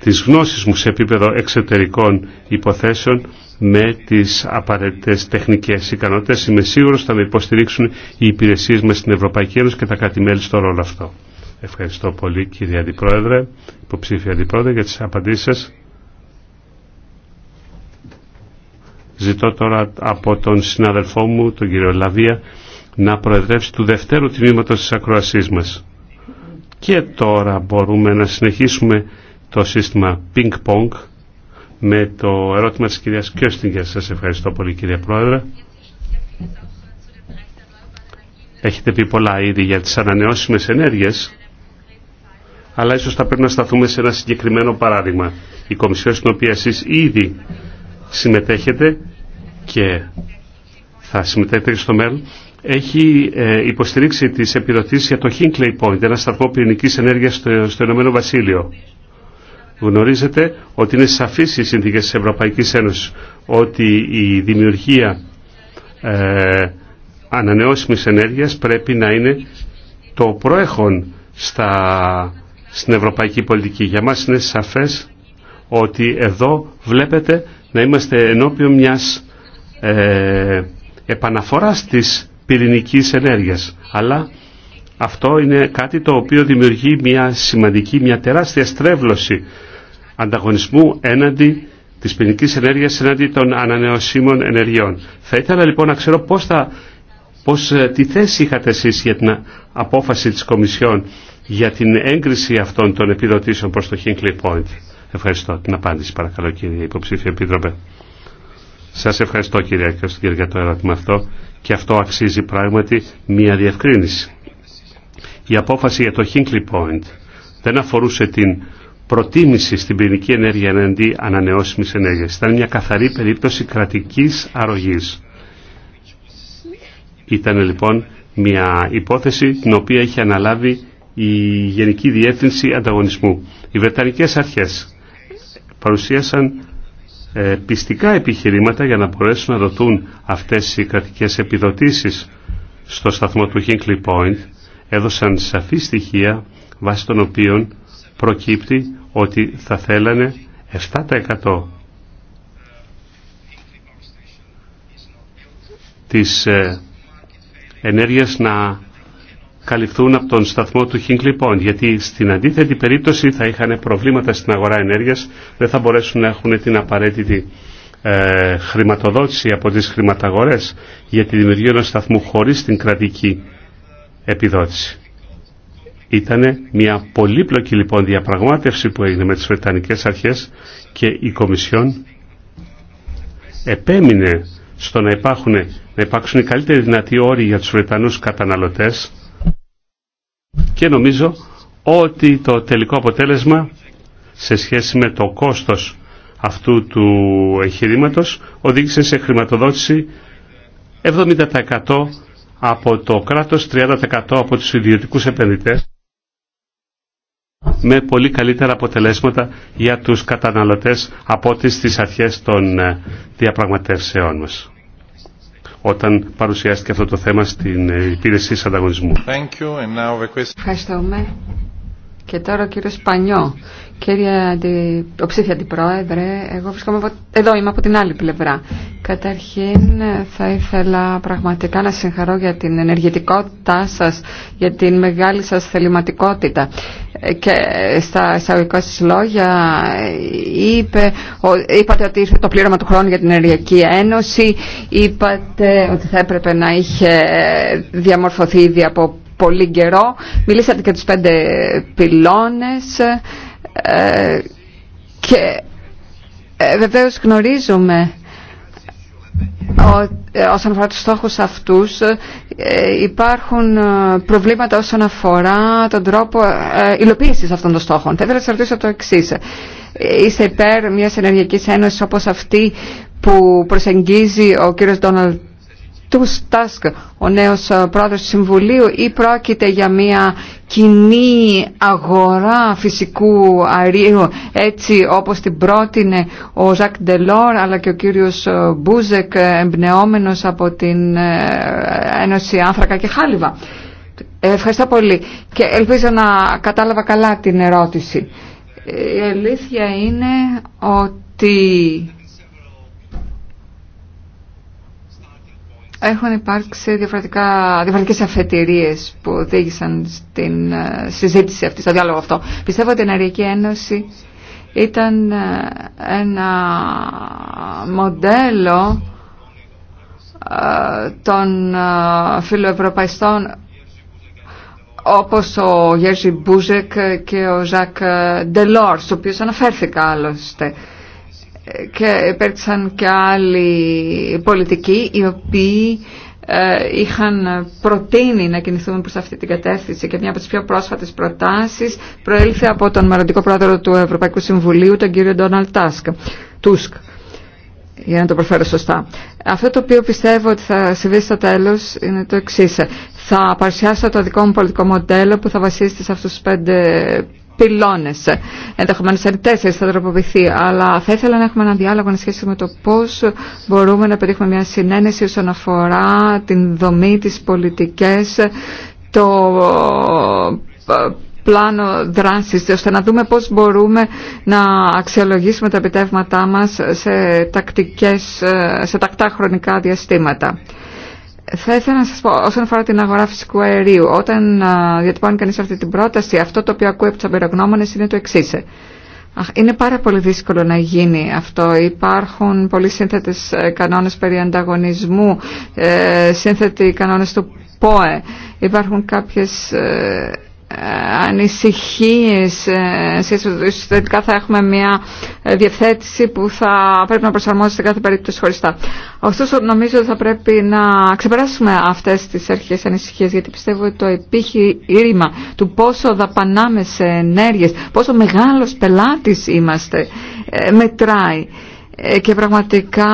τις γνώσεις μου σε επίπεδο εξωτερικών υποθέσεων με τις απαραίτητες τεχνικές ικανότητες. Είμαι σίγουρος θα με υποστηρίξουν οι υπηρεσίες μας στην Ευρωπαϊκή Ένωση και τα κάτι μέλη στο ρόλο αυτό. Ευχαριστώ πολύ κύριε Αντιπρόεδρε, υποψήφια Αντιπρόεδρε για τις απαντήσεις σας. Ζητώ τώρα από τον συναδελφό μου, τον κύριο Λαβία, να προεδρεύσει του δευτέρου τμήματος της ακροασής μας. Και τώρα μπορούμε να συνεχίσουμε το σύστημα ping-pong με το ερώτημα της κυρίας Κιώστιγκερ. Σας ευχαριστώ πολύ κύριε Πρόεδρε. Έχετε πει πολλά ήδη για τις ανανεώσιμες ενέργειες, αλλά ίσως θα πρέπει να σταθούμε σε ένα συγκεκριμένο παράδειγμα. Η Κομισιόν στην οποία εσείς ήδη συμμετέχετε και θα συμμετέχετε και στο μέλλον, έχει ε, υποστηρίξει τις επιδοτήσεις για το Hinkley Point, ένα σταθμό πυρηνικής ενέργειας στο, στο Ηνωμένο Βασίλειο. Γνωρίζετε ότι είναι σαφής οι συνθήκες της Ευρωπαϊκής Ένωσης ότι η δημιουργία ε, ανανεώσιμης ενέργειας πρέπει να είναι το προέχον στα, στην ευρωπαϊκή πολιτική. Για μας είναι σαφές ότι εδώ βλέπετε να είμαστε ενώπιον μιας ε, επαναφοράς της πυρηνικής ενέργειας. Αλλά αυτό είναι κάτι το οποίο δημιουργεί μια σημαντική, μια τεράστια στρέβλωση ανταγωνισμού έναντι της ποινική ενέργειας έναντι των ανανεωσίμων ενεργειών. Θα ήθελα λοιπόν να ξέρω πώς θα, πώς, ε, τι θέση είχατε εσείς για την απόφαση της Κομισιόν για την έγκριση αυτών των επιδοτήσεων προς το Hinkley Point. Ευχαριστώ την απάντηση παρακαλώ κύριε υποψήφια επίτροπε. Σας ευχαριστώ κύριε Ακριστή για το ερώτημα αυτό και αυτό αξίζει πράγματι μία διευκρίνηση. Η απόφαση για το Hinkley Point δεν αφορούσε την προτίμηση στην πυρηνική ενέργεια εναντί ανανεώσιμη ενέργεια. Ήταν μια καθαρή περίπτωση κρατικής αρρωγή. Ήταν λοιπόν μια υπόθεση την οποία είχε αναλάβει η Γενική Διεύθυνση Ανταγωνισμού. Οι Βρετανικέ Αρχές παρουσίασαν ε, πιστικά επιχειρήματα για να μπορέσουν να δοθούν αυτές οι κρατικές επιδοτήσεις στο σταθμό του Hinkley Point έδωσαν σαφή στοιχεία βάσει των οποίων προκύπτει ότι θα θέλανε 7% της ε, ενέργειας να καλυφθούν από τον σταθμό του Χίγκλιπον, γιατί στην αντίθετη περίπτωση θα είχαν προβλήματα στην αγορά ενέργειας, δεν θα μπορέσουν να έχουν την απαραίτητη ε, χρηματοδότηση από τις χρηματαγορές για τη δημιουργία ενός σταθμού χωρίς την κρατική επιδότηση. Ήταν μια πολύπλοκη λοιπόν διαπραγμάτευση που έγινε με τις Βρετανικές Αρχές και η Κομισιόν επέμεινε στο να, υπάρχουν, να υπάρξουν οι καλύτεροι δυνατοί όροι για τους Βρετανούς καταναλωτές και νομίζω ότι το τελικό αποτέλεσμα σε σχέση με το κόστος αυτού του εγχειρήματος οδήγησε σε χρηματοδότηση 70% από το κράτος, 30% από τους ιδιωτικούς επενδυτές με πολύ καλύτερα αποτελέσματα για τους καταναλωτές από τις στις αρχές των ε, διαπραγματεύσεών μας όταν παρουσιάστηκε αυτό το θέμα στην ε, υπηρεσία ανταγωνισμού. Ευχαριστούμε. Και τώρα ο κύριος Πανιό Κύριε αντι... Οψήφια Αντιπρόεδρε, εγώ βρισκόμαι εδώ, είμαι από την άλλη πλευρά. Καταρχήν θα ήθελα πραγματικά να συγχαρώ για την ενεργητικότητά σας, για την μεγάλη σας θεληματικότητα. Και στα εισαγωγικά σας λόγια είπε, είπατε ότι ήρθε το πλήρωμα του χρόνου για την Ενεργειακή Ένωση, είπατε ότι θα έπρεπε να είχε διαμορφωθεί ήδη από πολύ καιρό, μιλήσατε και τους πέντε πυλώνες, ε, και ε, βεβαίως γνωρίζουμε ε, όσον αφορά τους στόχους αυτούς ε, υπάρχουν προβλήματα όσον αφορά τον τρόπο υλοποίησης αυτών των στόχων. Θα ήθελα να σας ρωτήσω το εξής. Είστε υπέρ μιας ενεργειακής ένωσης όπως αυτή που προσεγγίζει ο κύριος Ντόναλτ τους Τάσκ, ο νέος ε, πρόεδρος του Συμβουλίου ή πρόκειται για μια κοινή αγορά φυσικού αερίου έτσι όπως την πρότεινε ο Ζακ Ντελόρ αλλά και ο κύριος ε, Μπούζεκ εμπνεόμενος από την ε, Ένωση Άνθρακα και Χάλιβα. Ευχαριστώ πολύ και ελπίζω να κατάλαβα καλά την ερώτηση. Η αλήθεια είναι ότι έχουν υπάρξει διαφορετικά, διαφορετικές αφετηρίες που οδήγησαν στην ε, συζήτηση αυτή, στο διάλογο αυτό. Πιστεύω ότι η Ενεργειακή Ένωση ήταν ε, ένα μοντέλο ε, των φιλοευρωπαϊστών όπως ο Γέρζι Μπούζεκ και ο Ζακ Ντελόρ, στους οποίους αναφέρθηκα άλλωστε και υπέρξαν και άλλοι πολιτικοί οι οποίοι ε, είχαν προτείνει να κινηθούμε προς αυτή την κατεύθυνση και μια από τις πιο πρόσφατες προτάσεις προέλθε από τον μελλοντικό πρόεδρο του Ευρωπαϊκού Συμβουλίου, τον κύριο Ντόναλτ Τούσκ για να το προφέρω σωστά. Αυτό το οποίο πιστεύω ότι θα συμβεί στο τέλος είναι το εξή. Θα παρουσιάσω το δικό μου πολιτικό μοντέλο που θα βασίζεται σε αυτούς τους πέντε πυλώνε. Ενδεχομένω αν τέσσερι θα τροποποιηθεί, αλλά θα ήθελα να έχουμε έναν διάλογο να σχέση με το πώ μπορούμε να πετύχουμε μια συνένεση όσον αφορά την δομή, τι πολιτικέ το ε, πλάνο δράσης, ώστε να δούμε πώς μπορούμε να αξιολογήσουμε τα επιτεύγματά μας σε, τακτικές, ε, σε τακτά χρονικά διαστήματα. Θα ήθελα να σας πω όσον αφορά την αγορά φυσικού αερίου. Όταν διατυπώνει κανείς αυτή την πρόταση, αυτό το οποίο ακούει από τους αμπειρογνώμονες είναι το εξής. Είναι πάρα πολύ δύσκολο να γίνει αυτό. Υπάρχουν πολύ σύνθετες ε, κανόνες περί ανταγωνισμού, ε, σύνθετοι κανόνες του ΠΟΕ. Υπάρχουν κάποιες ε, ανησυχίες ε, σε θα έχουμε μια ε, διευθέτηση που θα πρέπει να προσαρμόζεται κάθε περίπτωση χωριστά. Ωστόσο νομίζω ότι θα πρέπει να ξεπεράσουμε αυτές τις αρχές ανησυχίες γιατί πιστεύω ότι το επιχείρημα του πόσο δαπανάμε σε ενέργειες, πόσο μεγάλος πελάτης είμαστε ε, μετράει και πραγματικά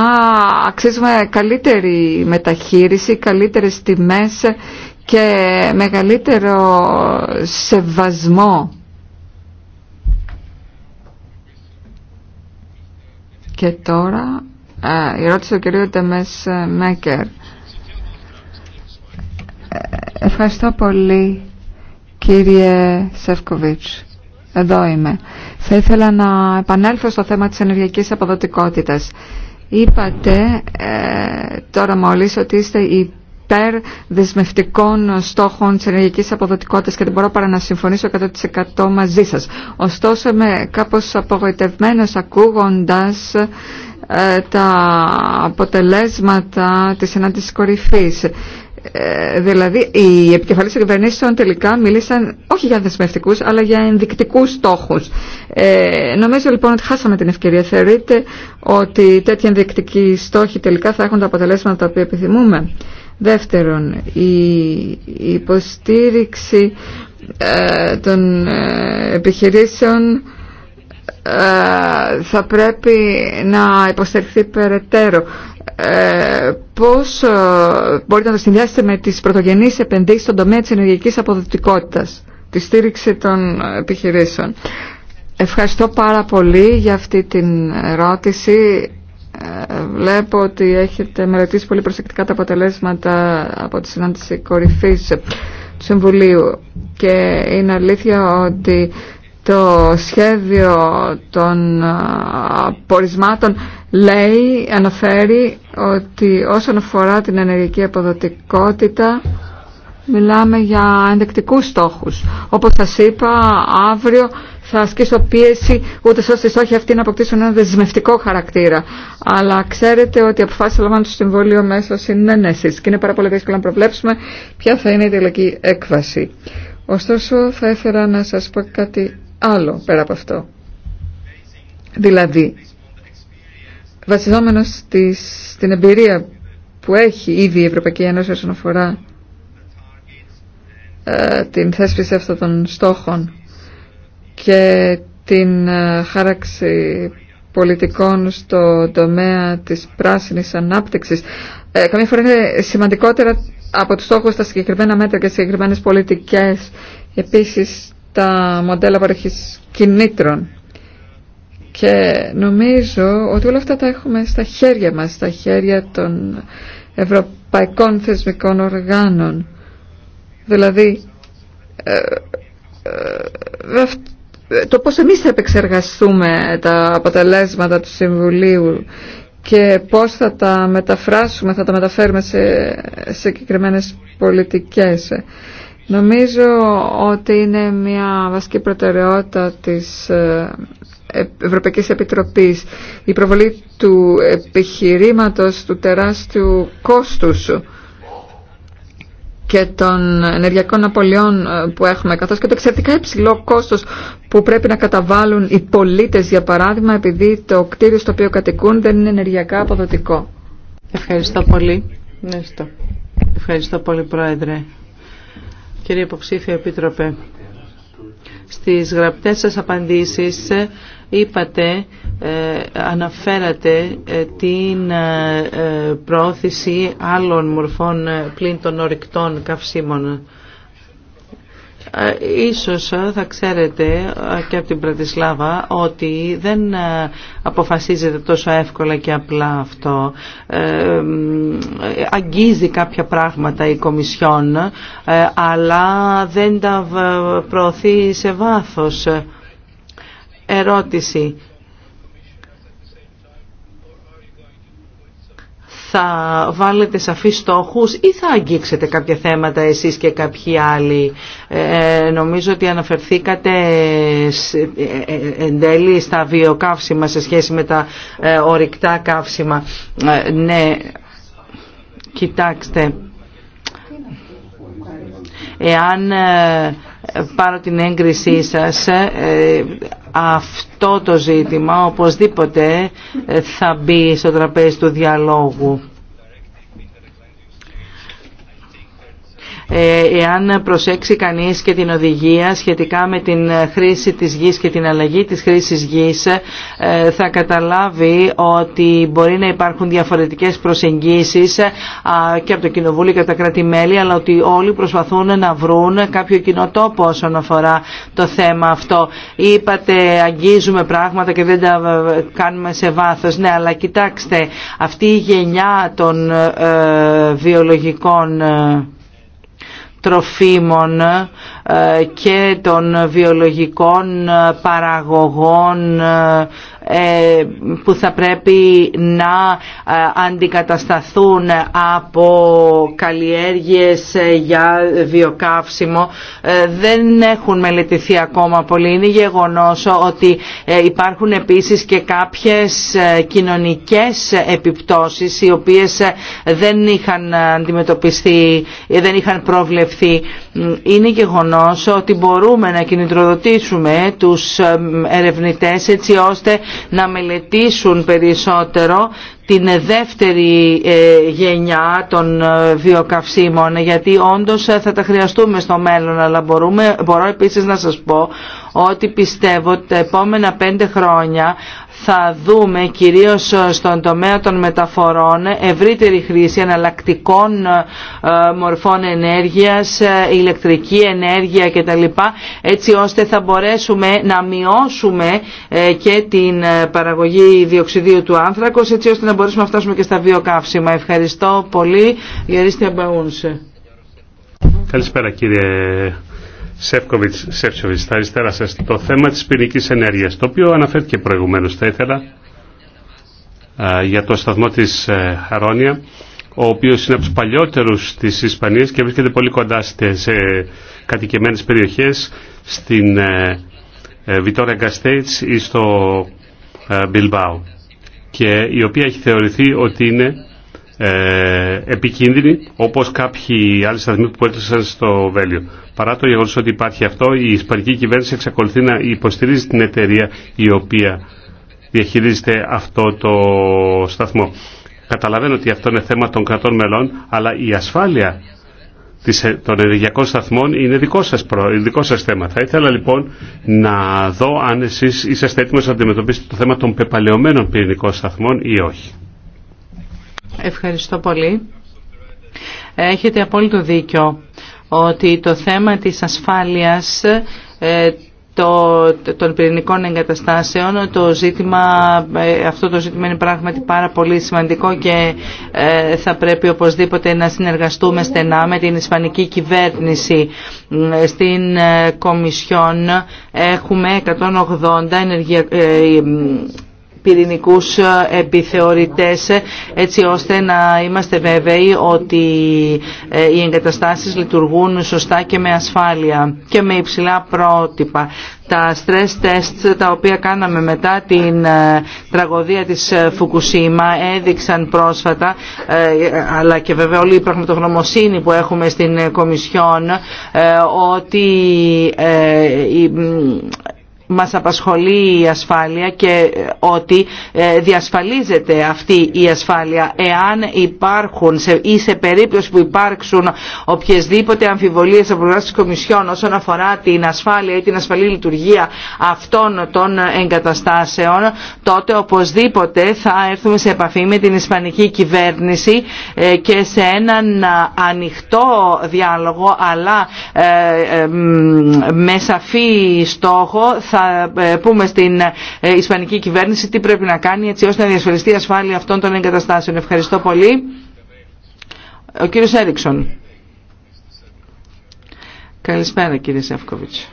αξίζουμε καλύτερη μεταχείριση, καλύτερες τιμές και μεγαλύτερο σεβασμό Και τώρα η ερώτηση του κυρίου Τεμές Μέκερ. Ε, ευχαριστώ πολύ κύριε Σεύκοβιτς. Εδώ είμαι. Θα ήθελα να επανέλθω στο θέμα της ενεργειακής αποδοτικότητας. Είπατε ε, τώρα μόλις ότι είστε η υπέρ δεσμευτικών στόχων της ενεργειακής αποδοτικότητας και δεν μπορώ παρά να συμφωνήσω 100% μαζί σας. Ωστόσο είμαι κάπως απογοητευμένος ακούγοντας ε, τα αποτελέσματα της Ενάντησης κορυφής. Ε, δηλαδή οι επικεφαλής των κυβερνήσεων τελικά μίλησαν όχι για δεσμευτικούς αλλά για ενδεικτικούς στόχους. Ε, νομίζω λοιπόν ότι χάσαμε την ευκαιρία. Θεωρείτε ότι τέτοιοι ενδεικτικοί στόχοι τελικά θα έχουν τα αποτελέσματα τα οποία επιθυμούμε. Δεύτερον, η υποστήριξη ε, των ε, επιχειρήσεων ε, θα πρέπει να υποστηριχθεί περαιτέρω. Πώς μπορείτε να το συνδυάσετε με τις πρωτογενείς επενδύσεις στον τομέα της ενεργειακής αποδοτικότητας, τη στήριξη των επιχειρήσεων. Ευχαριστώ πάρα πολύ για αυτή την ερώτηση. Ε, βλέπω ότι έχετε μελετήσει πολύ προσεκτικά τα αποτελέσματα από τη συνάντηση κορυφής του Συμβουλίου και είναι αλήθεια ότι το σχέδιο των ε, απορισμάτων λέει, αναφέρει ότι όσον αφορά την ενεργειακή αποδοτικότητα μιλάμε για ενδεκτικούς στόχους. Όπως σας είπα, αύριο θα ασκήσω πίεση ούτε ώστε οι στόχοι αυτοί να αποκτήσουν ένα δεσμευτικό χαρακτήρα. Αλλά ξέρετε ότι οι αποφάσει λαμβάνουν το Συμβούλιο μέσω συνένεση και είναι πάρα πολύ δύσκολο να προβλέψουμε ποια θα είναι η τελική έκβαση. Ωστόσο, θα ήθελα να σα πω κάτι άλλο πέρα από αυτό. Δηλαδή, βασιζόμενο στην εμπειρία που έχει ήδη η Ευρωπαϊκή Ένωση όσον αφορά ε, την θέσπιση αυτών των στόχων και την ε, χάραξη πολιτικών στο τομέα της πράσινης ανάπτυξης. Ε, καμία φορά είναι σημαντικότερα από τους στόχους τα συγκεκριμένα μέτρα και συγκεκριμένες πολιτικές. Επίσης τα μοντέλα παροχής κινήτρων. Και νομίζω ότι όλα αυτά τα έχουμε στα χέρια μας, στα χέρια των ευρωπαϊκών θεσμικών οργάνων. Δηλαδή, ε, ε, το πώς εμείς θα επεξεργαστούμε τα αποτελέσματα του Συμβουλίου και πώς θα τα μεταφράσουμε, θα τα μεταφέρουμε σε, συγκεκριμένες συγκεκριμένε πολιτικές. Νομίζω ότι είναι μια βασική προτεραιότητα της ε, Ευρωπαϊκής Επιτροπής η προβολή του επιχειρήματος του τεράστιου κόστους και των ενεργειακών απολειών ε, που έχουμε, καθώς και το εξαιρετικά υψηλό κόστος που πρέπει να καταβάλουν οι πολίτες, για παράδειγμα, επειδή το κτίριο στο οποίο κατοικούν δεν είναι ενεργειακά αποδοτικό. Ευχαριστώ πολύ. Ευχαριστώ, Ευχαριστώ πολύ, Πρόεδρε. Κύριε Υποψήφιο Επίτροπε, στις γραπτές σας απαντήσεις είπατε, ε, αναφέρατε ε, την ε, πρόθεση άλλων μορφών πλήν των ορυκτών καυσίμων. Ίσως θα ξέρετε και από την Πρατισλάβα ότι δεν αποφασίζεται τόσο εύκολα και απλά αυτό. Αγγίζει κάποια πράγματα η Κομισιόν αλλά δεν τα προωθεί σε βάθος ερώτηση. θα βάλετε σαφείς στόχους ή θα αγγίξετε κάποια θέματα εσείς και κάποιοι άλλοι. Ε, νομίζω ότι αναφερθήκατε ε, ε, ε, εν τέλει στα βιοκαύσιμα σε σχέση με τα ορυκτά καύσιμα. ναι, κοιτάξτε. Εάν πάρω την έγκρισή σας ε, αυτό το ζήτημα οπωσδήποτε ε, θα μπει στο τραπέζι του διαλόγου. Ε, εάν προσέξει κανείς και την οδηγία σχετικά με την ε, χρήση της γης και την αλλαγή της χρήσης γης ε, θα καταλάβει ότι μπορεί να υπάρχουν διαφορετικές προσεγγίσεις και από το Κοινοβούλιο και από τα κράτη-μέλη αλλά ότι όλοι προσπαθούν να βρουν κάποιο κοινό τόπο όσον αφορά το θέμα αυτό. Είπατε αγγίζουμε πράγματα και δεν τα κάνουμε σε βάθος. Ναι, αλλά κοιτάξτε, αυτή η γενιά των βιολογικών τροφίμων ε, και των βιολογικών ε, παραγωγών ε, που θα πρέπει να αντικατασταθούν από καλλιέργειες για βιοκαύσιμο δεν έχουν μελετηθεί ακόμα πολύ. Είναι γεγονός ότι υπάρχουν επίσης και κάποιες κοινωνικές επιπτώσεις οι οποίες δεν είχαν αντιμετωπιστεί, δεν είχαν προβλεφθεί. Είναι γεγονός γεγονός ότι μπορούμε να κινητροδοτήσουμε τους ε, ερευνητές έτσι ώστε να μελετήσουν περισσότερο την δεύτερη ε, γενιά των ε, βιοκαυσίμων γιατί όντως θα τα χρειαστούμε στο μέλλον αλλά μπορούμε, μπορώ επίσης να σας πω ότι πιστεύω ότι τα επόμενα πέντε χρόνια θα δούμε κυρίως ε, στον τομέα των μεταφορών ε, ευρύτερη χρήση εναλλακτικών ε, μορφών ενέργειας, ηλεκτρική ενέργεια κτλ. έτσι ώστε θα μπορέσουμε να μειώσουμε και την παραγωγή διοξιδίου του άνθρακος έτσι ώστε να μπορέσουμε να φτάσουμε και στα βιοκαύσιμα. Ευχαριστώ πολύ. Γερίστια Μπαούνσε. Καλησπέρα κύριε Σεύκοβιτς, Σεύκοβιτς, στα αριστερά σας, το θέμα της πυρηνικής ενέργειας, το οποίο αναφέρθηκε προηγουμένως, θα ήθελα για το σταθμό της ε, Χαρόνια, ο οποίος είναι από τους παλιότερους της Ισπανίας και βρίσκεται πολύ κοντά σε κατοικημένες περιοχές, στην ε, ε, Βιτόρα Γκαστέιτς ή στο Μπιλμπάου και η οποία έχει θεωρηθεί ότι είναι ε, επικίνδυνοι όπως κάποιοι άλλοι σταθμοί που έτρεψαν στο Βέλιο. Παρά το γεγονός ότι υπάρχει αυτό, η Ισπανική κυβέρνηση εξακολουθεί να υποστηρίζει την εταιρεία η οποία διαχειρίζεται αυτό το σταθμό. Καταλαβαίνω ότι αυτό είναι θέμα των κρατών μελών, αλλά η ασφάλεια των ενεργειακών σταθμών είναι δικό σας, προ, σας θέμα. Θα ήθελα λοιπόν να δω αν εσείς είσαστε έτοιμοι να αντιμετωπίσετε το θέμα των πεπαλαιωμένων πυρηνικών σταθμών ή όχι. Ευχαριστώ πολύ. Έχετε απόλυτο δίκιο ότι το θέμα της ασφάλειας ε, το, των πυρηνικών εγκαταστάσεων το ζήτημα, ε, αυτό το ζήτημα είναι πράγματι πάρα πολύ σημαντικό και ε, θα πρέπει οπωσδήποτε να συνεργαστούμε στενά με την Ισπανική κυβέρνηση στην Κομισιόν έχουμε 180 ενεργεια πυρηνικούς ε, επιθεωρητές έτσι ώστε να είμαστε βέβαιοι ότι ε, οι εγκαταστάσεις λειτουργούν σωστά και με ασφάλεια και με υψηλά πρότυπα. Τα stress tests τα οποία κάναμε μετά την ε, τραγωδία της Φουκουσίμα έδειξαν πρόσφατα αλλά και βέβαια όλη η πραγματογνωμοσύνη που έχουμε στην Κομισιόν ότι μας απασχολεί η ασφάλεια και ε, ότι ε, διασφαλίζεται αυτή η ασφάλεια εάν υπάρχουν ή σε περίπτωση που υπάρξουν οποιασδήποτε αμφιβολίες από πλευρά της Κομισιόν όσον αφορά την ασφάλεια ή την ασφαλή λειτουργία αυτών των εγκαταστάσεων τότε οπωσδήποτε θα έρθουμε σε επαφή με την Ισπανική κυβέρνηση ε, και σε έναν ανοιχτό διάλογο αλλά με σαφή στόχο θα ε, πούμε στην ε, Ισπανική κυβέρνηση τι πρέπει να κάνει έτσι ώστε να διασφαλιστεί η ασφάλεια αυτών των εγκαταστάσεων. Ευχαριστώ πολύ. Ο κύριος Έριξον. Καλησπέρα κύριε Σεύκοβιτς.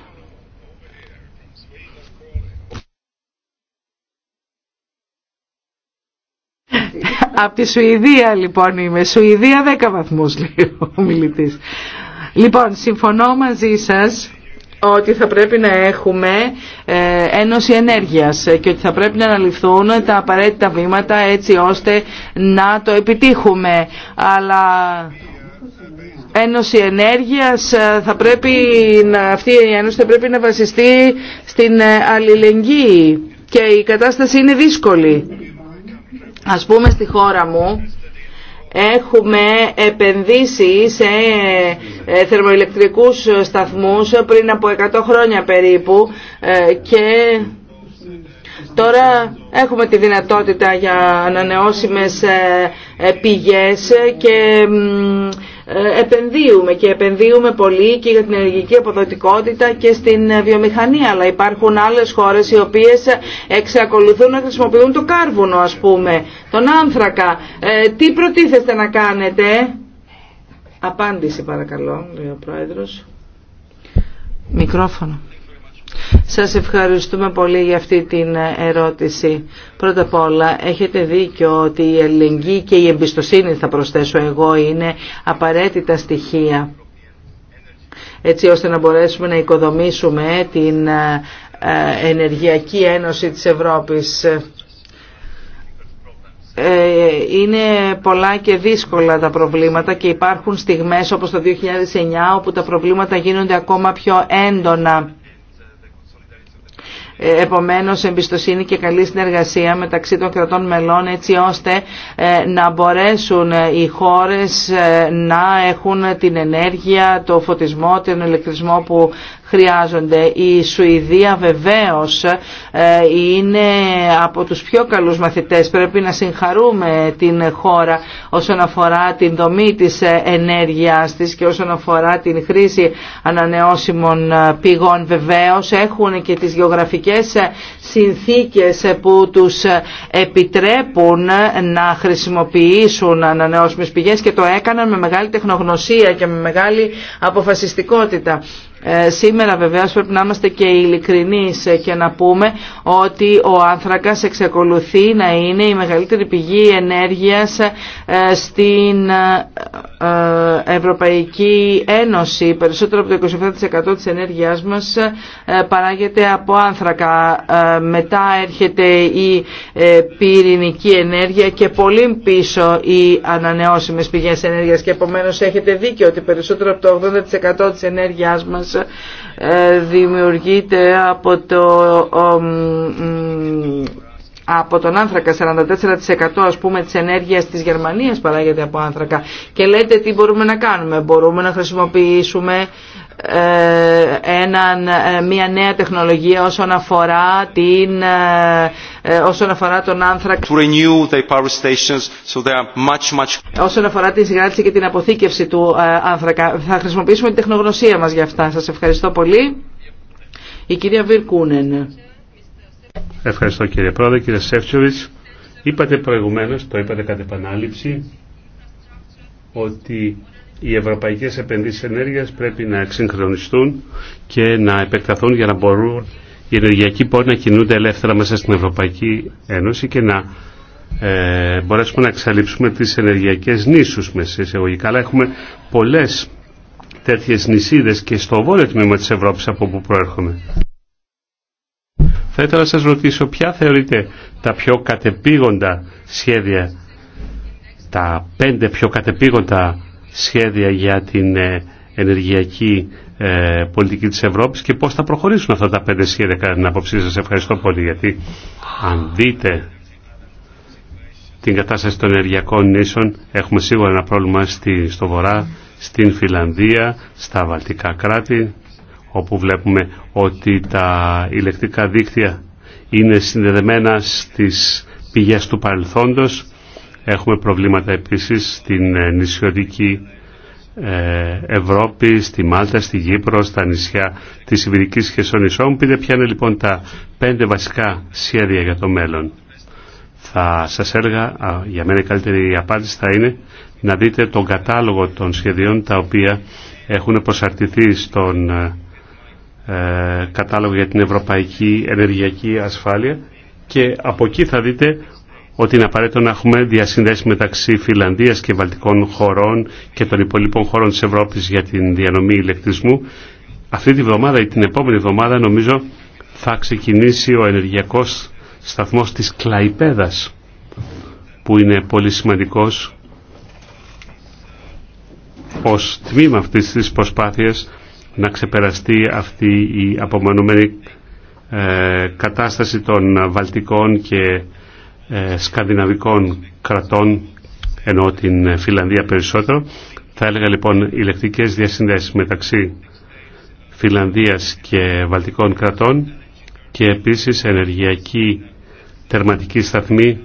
Από τη Σουηδία λοιπόν είμαι. Σουηδία 10 βαθμούς λέει ο μιλητής. Λοιπόν, συμφωνώ μαζί σας ότι θα πρέπει να έχουμε ε, ένωση ενέργειας και ότι θα πρέπει να αναλυφθούν τα απαραίτητα βήματα έτσι ώστε να το επιτύχουμε. Αλλά Ένωση Ενέργειας ε, θα πρέπει να, αυτή η ένωση θα πρέπει να βασιστεί στην ε, αλληλεγγύη και η κατάσταση είναι δύσκολη. Ας πούμε στη χώρα μου Έχουμε επενδύσει σε ε, θερμοηλεκτρικούς σταθμούς πριν από 100 χρόνια περίπου ε, και τώρα έχουμε τη δυνατότητα για ανανεώσιμες ε, πηγές και ε, επενδύουμε και επενδύουμε πολύ και για την ενεργική αποδοτικότητα και στην ε, βιομηχανία αλλά υπάρχουν άλλες χώρες οι οποίες εξακολουθούν να χρησιμοποιούν το κάρβουνο ας πούμε, τον άνθρακα. Ε, τι προτίθεστε να κάνετε. Απάντηση παρακαλώ, λέει ο Πρόεδρος. Μικρόφωνο. Σας ευχαριστούμε πολύ για αυτή την ερώτηση. Πρώτα απ' όλα, έχετε δίκιο ότι η ελληνική και η εμπιστοσύνη, θα προσθέσω εγώ, είναι απαραίτητα στοιχεία έτσι ώστε να μπορέσουμε να οικοδομήσουμε την ε, Ενεργειακή Ένωση της Ευρώπης. Ε, είναι πολλά και δύσκολα τα προβλήματα και υπάρχουν στιγμές όπως το 2009 όπου τα προβλήματα γίνονται ακόμα πιο έντονα ε, επομένως εμπιστοσύνη και καλή συνεργασία μεταξύ των κρατών μελών έτσι ώστε ε, να μπορέσουν ε, οι χώρες να έχουν την ενέργεια, το φωτισμό, τον ηλεκτρισμό που χρειάζονται. Η Σουηδία βεβαίως ε, είναι από τους πιο καλούς μαθητές. Πρέπει να συγχαρούμε την χώρα όσον αφορά την δομή της ε, ενέργειάς της και όσον αφορά την χρήση ανανεώσιμων ε, πηγών. Βεβαίως έχουν και τις γεωγραφικές συνθήκες που τους επιτρέπουν να χρησιμοποιήσουν ανανεώσιμες πηγές και το έκαναν με μεγάλη τεχνογνωσία και με μεγάλη αποφασιστικότητα. Ε, σήμερα βεβαίως πρέπει να είμαστε και ειλικρινεί και να πούμε ότι ο άνθρακας εξακολουθεί να είναι η μεγαλύτερη πηγή ενέργειας ε, στην ε, Ευρωπαϊκή Ένωση. Περισσότερο από το 27% της ενέργειάς μας παράγεται από άνθρακα. Μετά έρχεται η πυρηνική ενέργεια και πολύ πίσω οι ανανεώσιμες πηγές ενέργειας και επομένως έχετε δίκιο ότι περισσότερο από το 80% της ενέργειάς μας ε, δημιουργείται από το από τον άνθρακα, 44% ας πούμε της ενέργειας της Γερμανίας παράγεται από άνθρακα και λέτε τι μπορούμε να κάνουμε, μπορούμε να χρησιμοποιήσουμε ε, έναν, ε, μια νέα τεχνολογία όσον αφορά την ε, όσον αφορά τον άνθρακα όσον αφορά την συγκράτηση και την αποθήκευση του άνθρακα θα χρησιμοποιήσουμε την τεχνογνωσία μας για αυτά σας ευχαριστώ πολύ η κυρία Βιρκούνεν Ευχαριστώ κύριε Πρόεδρε κύριε Σεύτσοβιτς είπατε προηγουμένως το είπατε κατά επανάληψη ότι οι ευρωπαϊκές επενδύσεις ενέργειας πρέπει να εξυγχρονιστούν και να επεκταθούν για να μπορούν οι ενεργειακοί πόροι να κινούνται ελεύθερα μέσα στην Ευρωπαϊκή Ένωση και να ε, μπορέσουμε να εξαλείψουμε τις ενεργειακές νήσους μέσα εισαγωγικά. Αλλά έχουμε πολλές τέτοιες νησίδες και στο βόρειο τμήμα της Ευρώπης από όπου προέρχομαι. Θα ήθελα να σας ρωτήσω ποια θεωρείτε τα πιο κατεπήγοντα σχέδια, τα πέντε πιο κατεπήγοντα σχέδια για την ε, ενεργειακή ε, πολιτική της Ευρώπης και πώς θα προχωρήσουν αυτά τα πέντε σχέδια κατά την άποψή σας. Ευχαριστώ πολύ γιατί αν δείτε την κατάσταση των ενεργειακών νήσων έχουμε σίγουρα ένα πρόβλημα στη, στο Βορρά, στην Φιλανδία, στα Βαλτικά κράτη όπου βλέπουμε ότι τα ηλεκτρικά δίκτυα είναι συνδεδεμένα στις πηγές του παρελθόντος Έχουμε προβλήματα επίσης στην ε, νησιωτική ε, Ευρώπη, στη Μάλτα, στη Γύπρο, στα νησιά της Ιβηρικής Χεσονησό. Μου πείτε ποια είναι λοιπόν τα πέντε βασικά σχέδια για το μέλλον. Θα σας έργα, για μένα η καλύτερη απάντηση θα είναι να δείτε τον κατάλογο των σχεδίων τα οποία έχουν προσαρτηθεί στον ε, κατάλογο για την Ευρωπαϊκή Ενεργειακή Ασφάλεια και από εκεί θα δείτε ότι είναι απαραίτητο να έχουμε διασυνδέσει μεταξύ Φιλανδίας και Βαλτικών χωρών και των υπολείπων χωρών της Ευρώπης για την διανομή ηλεκτρισμού. Αυτή τη βδομάδα ή την επόμενη βδομάδα νομίζω θα ξεκινήσει ο ενεργειακός σταθμός της Κλαϊπέδας που είναι πολύ σημαντικός ως τμήμα αυτής της προσπάθειας να ξεπεραστεί αυτή η απομονωμένη ε, κατάσταση των Βαλτικών και ε, σκανδιναβικών κρατών, ενώ την ε, Φιλανδία περισσότερο. Θα έλεγα λοιπόν ηλεκτρικές διασυνδέσεις μεταξύ Φιλανδίας και Βαλτικών κρατών και επίσης ενεργειακή τερματική σταθμή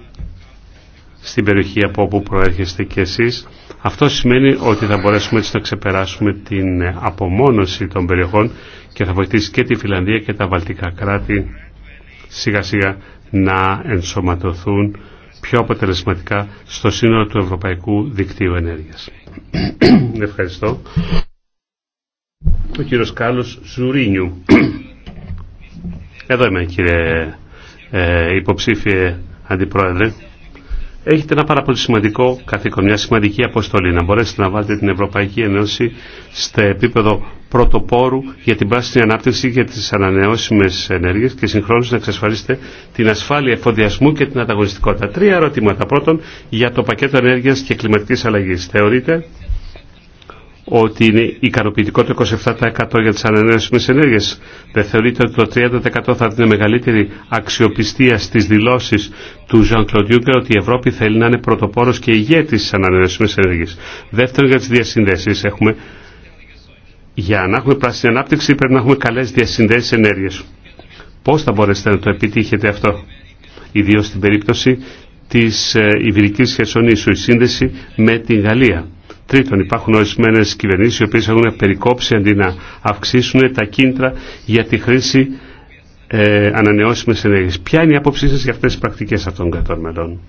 στην περιοχή από όπου προέρχεστε και εσείς. Αυτό σημαίνει ότι θα μπορέσουμε έτσι να ξεπεράσουμε την ε, απομόνωση των περιοχών και θα βοηθήσει και τη Φιλανδία και τα Βαλτικά κράτη σιγά σιγά να ενσωματωθούν πιο αποτελεσματικά στο σύνολο του Ευρωπαϊκού Δικτύου Ενέργειας. Ευχαριστώ. Ο κύριος Κάλλος Ζουρίνιου. Εδώ είμαι κύριε ε, υποψήφιε αντιπρόεδρε έχετε ένα πάρα πολύ σημαντικό καθήκον, μια σημαντική αποστολή, να μπορέσετε να βάλετε την Ευρωπαϊκή Ένωση στο επίπεδο πρωτοπόρου για την πράσινη ανάπτυξη και τις ανανεώσιμες ενέργειες και συγχρόνως να εξασφαλίσετε την ασφάλεια εφοδιασμού και την ανταγωνιστικότητα. Τρία ερωτήματα. Πρώτον, για το πακέτο ενέργειας και κλιματικής αλλαγής. Θεωρείτε ότι είναι ικανοποιητικό το 27% για τις ανανεώσιμες ενέργειες. Δεν θεωρείτε ότι το 30% θα είναι μεγαλύτερη αξιοπιστία στις δηλώσεις του Ζαν Claude ότι η Ευρώπη θέλει να είναι πρωτοπόρος και ηγέτης στις ανανεώσιμες ενέργειες. Δεύτερον για τις διασυνδέσεις έχουμε για να έχουμε πράσινη ανάπτυξη πρέπει να έχουμε καλές διασυνδέσεις ενέργειας. Πώς θα μπορέσετε να το επιτύχετε αυτό, ιδίως στην περίπτωση της ε, Ιβηρικής Χερσονήσου, η σύνδεση με την Γαλλία Τρίτον, υπάρχουν ορισμένε κυβερνήσει οι οποίε έχουν περικόψει αντί να αυξήσουν τα κίνητρα για τη χρήση ε, ανανεώσιμε ενέργειε. Ποια είναι η άποψή σα για αυτέ τι πρακτικέ αυτών των κρατών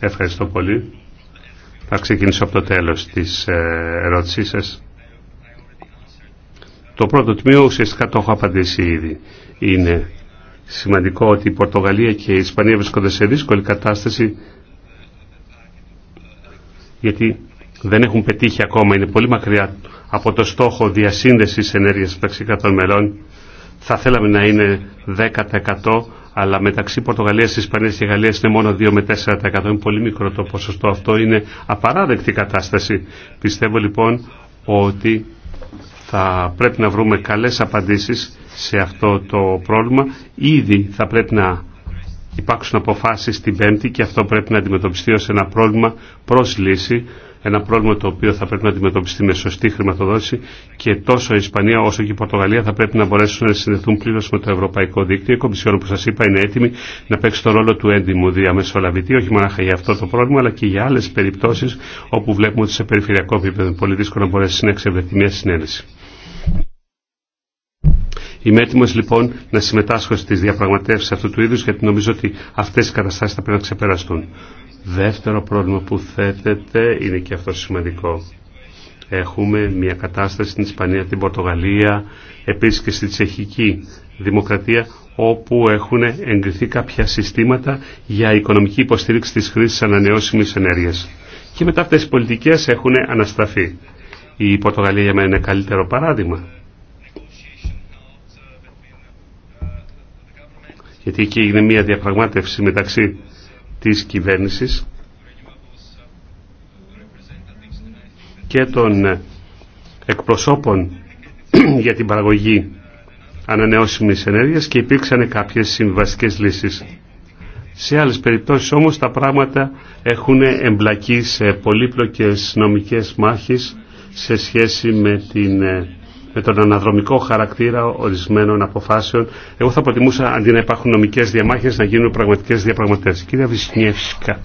Ευχαριστώ πολύ. Θα ξεκινήσω από το τέλο τη ε, ερώτησή σα. Το πρώτο τμήμα ουσιαστικά το έχω απαντήσει ήδη. Είναι σημαντικό ότι η Πορτογαλία και η Ισπανία βρίσκονται σε δύσκολη κατάσταση γιατί δεν έχουν πετύχει ακόμα, είναι πολύ μακριά από το στόχο διασύνδεσης ενέργειας μεταξύ των μελών. Θα θέλαμε να είναι 10% αλλά μεταξύ Πορτογαλίας, Ισπανίας και Γαλλίας είναι μόνο 2 με 4%. Είναι πολύ μικρό το ποσοστό αυτό, είναι απαράδεκτη κατάσταση. Πιστεύω λοιπόν ότι θα πρέπει να βρούμε καλές απαντήσεις σε αυτό το πρόβλημα. Ήδη θα πρέπει να υπάρξουν αποφάσεις την Πέμπτη και αυτό πρέπει να αντιμετωπιστεί ως ένα πρόβλημα προς λύση, ένα πρόβλημα το οποίο θα πρέπει να αντιμετωπιστεί με σωστή χρηματοδότηση και τόσο η Ισπανία όσο και η Πορτογαλία θα πρέπει να μπορέσουν να συνδεθούν πλήρω με το Ευρωπαϊκό Δίκτυο. Η Κομισιόν, όπω σα είπα, είναι έτοιμη να παίξει το ρόλο του έντιμου διαμεσολαβητή, όχι μόνο για αυτό το πρόβλημα, αλλά και για άλλε περιπτώσει όπου βλέπουμε ότι σε περιφερειακό επίπεδο είναι πολύ να μπορέσει να εξευρεθεί μια Είμαι έτοιμο λοιπόν να συμμετάσχω στι διαπραγματεύσει αυτού του είδου γιατί νομίζω ότι αυτέ οι καταστάσει θα πρέπει να ξεπεραστούν. Δεύτερο πρόβλημα που θέτεται είναι και αυτό σημαντικό. Έχουμε μια κατάσταση στην Ισπανία, την Πορτογαλία, επίση και στη Τσεχική Δημοκρατία όπου έχουν εγκριθεί κάποια συστήματα για οικονομική υποστήριξη της χρήσης ανανεώσιμης ενέργειας. Και μετά αυτές οι πολιτικές έχουν αναστραφεί. Η Πορτογαλία για μένα είναι καλύτερο παράδειγμα γιατί εκεί έγινε μια διαπραγμάτευση μεταξύ της κυβέρνησης και των εκπροσώπων [clears throat] για την παραγωγή ανανεώσιμης ενέργειας και υπήρξαν κάποιες συμβαστικές λύσεις. Σε άλλες περιπτώσεις όμως τα πράγματα έχουν εμπλακεί σε πολύπλοκες νομικές μάχες σε σχέση με την ε, με τον αναδρομικό χαρακτήρα ορισμένων αποφάσεων. Εγώ θα προτιμούσα αντί να υπάρχουν νομικές διαμάχες να γίνουν πραγματικές διαπραγματεύσεις. Κύριε Βυσνιεύσικα.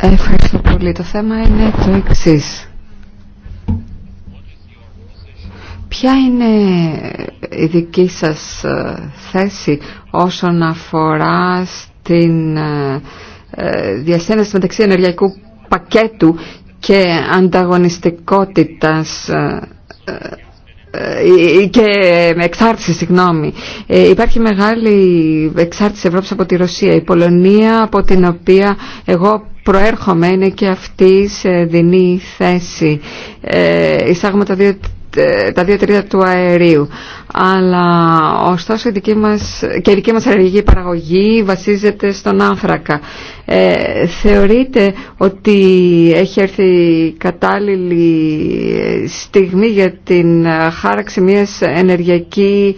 Ευχαριστώ πολύ. Το θέμα είναι το εξή. Ποια είναι η δική σας ε, θέση όσον αφορά στην ε, ε, διασύνδεση μεταξύ ενεργειακού πακέτου και ανταγωνιστικότητας ε, ε, και εξάρτηση, συγγνώμη. υπάρχει μεγάλη εξάρτηση Ευρώπης από τη Ρωσία. Η Πολωνία από την οποία εγώ προέρχομαι είναι και αυτή σε δινή θέση. εισάγουμε δύο ε, τα δύο τρίτα του αερίου. Αλλά ωστόσο η δική μας, και η δική μας ενεργειακή παραγωγή βασίζεται στον άνθρακα. Ε, θεωρείτε ότι έχει έρθει κατάλληλη ε, στιγμή για την χάραξη μιας ενεργειακή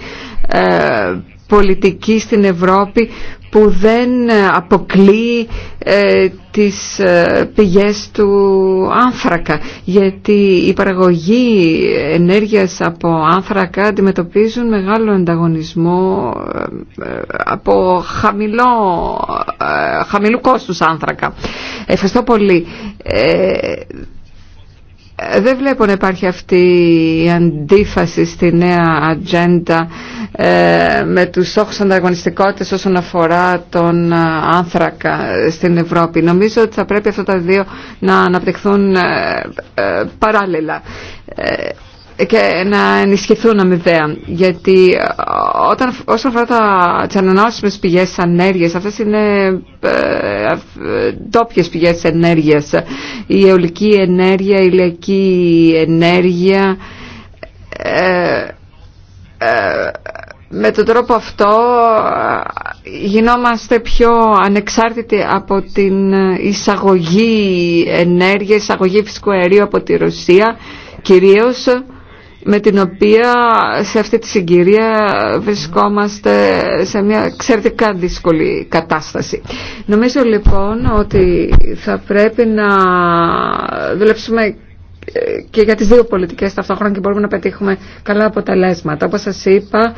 ε, πολιτική στην Ευρώπη που δεν αποκλεί ε, τις ε, πηγές του άνθρακα γιατί η παραγωγή ενέργειας από άνθρακα αντιμετωπίζουν μεγάλο ανταγωνισμό ε, ε, από χαμηλό, χαμηλού κόστους άνθρακα. Ευχαριστώ πολύ. Ε, δεν βλέπω να υπάρχει αυτή η αντίφαση στη νέα ατζέντα ε, με τους στόχους ανταγωνιστικότητας όσον αφορά τον ε, άνθρακα στην Ευρώπη. Νομίζω ότι θα πρέπει αυτά τα δύο να αναπτυχθούν παράλληλα και να ενισχυθούν αμοιβαία. Γιατί ε, όταν, όσον αφορά τα, τις ανανεώσιμες πηγές ενέργειας αυτές είναι ε, ε πηγές ενέργειας. Η αιωλική ενέργεια, η ηλιακή ενέργεια. Ε, με τον τρόπο αυτό γινόμαστε πιο ανεξάρτητοι από την εισαγωγή ενέργειας, εισαγωγή φυσικού αερίου από τη Ρωσία κυρίως με την οποία σε αυτή τη συγκυρία βρισκόμαστε σε μια εξαιρετικά δύσκολη κατάσταση. Νομίζω λοιπόν ότι θα πρέπει να δουλέψουμε ε, και για τις δύο πολιτικές ταυτόχρονα και μπορούμε να πετύχουμε καλά αποτελέσματα. Όπως σας είπα,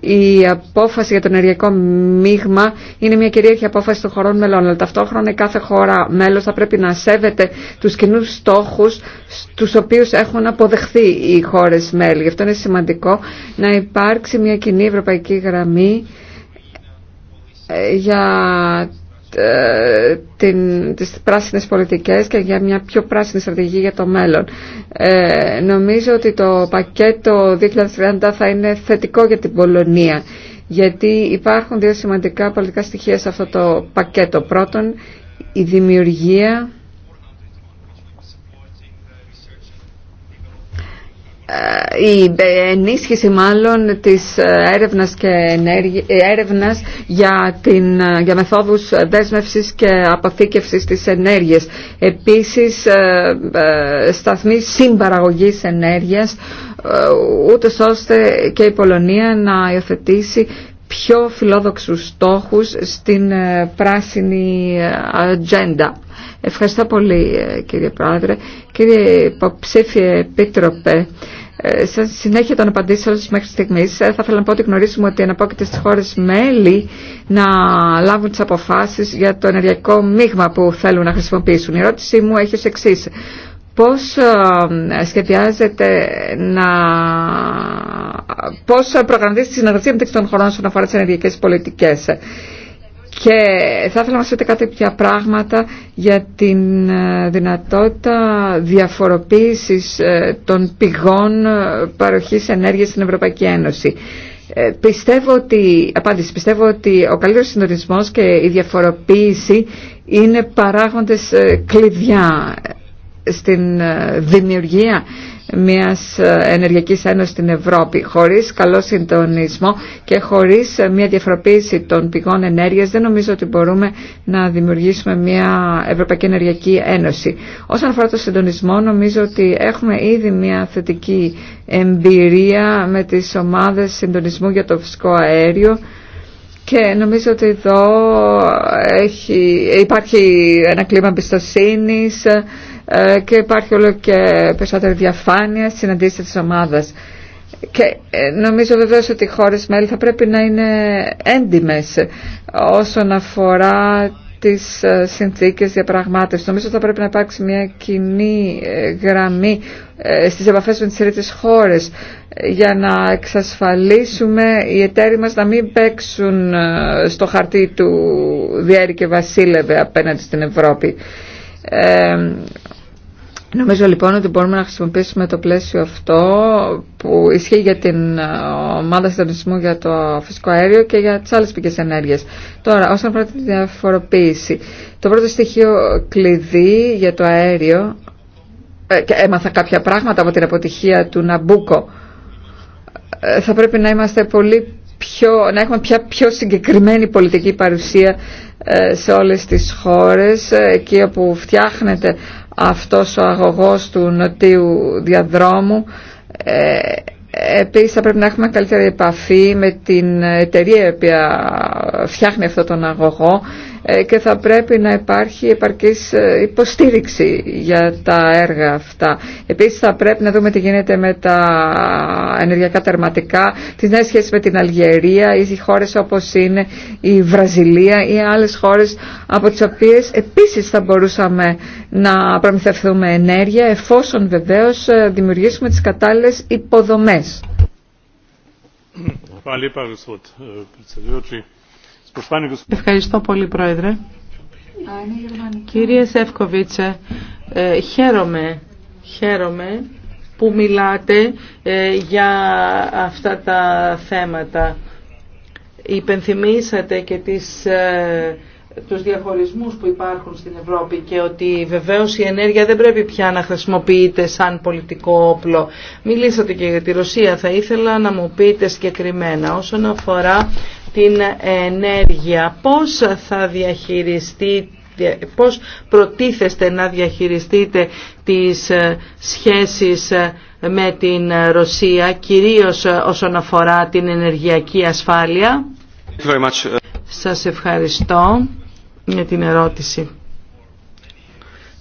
η απόφαση για το ενεργειακό μείγμα είναι μια κυρίαρχη απόφαση των χωρών μελών, αλλά ταυτόχρονα κάθε χώρα μέλος θα πρέπει να σέβεται τους κοινού στόχους στους οποίους έχουν αποδεχθεί οι χώρες μέλη. Γι' αυτό είναι σημαντικό να υπάρξει μια κοινή ευρωπαϊκή γραμμή ε, για ε, την, τις πράσινες πολιτικές και για μια πιο πράσινη στρατηγική για το μέλλον. Ε, νομίζω ότι το πακέτο 2030 θα είναι θετικό για την Πολωνία γιατί υπάρχουν δύο σημαντικά πολιτικά στοιχεία σε αυτό το πακέτο. Πρώτον, η δημιουργία Ε, η ενίσχυση μάλλον της ε, έρευνας, και ε, έρευνας για, την, για μεθόδους δέσμευσης και αποθήκευσης της ενέργειας. Επίσης σταθμή συμπαραγωγής ενέργειας ούτως ώστε και η Πολωνία να υιοθετήσει πιο φιλόδοξους στόχους στην ε, πράσινη ε, ατζέντα. Ευχαριστώ πολύ ε, κύριε Πρόεδρε. Κύριε υποψήφιε επίτροπε, σε συνέχεια των απαντήσεων σας μέχρι στιγμής θα ήθελα να πω ότι γνωρίζουμε ότι αναπόκειται στις χώρες μέλη να λάβουν τις αποφάσεις για το ενεργειακό μείγμα που θέλουν να χρησιμοποιήσουν. Η ερώτησή μου έχει ως εξής πώς ε, σχεδιάζεται να... πώς προγραμματίζεται τη συνεργασία μεταξύ των χωρών όσον αφορά τις ενεργειακές πολιτικές. Και θα ήθελα να μας πείτε κάτι πια πράγματα για την ε, δυνατότητα διαφοροποίησης ε, των πηγών παροχής ενέργειας στην Ευρωπαϊκή Ένωση. Πιστεύω ότι, απάντηση, πιστεύω ότι ο καλύτερος συντονισμός και η διαφοροποίηση είναι παράγοντες κλειδιά στην ε, δημιουργία μιας ε, ενεργειακής ένωσης στην Ευρώπη. Χωρίς καλό συντονισμό και χωρίς ε, μια διαφοροποίηση των πηγών ενέργειας δεν νομίζω ότι μπορούμε να δημιουργήσουμε μια Ευρωπαϊκή Ενεργειακή Ένωση. Όσον αφορά το συντονισμό νομίζω ότι έχουμε ήδη μια θετική εμπειρία με τις ομάδες συντονισμού για το φυσικό αέριο και νομίζω ότι εδώ έχει, υπάρχει ένα κλίμα εμπιστοσύνη ε, και υπάρχει όλο και περισσότερη διαφάνεια στις συναντήσεις της ομάδας. Και ε, νομίζω βεβαίως ότι οι χώρες μέλη θα πρέπει να είναι έντιμες όσον αφορά τις ε, συνθήκες διαπραγμάτευσης. Νομίζω ότι θα πρέπει να υπάρξει μια κοινή γραμμή στις επαφές με τις τρίτες χώρες για να εξασφαλίσουμε οι εταίροι μας να μην παίξουν στο χαρτί του διέρη και βασίλευε απέναντι στην Ευρώπη. Νομίζω λοιπόν ότι μπορούμε να χρησιμοποιήσουμε το πλαίσιο αυτό που ισχύει για την ε, ομάδα συντονισμού για το φυσικό αέριο και για τις άλλες πηγέ ενέργειες. Τώρα, όσον αφορά τη διαφοροποίηση, το πρώτο στοιχείο κλειδί για το αέριο, ε, και έμαθα κάποια πράγματα από την αποτυχία του Ναμπούκο, ε, θα πρέπει να είμαστε πολύ πιο, να έχουμε πια πιο συγκεκριμένη πολιτική παρουσία σε όλες τις χώρες εκεί όπου φτιάχνεται αυτός ο αγωγός του νοτίου διαδρόμου. Ε, επίσης θα πρέπει να έχουμε καλύτερη επαφή με την εταιρεία η οποία φτιάχνει αυτόν τον αγωγό ε, και θα πρέπει να υπάρχει επαρκής ε, υποστήριξη για τα έργα αυτά. Επίσης θα πρέπει να δούμε τι γίνεται με τα ενεργειακά τερματικά, τις νέες σχέσεις με την Αλγερία ή χώρες όπως είναι η Βραζιλία ή άλλες χώρες από τις οποίες επίσης θα μπορούσαμε να προμηθευτούμε ενέργεια εφόσον βεβαίως ε, δημιουργήσουμε τις κατάλληλες υποδομές. Ευχαριστώ πολύ Πρόεδρε. Κύριε Σεύκοβιτσε, ε, χαίρομαι, χαίρομαι που μιλάτε ε, για αυτά τα θέματα. Υπενθυμίσατε και τις τους διαχωρισμούς που υπάρχουν στην Ευρώπη και ότι βεβαίως η ενέργεια δεν πρέπει πια να χρησιμοποιείται σαν πολιτικό όπλο. Μιλήσατε και για τη Ρωσία. Θα ήθελα να μου πείτε συγκεκριμένα όσον αφορά την ενέργεια. Πώς θα διαχειριστείτε πώς προτίθεστε να διαχειριστείτε τις σχέσεις με την Ρωσία, κυρίως όσον αφορά την ενεργειακή ασφάλεια. Σας ευχαριστώ για την ερώτηση.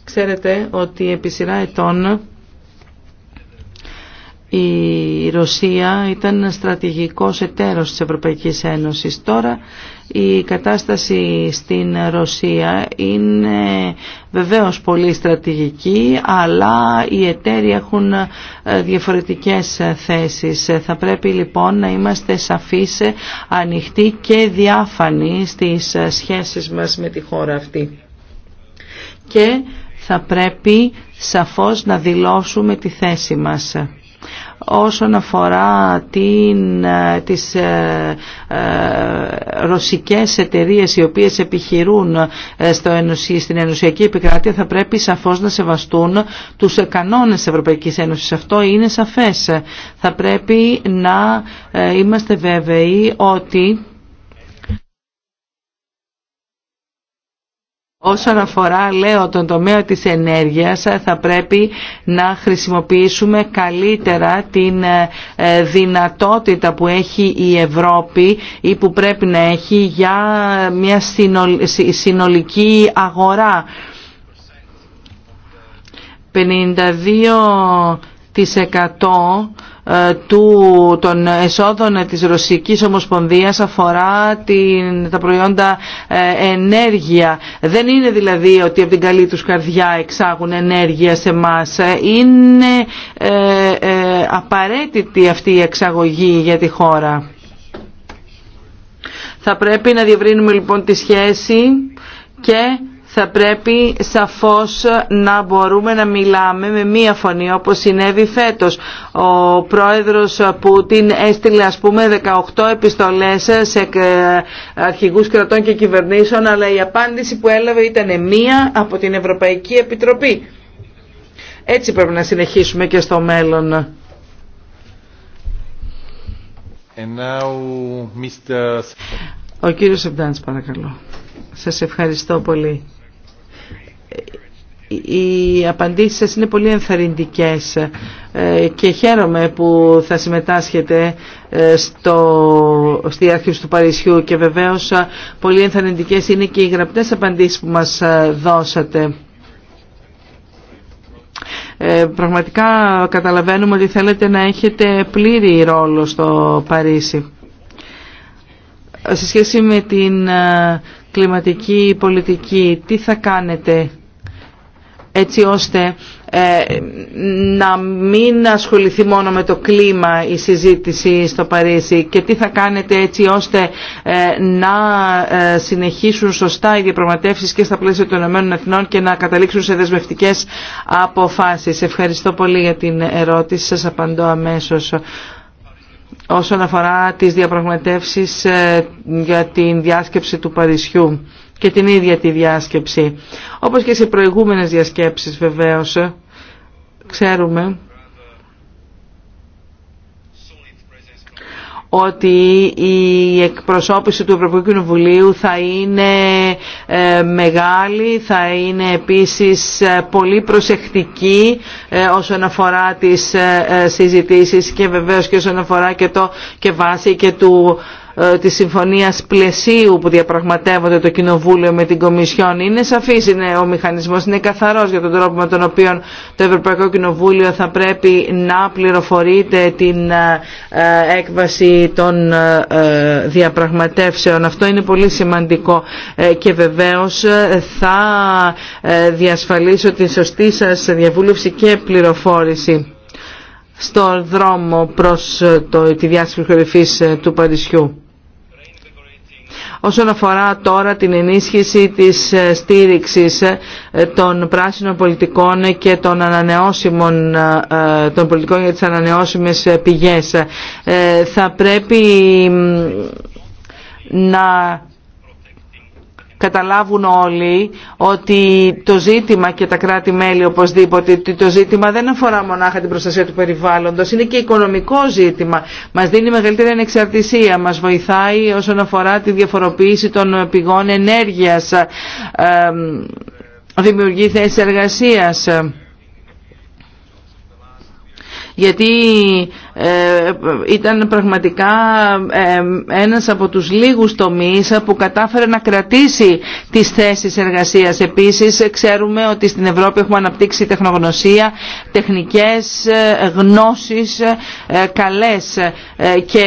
Ξέρετε ότι επί σειρά ετών η Ρωσία ήταν στρατηγικός εταίρος της Ευρωπαϊκής Ένωσης. Τώρα η κατάσταση στην Ρωσία είναι βεβαίως πολύ στρατηγική, αλλά οι εταίροι έχουν ε, διαφορετικές θέσεις. Θα πρέπει λοιπόν να είμαστε σαφείς, ανοιχτοί και διάφανοι στις σχέσεις μας με τη χώρα αυτή. Και θα πρέπει σαφώς να δηλώσουμε τη θέση μας όσον αφορά την, ε, τις ε, ε, ρωσικές εταιρείες οι οποίες επιχειρούν ε, στο ενωσί, στην ενωσιακή επικράτεια θα πρέπει σαφώς να σεβαστούν τους κανόνες της Ευρωπαϊκής Ένωσης. Αυτό είναι σαφές. Θα πρέπει να είμαστε βέβαιοι ότι Όσον αφορά, λέω, τον τομέα της ενέργειας θα πρέπει να χρησιμοποιήσουμε καλύτερα την ε, ε, δυνατότητα που έχει η Ευρώπη ή που πρέπει να έχει για μια συνολική αγορά. 52% ε, του, των εσόδων της Ρωσικής Ομοσπονδίας αφορά την, τα προϊόντα ε, ενέργεια. Δεν είναι δηλαδή ότι από την καλή τους καρδιά εξάγουν ενέργεια σε εμά. Ε, είναι απαραίτητη αυτή η εξαγωγή για τη χώρα. Θα πρέπει να διευρύνουμε λοιπόν τη σχέση και θα πρέπει σαφώς να μπορούμε να μιλάμε με μία φωνή όπως συνέβη φέτος. Ο πρόεδρος Πούτιν έστειλε ας πούμε 18 επιστολές σε αρχηγούς κρατών και κυβερνήσεων αλλά η απάντηση που έλαβε ήταν μία από την Ευρωπαϊκή Επιτροπή. Έτσι πρέπει να συνεχίσουμε και στο μέλλον. Ο κύριος Σεβδάνης παρακαλώ. Σας ευχαριστώ πολύ οι απαντήσεις σας είναι πολύ ενθαρρυντικές ε, και χαίρομαι που θα συμμετάσχετε ε, στο, στη διάρκεια του Παρισιού και βεβαίως ε, πολύ ενθαρρυντικές είναι και οι γραπτές απαντήσεις που μας δώσατε. πραγματικά καταλαβαίνουμε ότι θέλετε να έχετε πλήρη ρόλο στο Παρίσι. Σε σχέση με την κλιματική πολιτική, τι θα κάνετε έτσι ώστε ε, να μην ασχοληθεί μόνο με το κλίμα η συζήτηση στο Παρίσι και τι θα κάνετε έτσι ώστε ε, να ε, συνεχίσουν σωστά οι διαπραγματεύσεις και στα πλαίσια των ΗΠΑ και να καταλήξουν σε δεσμευτικές αποφάσεις. Ευχαριστώ πολύ για την ερώτηση. Σας απαντώ αμέσως όσον αφορά τις διαπραγματεύσεις για την διάσκεψη του Παρισιού και την ίδια τη διάσκεψη. Όπως και σε προηγούμενες διασκέψεις βεβαίως, ξέρουμε ότι η εκπροσώπηση του Ευρωπαϊκού Κοινοβουλίου θα είναι ε, μεγάλη, θα είναι επίσης ε, πολύ προσεκτική ε, όσον αφορά τις συζητήσεις και βεβαίως και όσον αφορά και το και βάση και του ε, της συμφωνίας πλαισίου που διαπραγματεύονται το Κοινοβούλιο με την Κομισιόν είναι σαφής, είναι ο μηχανισμός, είναι καθαρός για τον τρόπο με τον οποίο το Ευρωπαϊκό Κοινοβούλιο θα πρέπει να πληροφορείται την ε, ε, έκβαση των διαπραγματεύσεων. Αυτό είναι πολύ σημαντικό και βεβαίως θα διασφαλίσω τη σωστή σας διαβούλευση και πληροφόρηση στον δρόμο προς ε, το, τη διάσκεψη κορυφής ε, του Παρισιού. Όσον αφορά τώρα την ενίσχυση της ε, στήριξης των πράσινων πολιτικών και των ανανεώσιμων των πολιτικών για τις ανανεώσιμες πηγές θα πρέπει να καταλάβουν όλοι ότι το ζήτημα και τα κράτη-μέλη οπωσδήποτε, ότι το ζήτημα δεν αφορά μονάχα την προστασία του περιβάλλοντος, είναι και οικονομικό ζήτημα. Μας δίνει μεγαλύτερη ανεξαρτησία, μας βοηθάει όσον αφορά τη διαφοροποίηση των πηγών ενέργειας, ε, δημιουργεί θέσεις εργασίας γιατί ε, ήταν πραγματικά ε, ένας από τους λίγους τομείς που κατάφερε να κρατήσει τις θέσεις εργασίας. Επίσης ξέρουμε ότι στην Ευρώπη έχουμε αναπτύξει τεχνογνωσία, τεχνικές ε, γνώσεις καλές και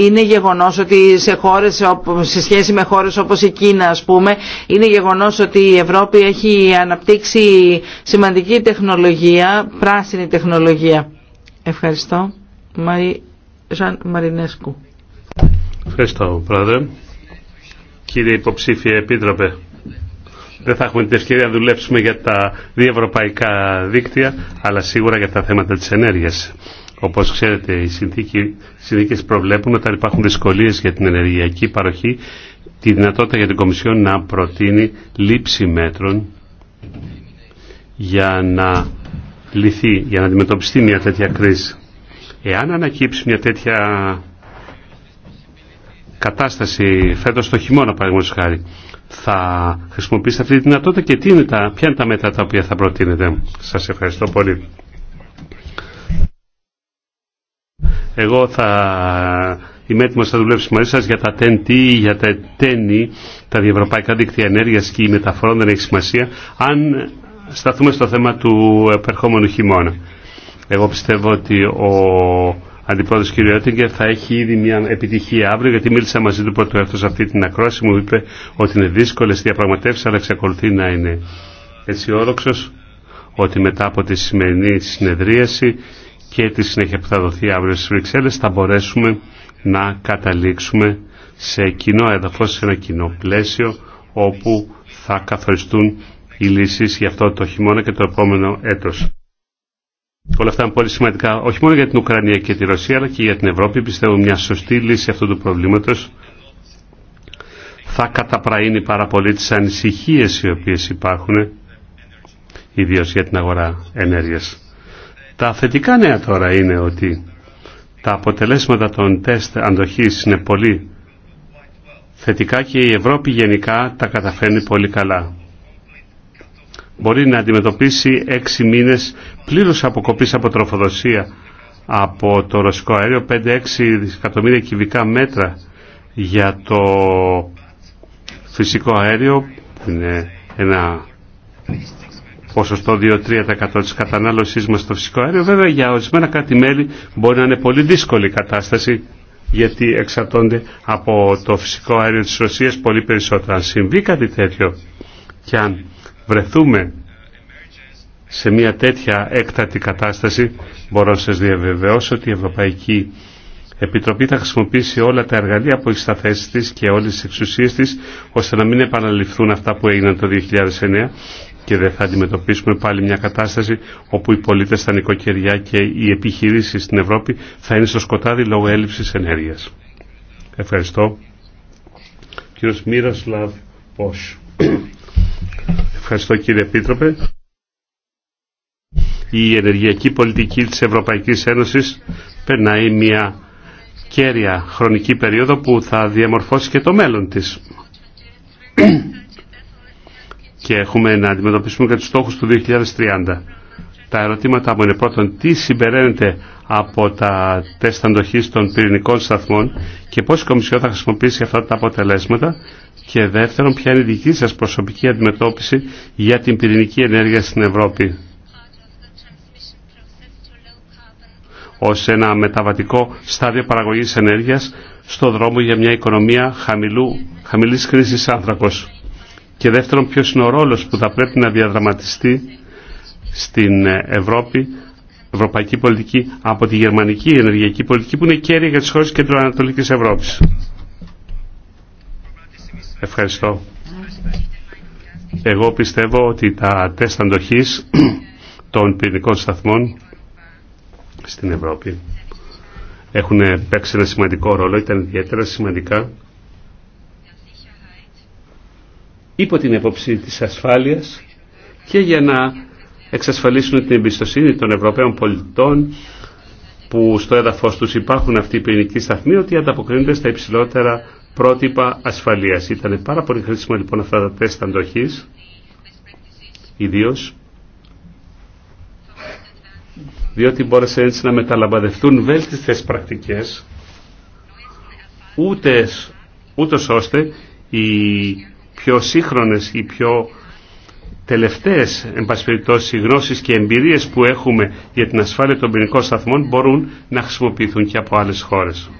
είναι γεγονός ότι σε, χώρες, σε σχέση με χώρες όπως η Κίνα ας πούμε είναι γεγονός ότι η Ευρώπη έχει αναπτύξει σημαντική τεχνολογία, πράσινη τεχνολογία. Ευχαριστώ. Μαρι... Ζαν Μαρινέσκου. Ευχαριστώ, Πρόεδρε. Κύριε Υποψήφιε Επίτροπε, δεν θα έχουμε την ευκαιρία να δουλέψουμε για τα δύο ευρωπαϊκά δίκτυα, αλλά σίγουρα για τα θέματα της ενέργειας. Όπως ξέρετε, οι συνθήκες προβλέπουν όταν υπάρχουν δυσκολίες για την ενεργειακή παροχή, τη δυνατότητα για την Κομισιόν να προτείνει λήψη μέτρων για να λυθεί για να αντιμετωπιστεί μια τέτοια κρίση. Εάν ανακύψει μια τέτοια κατάσταση φέτος το χειμώνα παραδείγματο χάρη, θα χρησιμοποιήσετε αυτή τη δυνατότητα και τι είναι τα, ποια είναι τα μέτρα τα οποία θα προτείνετε. Σας ευχαριστώ πολύ. Εγώ θα είμαι έτοιμο να δουλέψω μαζί σα για τα TNT, για τα TENI, τα διευρωπαϊκά δίκτυα ενέργεια και η μεταφορών δεν έχει σημασία. Αν σταθούμε στο θέμα του επερχόμενου χειμώνα. Εγώ πιστεύω ότι ο αντιπρόεδρος κ. Ότιγκερ θα έχει ήδη μια επιτυχία αύριο γιατί μίλησα μαζί του πρώτο έρθω σε αυτή την ακρόαση μου είπε ότι είναι δύσκολε διαπραγματεύσει, αλλά εξακολουθεί να είναι αισιόδοξο ότι μετά από τη σημερινή συνεδρίαση και τη συνέχεια που θα δοθεί αύριο στις Βρυξέλλες θα μπορέσουμε να καταλήξουμε σε κοινό έδαφος, σε ένα κοινό πλαίσιο όπου θα καθοριστούν οι λύσει για αυτό το χειμώνα και το επόμενο έτος. Όλα αυτά είναι πολύ σημαντικά όχι μόνο για την Ουκρανία και τη Ρωσία αλλά και για την Ευρώπη. Πιστεύω μια σωστή λύση αυτού του προβλήματος θα καταπραίνει πάρα πολύ τις ανησυχίες οι οποίες υπάρχουν ιδίω για την αγορά ενέργειας. Τα θετικά νέα τώρα είναι ότι τα αποτελέσματα των τεστ αντοχής είναι πολύ θετικά και η Ευρώπη γενικά τα καταφέρνει πολύ καλά μπορεί να αντιμετωπίσει έξι μήνες πλήρους αποκοπής από τροφοδοσία από το ρωσικό αέριο, 5-6 δισεκατομμύρια κυβικά μέτρα για το φυσικό αέριο, που είναι ένα ποσοστό 2-3% της κατανάλωσής μας στο φυσικό αέριο. Βέβαια για ορισμενα κάτι κράτη-μέλη μπορεί να είναι πολύ δύσκολη η κατάσταση γιατί εξαρτώνται από το φυσικό αέριο της Ρωσίας πολύ περισσότερο. Αν συμβεί κάτι τέτοιο και αν βρεθούμε σε μια τέτοια έκτατη κατάσταση, μπορώ να σας διαβεβαιώσω ότι η Ευρωπαϊκή Επιτροπή θα χρησιμοποιήσει όλα τα εργαλεία που έχει στα θέση της και όλες τις εξουσίες της, ώστε να μην επαναληφθούν αυτά που έγιναν το 2009 και δεν θα αντιμετωπίσουμε πάλι μια κατάσταση όπου οι πολίτες στα νοικοκυριά και οι επιχειρήσεις στην Ευρώπη θα είναι στο σκοτάδι λόγω έλλειψης ενέργειας. Ευχαριστώ. Ευχαριστώ κύριε Επίτροπε. Η ενεργειακή πολιτική της Ευρωπαϊκής Ένωσης περνάει μια κέρια χρονική περίοδο που θα διαμορφώσει και το μέλλον της. και έχουμε να αντιμετωπίσουμε και τους στόχους του 2030. Τα ερωτήματα μου είναι πρώτον τι συμπεραίνεται από τα τεστ αντοχής των πυρηνικών σταθμών και πώς η Κομισιόν θα χρησιμοποιήσει αυτά τα αποτελέσματα και δεύτερον ποια είναι η δική σας προσωπική αντιμετώπιση για την πυρηνική ενέργεια στην Ευρώπη ως ένα μεταβατικό στάδιο παραγωγής ενέργειας στο δρόμο για μια οικονομία χαμηλή χαμηλής χρήσης άνθρακος. Και δεύτερον, ποιος είναι ο ρόλος που θα πρέπει να διαδραματιστεί στην Ευρώπη, ευρωπαϊκή πολιτική, από τη γερμανική ενεργειακή πολιτική που είναι κέρια για τις χώρες κεντροανατολικής Ευρώπης. Ευχαριστώ. Εγώ πιστεύω ότι τα τεστ αντοχής [clears throat] των πυρηνικών σταθμών στην Ευρώπη έχουν παίξει ένα σημαντικό ρόλο, ήταν ιδιαίτερα σημαντικά υπό την έποψη της ασφάλειας και για να εξασφαλίσουν την εμπιστοσύνη των Ευρωπαίων πολιτών που στο έδαφος τους υπάρχουν αυτοί οι ποινικοί σταθμοί ότι ανταποκρίνονται στα υψηλότερα πρότυπα ασφαλείας. Ήταν πάρα πολύ χρήσιμα λοιπόν αυτά τα τεστ αντοχής, ιδίως διότι μπόρεσε έτσι να μεταλαμπαδευτούν βέλτιστες πρακτικές ούτε, ώστε οι πιο σύγχρονες, οι πιο τελευταίες εν πάση περιπτώσει, γνώσεις και εμπειρίες που έχουμε για την ασφάλεια των πυρηνικών σταθμών μπορούν να χρησιμοποιηθούν και από άλλες χώρες.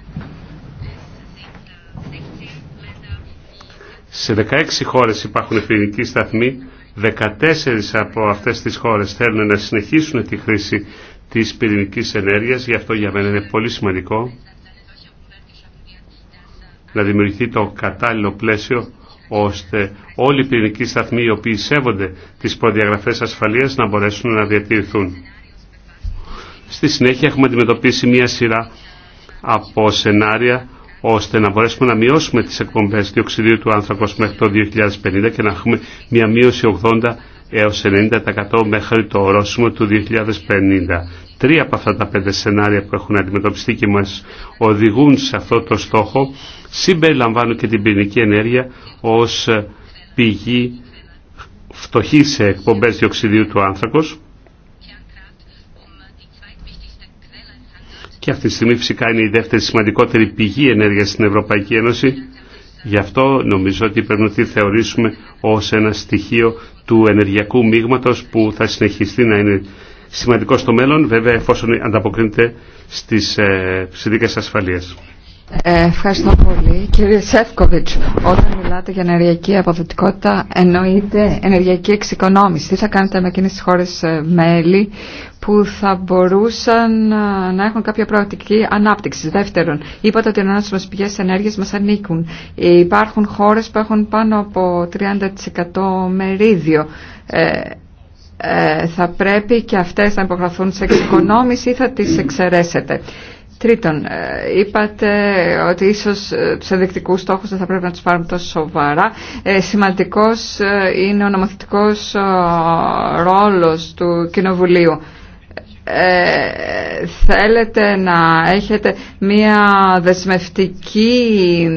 Σε 16 χώρες υπάρχουν πυρηνικοί σταθμοί, 14 από αυτές τις χώρες θέλουν να συνεχίσουν τη χρήση της πυρηνικής ενέργειας, γι' αυτό για μένα είναι πολύ σημαντικό να δημιουργηθεί το κατάλληλο πλαίσιο ώστε όλοι οι πυρηνικοί σταθμοί οι οποίοι σέβονται τις προδιαγραφές ασφαλείας να μπορέσουν να διατηρηθούν. Στη συνέχεια έχουμε αντιμετωπίσει μια σειρά από σενάρια ώστε να μπορέσουμε να μειώσουμε τις εκπομπές διοξιδίου του άνθρακος μέχρι το 2050 και να έχουμε μια μείωση 80 έως 90% μέχρι το ορόσημο του 2050. Τρία από αυτά τα πέντε σενάρια που έχουν αντιμετωπιστεί και μας οδηγούν σε αυτό το στόχο συμπεριλαμβάνουν και την πυρηνική ενέργεια ως πηγή φτωχή σε εκπομπές διοξιδίου του άνθρακος και αυτή τη στιγμή φυσικά είναι η δεύτερη σημαντικότερη πηγή ενέργειας στην Ευρωπαϊκή Ένωση γι' αυτό νομίζω ότι πρέπει να τη θεωρήσουμε ως ένα στοιχείο του ενεργειακού μείγματος που θα συνεχιστεί να είναι σημαντικό στο μέλλον, βέβαια εφόσον ανταποκρίνεται στις ε, ασφαλεία. Ε, ευχαριστώ πολύ. Κύριε Σεύκοβιτς, όταν μιλάτε για ενεργειακή αποδοτικότητα εννοείται ενεργειακή εξοικονόμηση. Τι θα κάνετε με εκείνες τις χώρες ε, μέλη που θα μπορούσαν ε, να έχουν κάποια προοπτική ανάπτυξη. Δεύτερον, είπατε ότι οι ανανεώσιμες πηγές ενέργειας μας ανήκουν. Υπάρχουν χώρες που έχουν πάνω από 30% μερίδιο. Ε, ε, θα πρέπει και αυτές να υπογραφούν σε εξοικονόμηση ή θα τις εξαιρέσετε. Τρίτον, ε, είπατε ότι ίσως τους ε, ενδεικτικούς στόχους δεν θα πρέπει να τους πάρουμε τόσο σοβαρά. Σημαντικός είναι ο νομοθετικός ρόλος του Κοινοβουλίου. θέλετε να έχετε μία δεσμευτική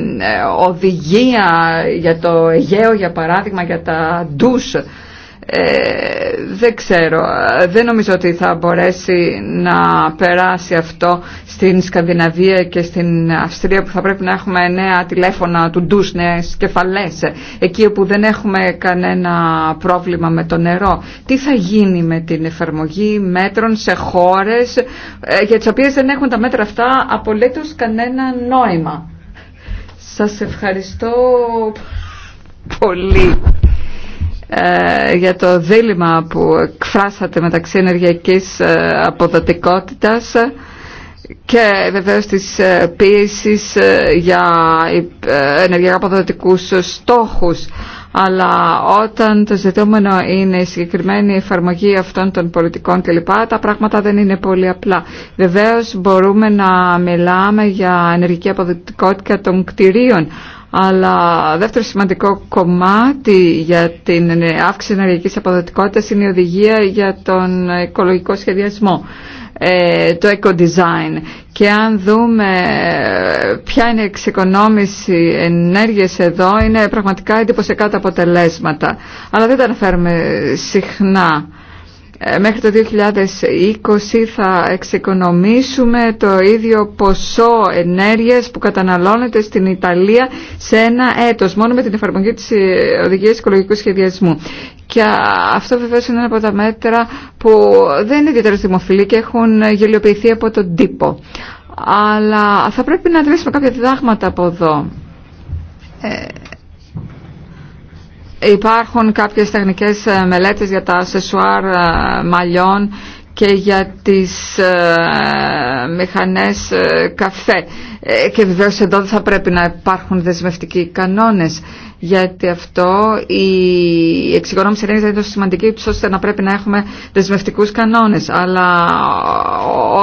οδηγία για το Αιγαίο, για παράδειγμα, για τα ντους ε, δεν ξέρω, δεν νομίζω ότι θα μπορέσει να περάσει αυτό στην Σκανδιναβία και στην Αυστρία που θα πρέπει να έχουμε νέα τηλέφωνα του ντους, νέες κεφαλές, εκεί όπου δεν έχουμε κανένα πρόβλημα με το νερό. Τι θα γίνει με την εφαρμογή μέτρων σε χώρες ε, για τις οποίες δεν έχουν τα μέτρα αυτά απολύτως κανένα νόημα. Σας ευχαριστώ πολύ. Ε, για το δίλημα που εκφράσατε μεταξύ ενεργειακής ε, αποδοτικότητας και βεβαίως της ε, πίεσης για ενεργειακά αποδοτικούς στόχους. Αλλά όταν το ζητούμενο είναι η συγκεκριμένη εφαρμογή αυτών των πολιτικών κλπ, τα πράγματα δεν είναι πολύ απλά. Βεβαίως μπορούμε να μιλάμε για ενεργειακή αποδοτικότητα των κτηρίων, αλλά δεύτερο σημαντικό κομμάτι για την αύξηση ενεργειακής αποδοτικότητας είναι η οδηγία για τον οικολογικό σχεδιασμό ε, το eco-design και αν δούμε ε, ποια είναι η εξοικονόμηση ενέργειας εδώ είναι πραγματικά εντυπωσιακά τα αποτελέσματα αλλά δεν τα αναφέρουμε συχνά ε, μέχρι το 2020 θα εξοικονομήσουμε το ίδιο ποσό ενέργειας που καταναλώνεται στην Ιταλία σε ένα έτος μόνο με την εφαρμογή της ε, οδηγίας οικολογικού σχεδιασμού. Και αυτό βεβαίως είναι ένα από τα μέτρα που δεν είναι ιδιαίτερα δημοφιλή και έχουν γελιοποιηθεί από τον τύπο. Αλλά θα πρέπει να αντιλήσουμε κάποια διδάγματα από εδώ. Ε, Υπάρχουν κάποιες τεχνικές ε, μελέτες για τα σεσουάρ ε, μαλλιών και για τις ε, μηχανές ε, καφέ. Ε, και βεβαίως εδώ θα πρέπει να υπάρχουν δεσμευτικοί κανόνες γιατί αυτό η εξοικονόμηση ενέργεια δεν είναι τόσο σημαντική ώστε να πρέπει να έχουμε δεσμευτικούς κανόνες. Αλλά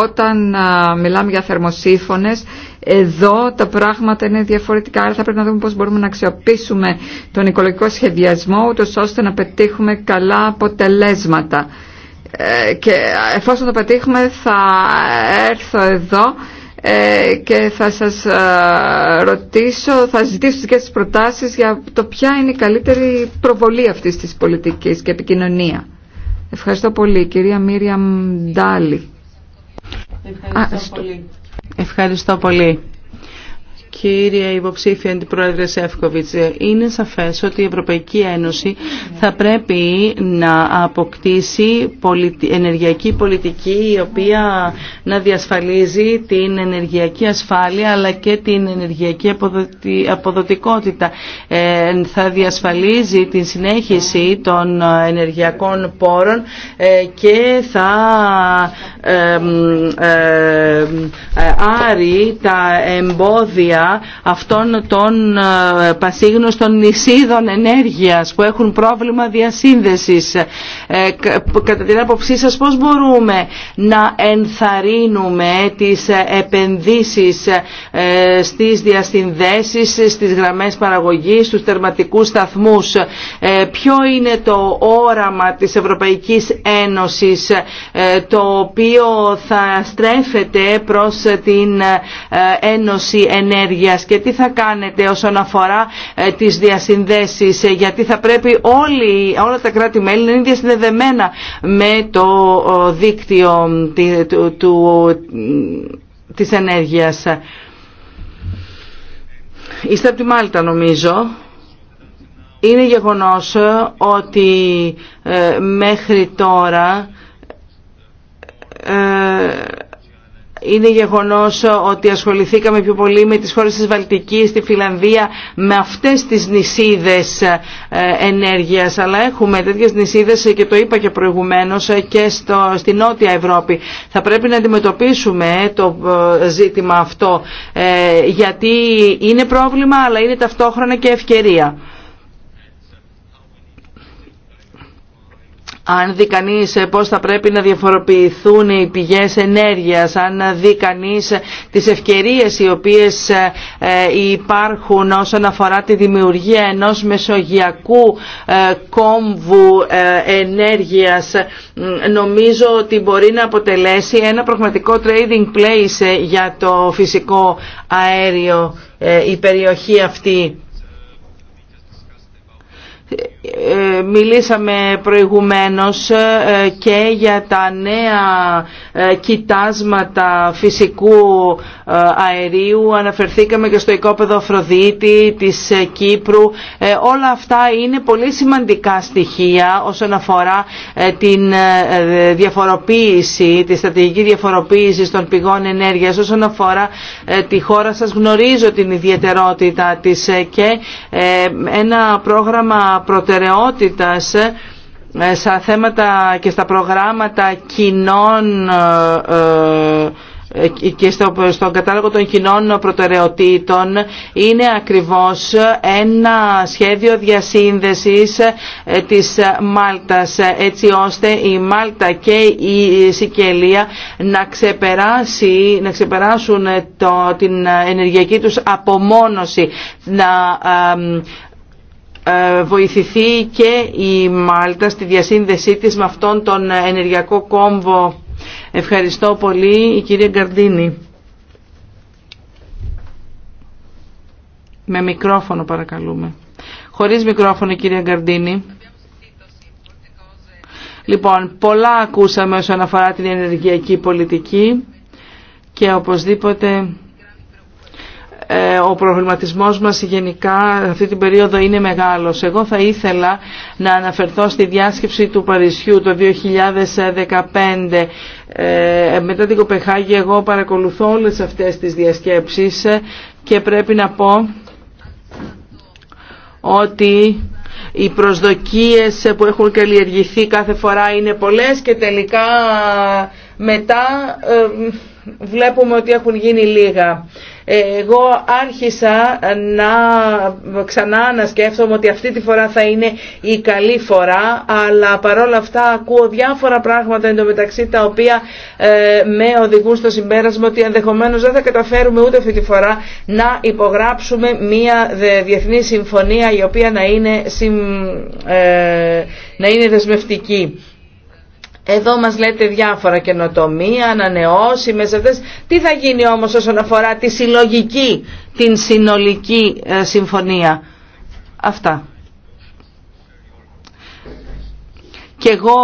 όταν μιλάμε για θερμοσύφωνες εδώ τα πράγματα είναι διαφορετικά, άρα θα πρέπει να δούμε πώς μπορούμε να αξιοποιήσουμε τον οικολογικό σχεδιασμό, ούτω ώστε να πετύχουμε καλά αποτελέσματα. Ε, και εφόσον το πετύχουμε θα έρθω εδώ ε, και θα σας ε, ρωτήσω, θα ζητήσω και τις προτάσεις για το ποια είναι η καλύτερη προβολή αυτής της πολιτικής και επικοινωνία. Ευχαριστώ πολύ. Κυρία Μίρια Μντάλη. Ευχαριστώ πολύ. Ευχαριστώ πολύ. Κύριε Υποψήφια Αντιπρόεδρε Σεύκοβιτς, είναι σαφές ότι η Ευρωπαϊκή Ένωση θα πρέπει να αποκτήσει ενεργειακή πολιτική η οποία να διασφαλίζει την ενεργειακή ασφάλεια αλλά και την ενεργειακή αποδοτικότητα. Ε, θα διασφαλίζει την συνέχιση των ενεργειακών πόρων ε, και θα άρει τα εμπόδια αυτών των ε, πασίγνωστων νησίδων ενέργειας που έχουν πρόβλημα διασύνδεσης. Ε, κατά την άποψή σας πώς μπορούμε να ενθαρρύνουμε τις επενδύσεις ε, στις διασυνδέσεις, στις γραμμές παραγωγής, στους θερματικούς σταθμούς. Ποιο είναι το όραμα της Ευρωπαϊκής Ένωσης το οποίο θα στρέφεται προς την ε, Ένωση Ενέργειας και τι θα κάνετε όσον αφορά ε, τις διασυνδέσεις ε, γιατί θα πρέπει όλοι, όλα τα κράτη-μέλη να είναι διασυνδεδεμένα με το δίκτυο της ενέργειας. Είστε από τη Μάλτα νομίζω. Είναι γεγονός ότι μέχρι τώρα ε, είναι γεγονός ότι ασχοληθήκαμε πιο πολύ με τις χώρες της Βαλτικής, τη Φιλανδία, με αυτές τις νησίδες ε, ενέργειας. Αλλά έχουμε τέτοιες νησίδες ε, και το είπα και προηγουμένως και στο, στη Νότια Ευρώπη. Θα πρέπει να αντιμετωπίσουμε το ζήτημα αυτό γιατί είναι πρόβλημα αλλά είναι ταυτόχρονα και ευκαιρία. αν δει κανεί ε, πώς θα πρέπει να διαφοροποιηθούν οι πηγές ενέργειας, αν δει κανεί τις ευκαιρίες οι οποίες ε, ε, υπάρχουν όσον αφορά τη δημιουργία ενό μεσογειακού κόμβου ενέργειας, νομίζω ότι μπορεί να αποτελέσει ένα πραγματικό trading place για το φυσικό αέριο η περιοχή αυτή. Ε, μιλήσαμε προηγουμένως ε, και για τα νέα ε, κοιτάσματα φυσικού αερίου. Αναφερθήκαμε και στο οικόπεδο Αφροδίτη της Κύπρου. Όλα αυτά είναι πολύ σημαντικά στοιχεία όσον αφορά την διαφοροποίηση, τη στρατηγική διαφοροποίηση των πηγών ενέργειας. Όσον αφορά τη χώρα σας γνωρίζω την ιδιαιτερότητα της και ένα πρόγραμμα προτεραιότητας ε, ε, στα θέματα και στα προγράμματα κοινών ε, και στο, στον κατάλογο των κοινών προτεραιοτήτων είναι ακριβώς ένα σχέδιο διασύνδεσης της Μάλτας έτσι ώστε η Μάλτα και η Σικελία να, ξεπεράσει, να ξεπεράσουν το, την ενεργειακή τους απομόνωση να ε, βοηθηθεί και η Μάλτα στη διασύνδεσή της με αυτόν τον ενεργειακό κόμβο. Ευχαριστώ πολύ η κυρία Γκαρντίνη. Με μικρόφωνο παρακαλούμε. Χωρίς μικρόφωνο η κυρία Γκαρντίνη. Λοιπόν, πολλά ακούσαμε όσον αφορά την ενεργειακή πολιτική και οπωσδήποτε ε, ο προβληματισμός μας γενικά αυτή την περίοδο είναι μεγάλος. Εγώ θα ήθελα να αναφερθώ στη διάσκεψη του Παρισιού το 2015. Ε, μετά την Κοπεχάγη εγώ παρακολουθώ όλες αυτές τις διασκέψεις και πρέπει να πω ότι οι προσδοκίες που έχουν καλλιεργηθεί κάθε φορά είναι πολλές και τελικά μετά ε, βλέπουμε ότι έχουν γίνει λίγα. Ε, εγώ άρχισα να ξανά να σκέφτομαι ότι αυτή τη φορά θα είναι η καλή φορά, αλλά παρόλα αυτά ακούω διάφορα πράγματα εντωμεταξύ τα οποία ε, με οδηγούν στο συμπέρασμα ότι ενδεχομένως δεν θα καταφέρουμε ούτε αυτή τη φορά να υπογράψουμε μια διεθνή συμφωνία η οποία να είναι, συμ, ε, να είναι δεσμευτική. Εδώ μας λέτε διάφορα καινοτομία, ανανεώσιμες αυτές. Τι θα γίνει όμως όσον αφορά τη συλλογική, την συνολική ε, συμφωνία. Αυτά. Και εγώ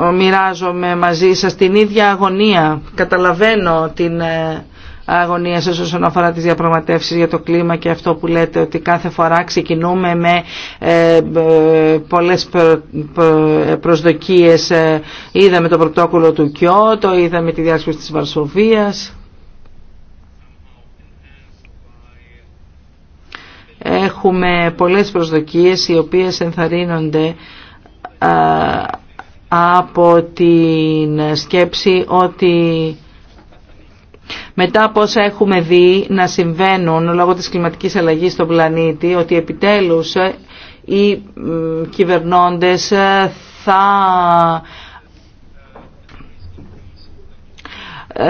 ε, μοιράζομαι μαζί σας την ίδια αγωνία. Καταλαβαίνω την ε, αγωνία όσον αφορά τις διαπραγματεύσεις για το κλίμα και αυτό που λέτε ότι κάθε φορά ξεκινούμε με ε, ε, πολλές προσδοκίες. Ε, είδαμε το πρωτόκολλο του Κιώτο, είδαμε τη διάσκεψη της Βαρσοβίας. Έχουμε πολλές προσδοκίες οι οποίες ενθαρρύνονται από την σκέψη ότι μετά από όσα έχουμε δει να συμβαίνουν λόγω της κλιματικής αλλαγής στον πλανήτη, ότι επιτέλους ε, οι κυβερνώντες ε, θα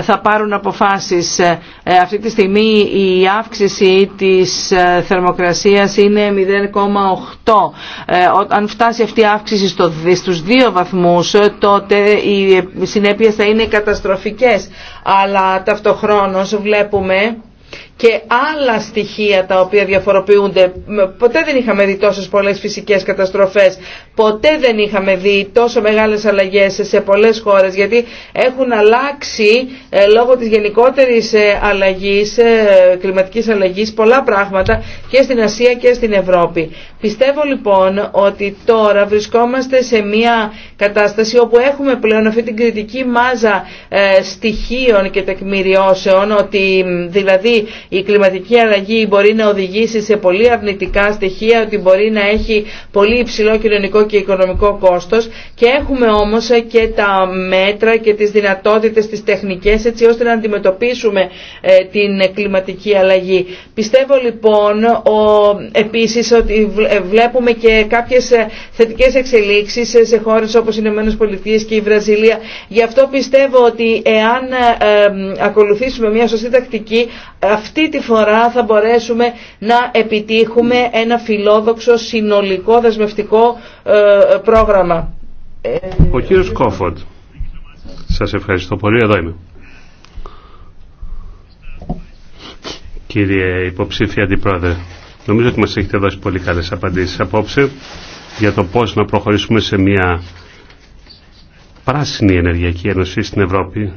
θα πάρουν αποφάσεις. Ε, ε, αυτή τη στιγμή η αύξηση της ε, θερμοκρασίας είναι 0,8. Αν φτάσει αυτή η αύξηση στους δύο βαθμούς τότε οι συνέπειες θα είναι καταστροφικές. Αλλά ταυτοχρόνως βλέπουμε και άλλα στοιχεία τα οποία διαφοροποιούνται. Ποτέ δεν είχαμε δει τόσες πολλές φυσικές καταστροφές, ποτέ δεν είχαμε δει τόσο μεγάλες αλλαγές σε πολλές χώρες, γιατί έχουν αλλάξει ε, λόγω της γενικότερης ε, αλλαγής, ε, κλιματικής αλλαγής, πολλά πράγματα και στην Ασία και στην Ευρώπη. Πιστεύω λοιπόν ότι τώρα βρισκόμαστε σε μια κατάσταση όπου έχουμε πλέον αυτή την κριτική μάζα στοιχείων και τεκμηριώσεων, ότι δηλαδή η κλιματική αλλαγή μπορεί να οδηγήσει σε πολύ αρνητικά στοιχεία, ότι μπορεί να έχει πολύ υψηλό κοινωνικό και οικονομικό κόστος και έχουμε όμως και τα μέτρα και τις δυνατότητες, τις τεχνικές έτσι ώστε να αντιμετωπίσουμε ε, την κλιματική αλλαγή. Πιστεύω λοιπόν ο, επίσης ότι ε, βλέπουμε και κάποιες ε, θετικές εξελίξεις σε χώρες όπως οι Ηνωμένες και η Βραζιλία. Γι' αυτό πιστεύω ότι εάν ακολουθήσουμε μια σωστή τακτική αυτή τη φορά θα μπορέσουμε να επιτύχουμε ένα φιλόδοξο συνολικό δεσμευτικό ε, πρόγραμμα. Ο κύριος Κόφορντ. Σας ευχαριστώ πολύ. Εδώ είμαι. Κύριε υποψήφια αντιπρόεδρε, νομίζω ότι μας έχετε δώσει πολύ καλές απαντήσεις απόψε για το πώς να προχωρήσουμε σε μια πράσινη ενεργειακή ένωση στην Ευρώπη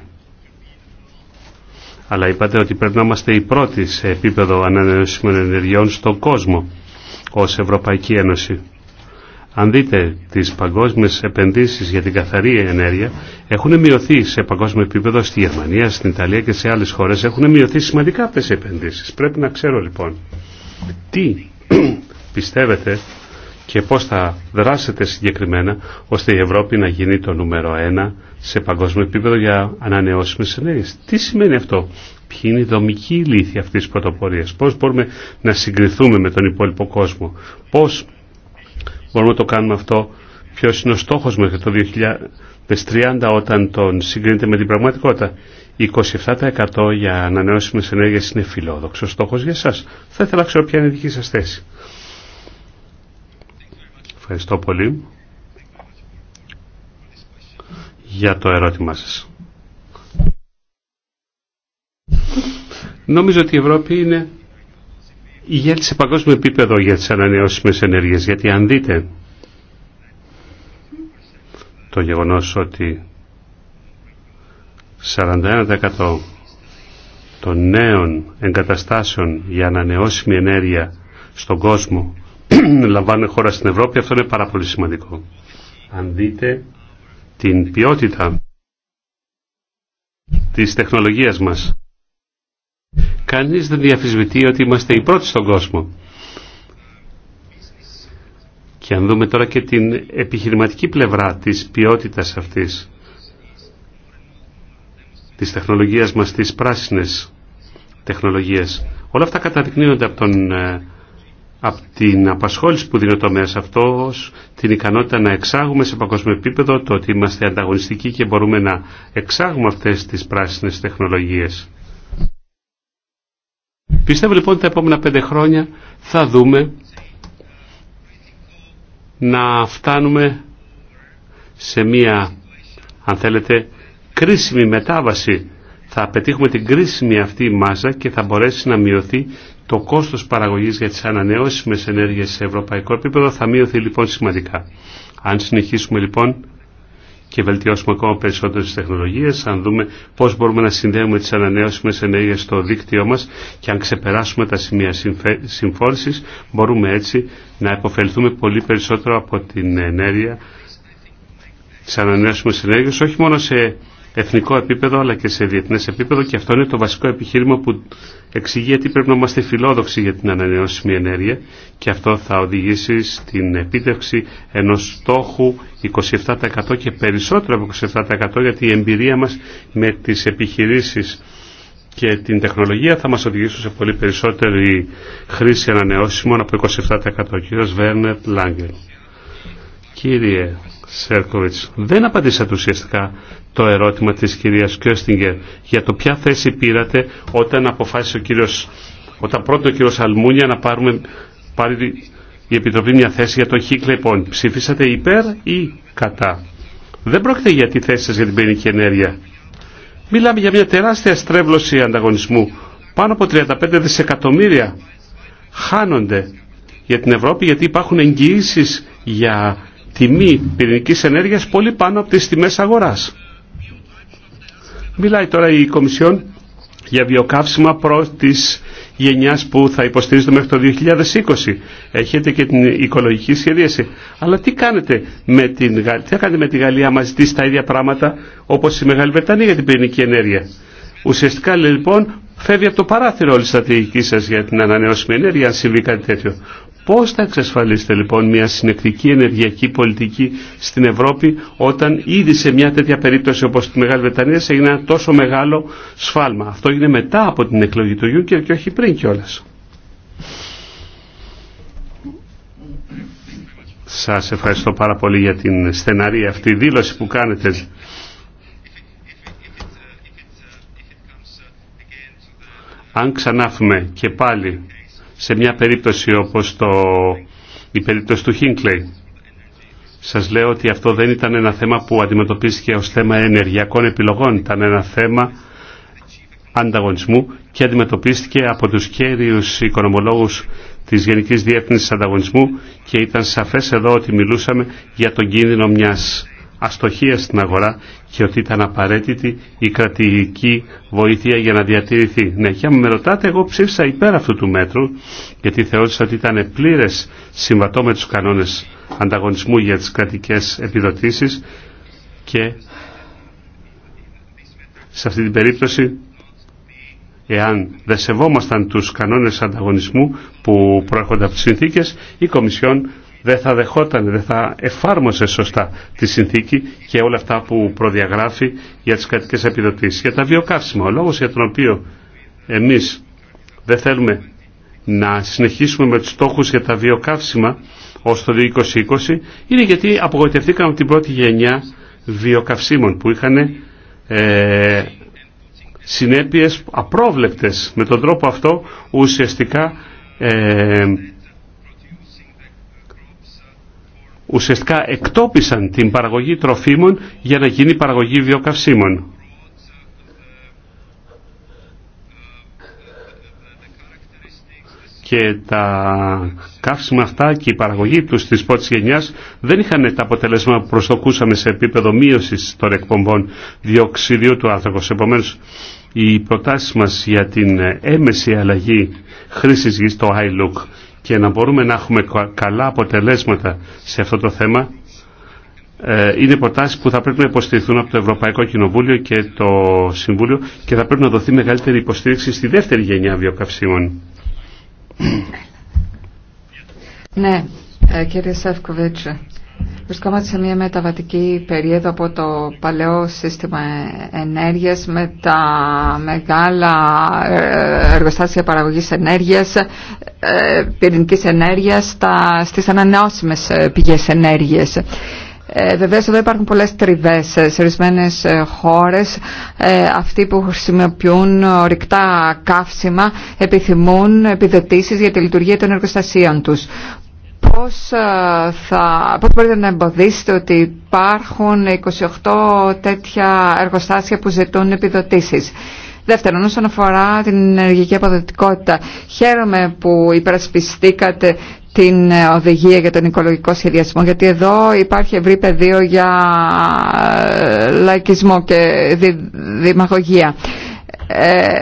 αλλά είπατε ότι πρέπει να είμαστε οι πρώτοι σε επίπεδο ανανεώσιμων ενεργειών στον κόσμο ως Ευρωπαϊκή Ένωση. Αν δείτε τις παγκόσμιες επενδύσεις για την καθαρή ενέργεια έχουν μειωθεί σε παγκόσμιο επίπεδο στη Γερμανία, στην Ιταλία και σε άλλες χώρες έχουν μειωθεί σημαντικά αυτές οι επενδύσεις. Πρέπει να ξέρω λοιπόν τι [clears throat] πιστεύετε και πώς θα δράσετε συγκεκριμένα ώστε η Ευρώπη να γίνει το νούμερο ένα σε παγκόσμιο επίπεδο για ανανεώσιμες ενέργειες. Τι σημαίνει αυτό, ποιοι είναι οι δομικοί λύθοι αυτής της πρωτοπορίας, πώς μπορούμε να συγκριθούμε με τον υπόλοιπο κόσμο, πώς μπορούμε να το κάνουμε αυτό, ποιο είναι ο στόχος μέχρι το 2030 όταν τον συγκρίνεται με την πραγματικότητα. 27% για ανανεώσιμες ενέργειες είναι φιλόδοξο στόχος για εσάς. Θα ήθελα να ξέρω ποια είναι η δική σας θέση. Ευχαριστώ πολύ για το ερώτημά σας. Νομίζω ότι η Ευρώπη είναι ηγέτη σε παγκόσμιο επίπεδο για τις ανανεώσιμες ενέργειες, γιατί αν δείτε το γεγονός ότι 41% των νέων εγκαταστάσεων για ανανεώσιμη ενέργεια στον κόσμο λαμβάνουν χώρα στην Ευρώπη. Αυτό είναι πάρα πολύ σημαντικό. Αν δείτε την ποιότητα της τεχνολογίας μας. Κανείς δεν διαφυσβητεί ότι είμαστε οι πρώτοι στον κόσμο. Και αν δούμε τώρα και την επιχειρηματική πλευρά της ποιότητας αυτής, της τεχνολογίας μας, της πράσινες τεχνολογίες. Όλα αυτά καταδεικνύονται από τον ε, από την απασχόληση που δίνει ο τομέα αυτό, την ικανότητα να εξάγουμε σε παγκόσμιο επίπεδο, το ότι είμαστε ανταγωνιστικοί και μπορούμε να εξάγουμε αυτέ τι πράσινες τεχνολογίες. Πιστεύω λοιπόν ότι τα επόμενα πέντε χρόνια θα δούμε να φτάνουμε σε μία, αν θέλετε, κρίσιμη μετάβαση. Θα πετύχουμε την κρίσιμη αυτή μάζα και θα μπορέσει να μειωθεί το κόστος παραγωγή για τι ανανεώσιμε ενέργειε σε ευρωπαϊκό επίπεδο θα μείωθει λοιπόν σημαντικά. Αν συνεχίσουμε λοιπόν και βελτιώσουμε ακόμα περισσότερε τεχνολογίε, αν δούμε πώ μπορούμε να συνδέουμε τι ανανεώσιμε ενέργειε στο δίκτυό μα και αν ξεπεράσουμε τα σημεία συμφόρηση, μπορούμε έτσι να υποφελθούμε πολύ περισσότερο από την ενέργεια, τι ανανεώσιμε ενέργειε, όχι μόνο σε εθνικό επίπεδο αλλά και σε διεθνέ επίπεδο και αυτό είναι το βασικό επιχείρημα που εξηγεί γιατί πρέπει να είμαστε φιλόδοξοι για την ανανεώσιμη ενέργεια και αυτό θα οδηγήσει στην επίτευξη ενό στόχου 27% και περισσότερο από 27% γιατί η εμπειρία μα με τι επιχειρήσει και την τεχνολογία θα μας οδηγήσουν σε πολύ περισσότερη χρήση ανανεώσιμων από 27% κύριος Βέρνετ Λάγκελ. Κύριε Σέρκοβιτς. Δεν απαντήσατε ουσιαστικά το ερώτημα της κυρίας Κιώστιγκερ για το ποια θέση πήρατε όταν αποφάσισε ο κύριος, όταν πρώτο ο κύριος Αλμούνια να πάρουμε, πάρει η Επιτροπή μια θέση για τον Λοιπόν, Ψήφισατε υπέρ ή κατά. Δεν πρόκειται για τη θέση σας για την πυρηνική ενέργεια. Μιλάμε για μια τεράστια στρέβλωση ανταγωνισμού. Πάνω από 35 δισεκατομμύρια χάνονται για την Ευρώπη γιατί υπάρχουν εγγυήσεις για τιμή πυρηνικής ενέργειας πολύ πάνω από τις τιμές αγοράς. Μιλάει τώρα η Κομισιόν για βιοκαύσιμα προ γενιάς που θα υποστηρίζεται μέχρι το 2020. Έχετε και την οικολογική σχεδίαση. Αλλά τι κάνετε με την Γαλλία, τι κάνετε με τη Γαλλία, μαζί ζητήσει τα ίδια πράγματα όπως η Μεγάλη Βρετανία για την πυρηνική ενέργεια. Ουσιαστικά λοιπόν φεύγει από το παράθυρο όλη η στρατηγική σα για την ανανεώσιμη ενέργεια, αν συμβεί κάτι τέτοιο. Πώς θα εξασφαλίσετε λοιπόν μια συνεκτική ενεργειακή πολιτική στην Ευρώπη όταν ήδη σε μια τέτοια περίπτωση όπως τη Μεγάλη Βρετανία έγινε ένα τόσο μεγάλο σφάλμα. Αυτό έγινε μετά από την εκλογή του Γιούκερ και όχι πριν κιόλα. Σας ευχαριστώ πάρα πολύ για την στεναρή αυτή δήλωση που κάνετε. Αν ξανάφουμε και πάλι σε μια περίπτωση όπως το, η περίπτωση του Χίνκλεϊ. Σας λέω ότι αυτό δεν ήταν ένα θέμα που αντιμετωπίστηκε ως θέμα ενεργειακών επιλογών. Ήταν ένα θέμα ανταγωνισμού και αντιμετωπίστηκε από τους κέριους οικονομολόγους της Γενικής Διεύθυνσης Ανταγωνισμού και ήταν σαφές εδώ ότι μιλούσαμε για τον κίνδυνο μιας αστοχία στην αγορά και ότι ήταν απαραίτητη η κρατική βοήθεια για να διατηρηθεί. Ναι, και αν με ρωτάτε, εγώ ψήφισα υπέρ αυτού του μέτρου, γιατί θεώρησα ότι ήταν πλήρε συμβατό με του κανόνε ανταγωνισμού για τι κρατικέ επιδοτήσει και σε αυτή την περίπτωση εάν δεν σεβόμασταν τους κανόνες ανταγωνισμού που προέρχονται από τις συνθήκες, η Κομισιόν δεν θα δεχόταν, δεν θα εφάρμοσε σωστά τη συνθήκη και όλα αυτά που προδιαγράφει για τις κρατικές επιδοτήσεις. Για τα βιοκαύσιμα, ο λόγος για τον οποίο εμείς δεν θέλουμε να συνεχίσουμε με τους στόχους για τα βιοκαύσιμα ως το 2020 είναι γιατί απογοητευτήκαμε από την πρώτη γενιά βιοκαυσίμων που είχαν ε, συνέπειες απρόβλεπτες. Με τον τρόπο αυτό ουσιαστικά ε, ουσιαστικά εκτόπισαν την παραγωγή τροφίμων για να γίνει παραγωγή βιοκαυσίμων. και τα καύσιμα αυτά και η παραγωγή του τη πρώτη γενιά δεν είχαν τα αποτελέσματα που προσδοκούσαμε σε επίπεδο μείωση των εκπομπών διοξιδίου του άνθρακο. Επομένω, οι προτάσει μα για την έμεση αλλαγή χρήση γη, στο iLook, και να μπορούμε να έχουμε καλά αποτελέσματα σε αυτό το θέμα ε, είναι προτάσει που θα πρέπει να υποστηριχθούν από το Ευρωπαϊκό Κοινοβούλιο και το Συμβούλιο και θα πρέπει να δοθεί μεγαλύτερη υποστήριξη στη δεύτερη γενιά βιοκαυσίμων. Ναι, ε, κύριε Βρισκόμαστε σε μια μεταβατική περίοδο από το παλαιό σύστημα ενέργειας με τα μεγάλα ε, εργοστάσια παραγωγής ενέργειας, ε, πυρηνικής ενέργειας, τα, στις ανανεώσιμες ε, πηγές ενέργειας. Ε, βεβαίως εδώ υπάρχουν πολλές τριβές σε ορισμένε χώρες. αυτοί που χρησιμοποιούν ορυκτά καύσιμα επιθυμούν επιδοτήσεις για τη λειτουργία των εργοστασίων τους πώς ε, θα, πώς μπορείτε να εμποδίσετε ότι υπάρχουν 28 τέτοια εργοστάσια που ζητούν επιδοτήσεις. Δεύτερον, όσον αφορά την ενεργειακή αποδοτικότητα, χαίρομαι που υπερασπιστήκατε την οδηγία για τον οικολογικό σχεδιασμό, γιατί εδώ υπάρχει ευρύ πεδίο για ε, λαϊκισμό και δημαγωγία. Ε,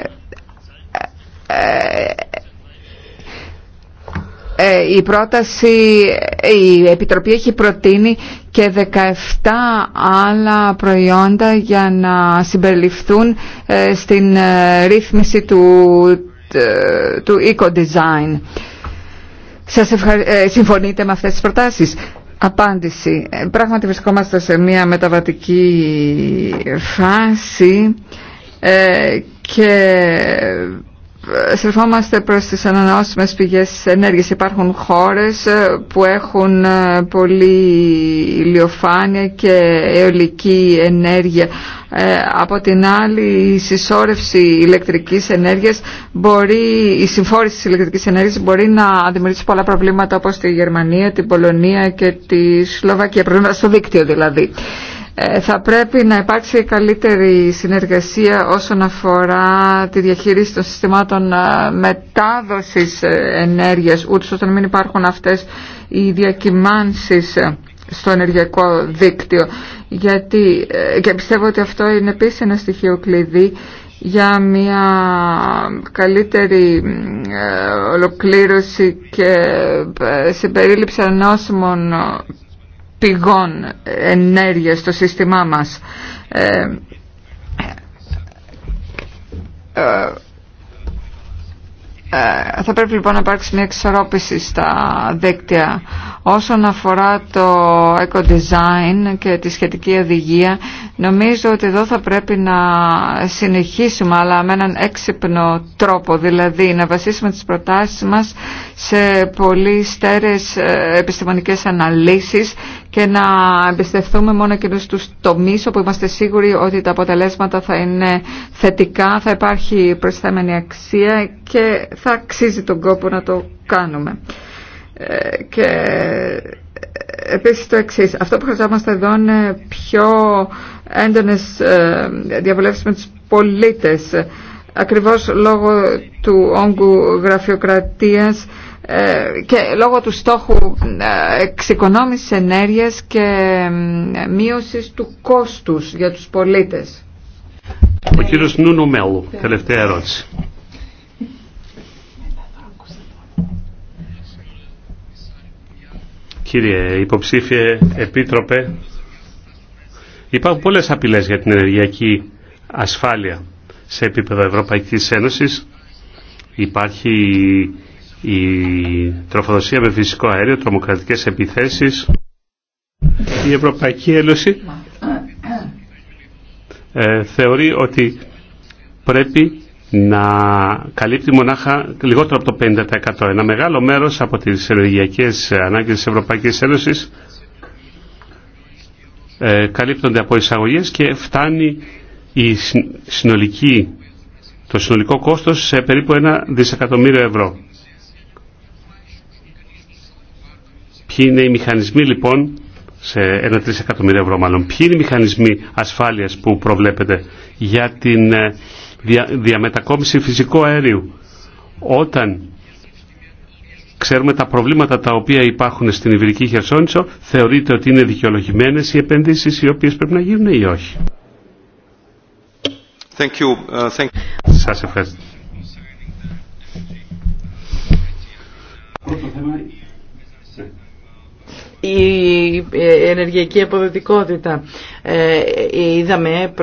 ε, η πρόταση, η Επιτροπή έχει προτείνει και 17 άλλα προϊόντα για να συμπεριληφθούν ε, στην ε, ρύθμιση του, του eco-design. Σας συμφωνείτε με αυτές τις προτάσεις. Απάντηση. Πράγματι βρισκόμαστε σε μια μεταβατική φάση και στρεφόμαστε προς τις ανανεώσιμες πηγές ενέργειας. Υπάρχουν χώρες ε, που έχουν ε, πολύ ηλιοφάνεια και αιωλική ενέργεια. Ε, από την άλλη η συσσόρευση ηλεκτρικής ενέργειας μπορεί, η συμφόρηση της ηλεκτρικής ενέργειας μπορεί να δημιουργήσει πολλά προβλήματα όπως τη Γερμανία, την Πολωνία και τη Σλοβακία, προβλήματα στο δίκτυο δηλαδή. Ε, θα πρέπει να υπάρξει καλύτερη συνεργασία όσον αφορά τη διαχείριση των συστημάτων ε, μετάδοσης ε, ενέργειας, ούτως ώστε να μην υπάρχουν αυτές οι διακυμάνσεις στο ενεργειακό δίκτυο. Γιατί, και πιστεύω ότι αυτό είναι επίσης ένα στοιχείο κλειδί για μια καλύτερη ολοκλήρωση και συμπερίληψη ανώσιμων πηγών ενέργειας στο σύστημά μας. Ε, ε, ε, θα πρέπει λοιπόν να υπάρξει μια εξορρόπηση στα δίκτυα. Όσον αφορά το eco-design και τη σχετική οδηγία, νομίζω ότι εδώ θα πρέπει να συνεχίσουμε, αλλά με έναν έξυπνο τρόπο, δηλαδή να βασίσουμε τις προτάσεις μας σε πολύ στέρεες επιστημονικές αναλύσεις και να εμπιστευτούμε μόνο εκείνους τους τομείς όπου είμαστε σίγουροι ότι τα αποτελέσματα θα είναι θετικά, θα υπάρχει προσθέμενη αξία και θα αξίζει τον κόπο να το κάνουμε. Ε, και ε, επίσης το εξή. Αυτό που χρειαζόμαστε εδώ είναι πιο έντονες ε, διαβουλεύσεις με τους πολίτες ακριβώς λόγω του όγκου γραφειοκρατίας ε, και λόγω του στόχου ε, εξοικονόμησης ενέργειας και μείωσης του κόστους για τους πολίτες. Ο κύριος Νούνο Μέλου, τελευταία ερώτηση. Κύριε υποψήφιε επίτροπε, υπάρχουν πολλές απειλές για την ενεργειακή ασφάλεια σε επίπεδο Ευρωπαϊκής Ένωσης. Υπάρχει η τροφοδοσία με φυσικό αέριο, τρομοκρατικές επιθέσεις, η Ευρωπαϊκή Ένωση ε, θεωρεί ότι πρέπει να καλύπτει μονάχα λιγότερο από το 50%. Ένα μεγάλο μέρος από τις ενεργειακές ανάγκες της Ευρωπαϊκής Ένωσης ε, καλύπτονται από εισαγωγές και φτάνει η συνολική, το συνολικό κόστος σε περίπου ένα δισεκατομμύριο ευρώ. Ποιοι είναι οι μηχανισμοί λοιπόν, σε ένα τρισεκατομμύριο ευρώ μάλλον, ποιοι είναι οι μηχανισμοί ασφάλειας που προβλέπετε για τη ε, διαμετακόμιση φυσικού αέριου. Όταν ξέρουμε τα προβλήματα τα οποία υπάρχουν στην Ιβυρική Χερσόνησο, θεωρείτε ότι είναι δικαιολογημένες οι επενδύσεις οι οποίες πρέπει να γίνουν ή όχι. Thank uh, ευχαριστώ. Ε, η ενεργειακή αποδοτικότητα. Ε, ε, είδαμε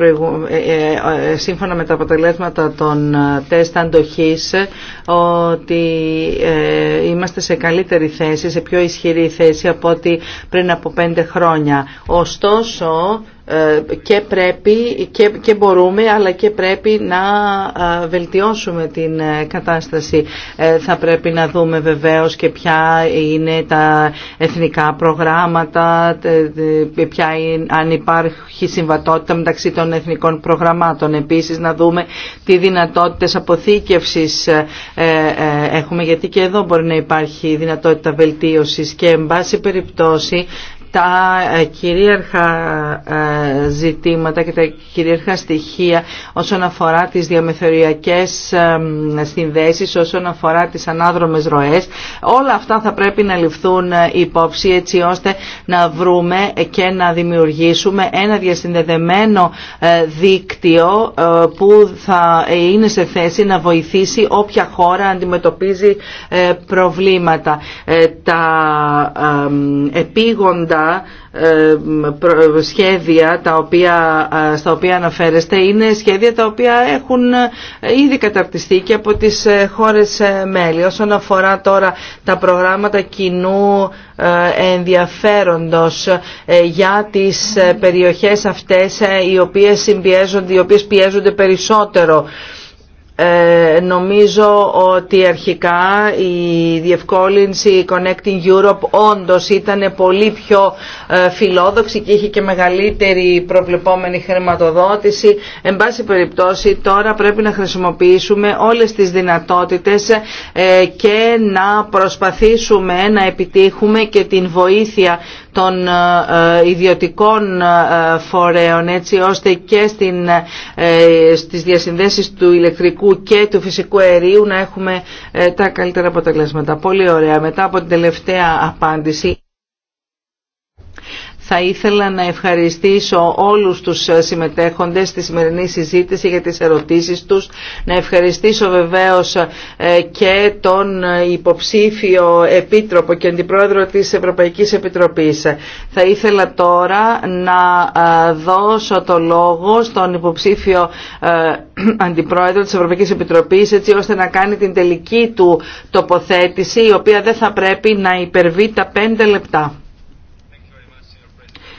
σύμφωνα με τα αποτελέσματα των τεστ αντοχής ότι είμαστε σε καλύτερη θέση, σε πιο ισχυρή θέση από ό,τι πριν από πέντε χρόνια. Ωστόσο, ε, και πρέπει και, μπορούμε αλλά και πρέπει να ε, βελτιώσουμε την ε, κατάσταση. Θα πρέπει να δούμε βεβαίως και ποια είναι τα εθνικά προγράμματα, ποια είναι, αν υπάρχει συμβατότητα μεταξύ των εθνικών προγραμμάτων. Επίσης να δούμε τι δυνατότητες αποθήκευσης έχουμε γιατί και εδώ μπορεί να υπάρχει δυνατότητα βελτίωσης και εν πάση περιπτώσει τα ε, κυρίαρχα ε, ζητήματα και τα κυρίαρχα στοιχεία όσον αφορά τις διαμεθοριακές συνδέσεις, όσον αφορά τις ανάδρομες ροές. Όλα αυτά θα πρέπει να ληφθούν ε, υπόψη έτσι ώστε να βρούμε και να δημιουργήσουμε ένα διασυνδεδεμένο δίκτυο που θα είναι σε θέση να βοηθήσει όποια χώρα αντιμετωπίζει προβλήματα. Τα επίγοντα τα ε, σχέδια τα οποία, στα οποία αναφέρεστε είναι σχέδια τα οποία έχουν ε, ήδη καταρτιστεί και από τις ε, χώρες μέλη. Όσον αφορά τώρα τα προγράμματα κοινού ενδιαφέροντος για τις περιοχές αυτές οι οποίες οι οποίες πιέζονται περισσότερο ε, νομίζω ότι αρχικά η διευκόλυνση Connecting Europe όντως ήταν πολύ πιο ε, φιλόδοξη και είχε και μεγαλύτερη προβλεπόμενη χρηματοδότηση. Εν πάση περιπτώσει τώρα πρέπει να χρησιμοποιήσουμε όλες τις δυνατότητες ε, και να προσπαθήσουμε να επιτύχουμε και την βοήθεια των ιδιωτικών φορέων έτσι ώστε και στην, στις διασυνδέσεις του ηλεκτρικού και του φυσικού αερίου να έχουμε ε, τα καλύτερα αποτελέσματα. Πολύ ωραία. Μετά από την τελευταία απάντηση θα ήθελα να ευχαριστήσω όλους τους συμμετέχοντες στη σημερινή συζήτηση για τις ερωτήσεις τους. Να ευχαριστήσω βεβαίως ε, και τον υποψήφιο επίτροπο και αντιπρόεδρο της Ευρωπαϊκής Επιτροπής. Θα ήθελα τώρα να ε, δώσω το λόγο στον υποψήφιο ε, αντιπρόεδρο της Ευρωπαϊκής Επιτροπής έτσι ώστε να κάνει την τελική του τοποθέτηση η οποία δεν θα πρέπει να υπερβεί τα πέντε λεπτά.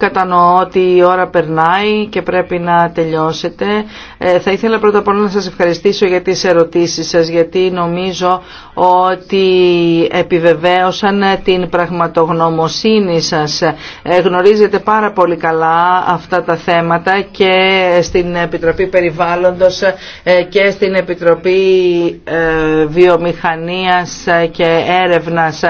Κατανοώ ότι η ώρα περνάει και πρέπει να τελειώσετε. Ε, θα ήθελα πρώτα απ' όλα να σας ευχαριστήσω για τις ερωτήσεις σας, γιατί νομίζω ότι επιβεβαίωσαν την πραγματογνωμοσύνη σας. Ε, γνωρίζετε πάρα πολύ καλά αυτά τα θέματα και στην Επιτροπή Περιβάλλοντος ε, και στην Επιτροπή Βιομηχανίας και Έρευνας.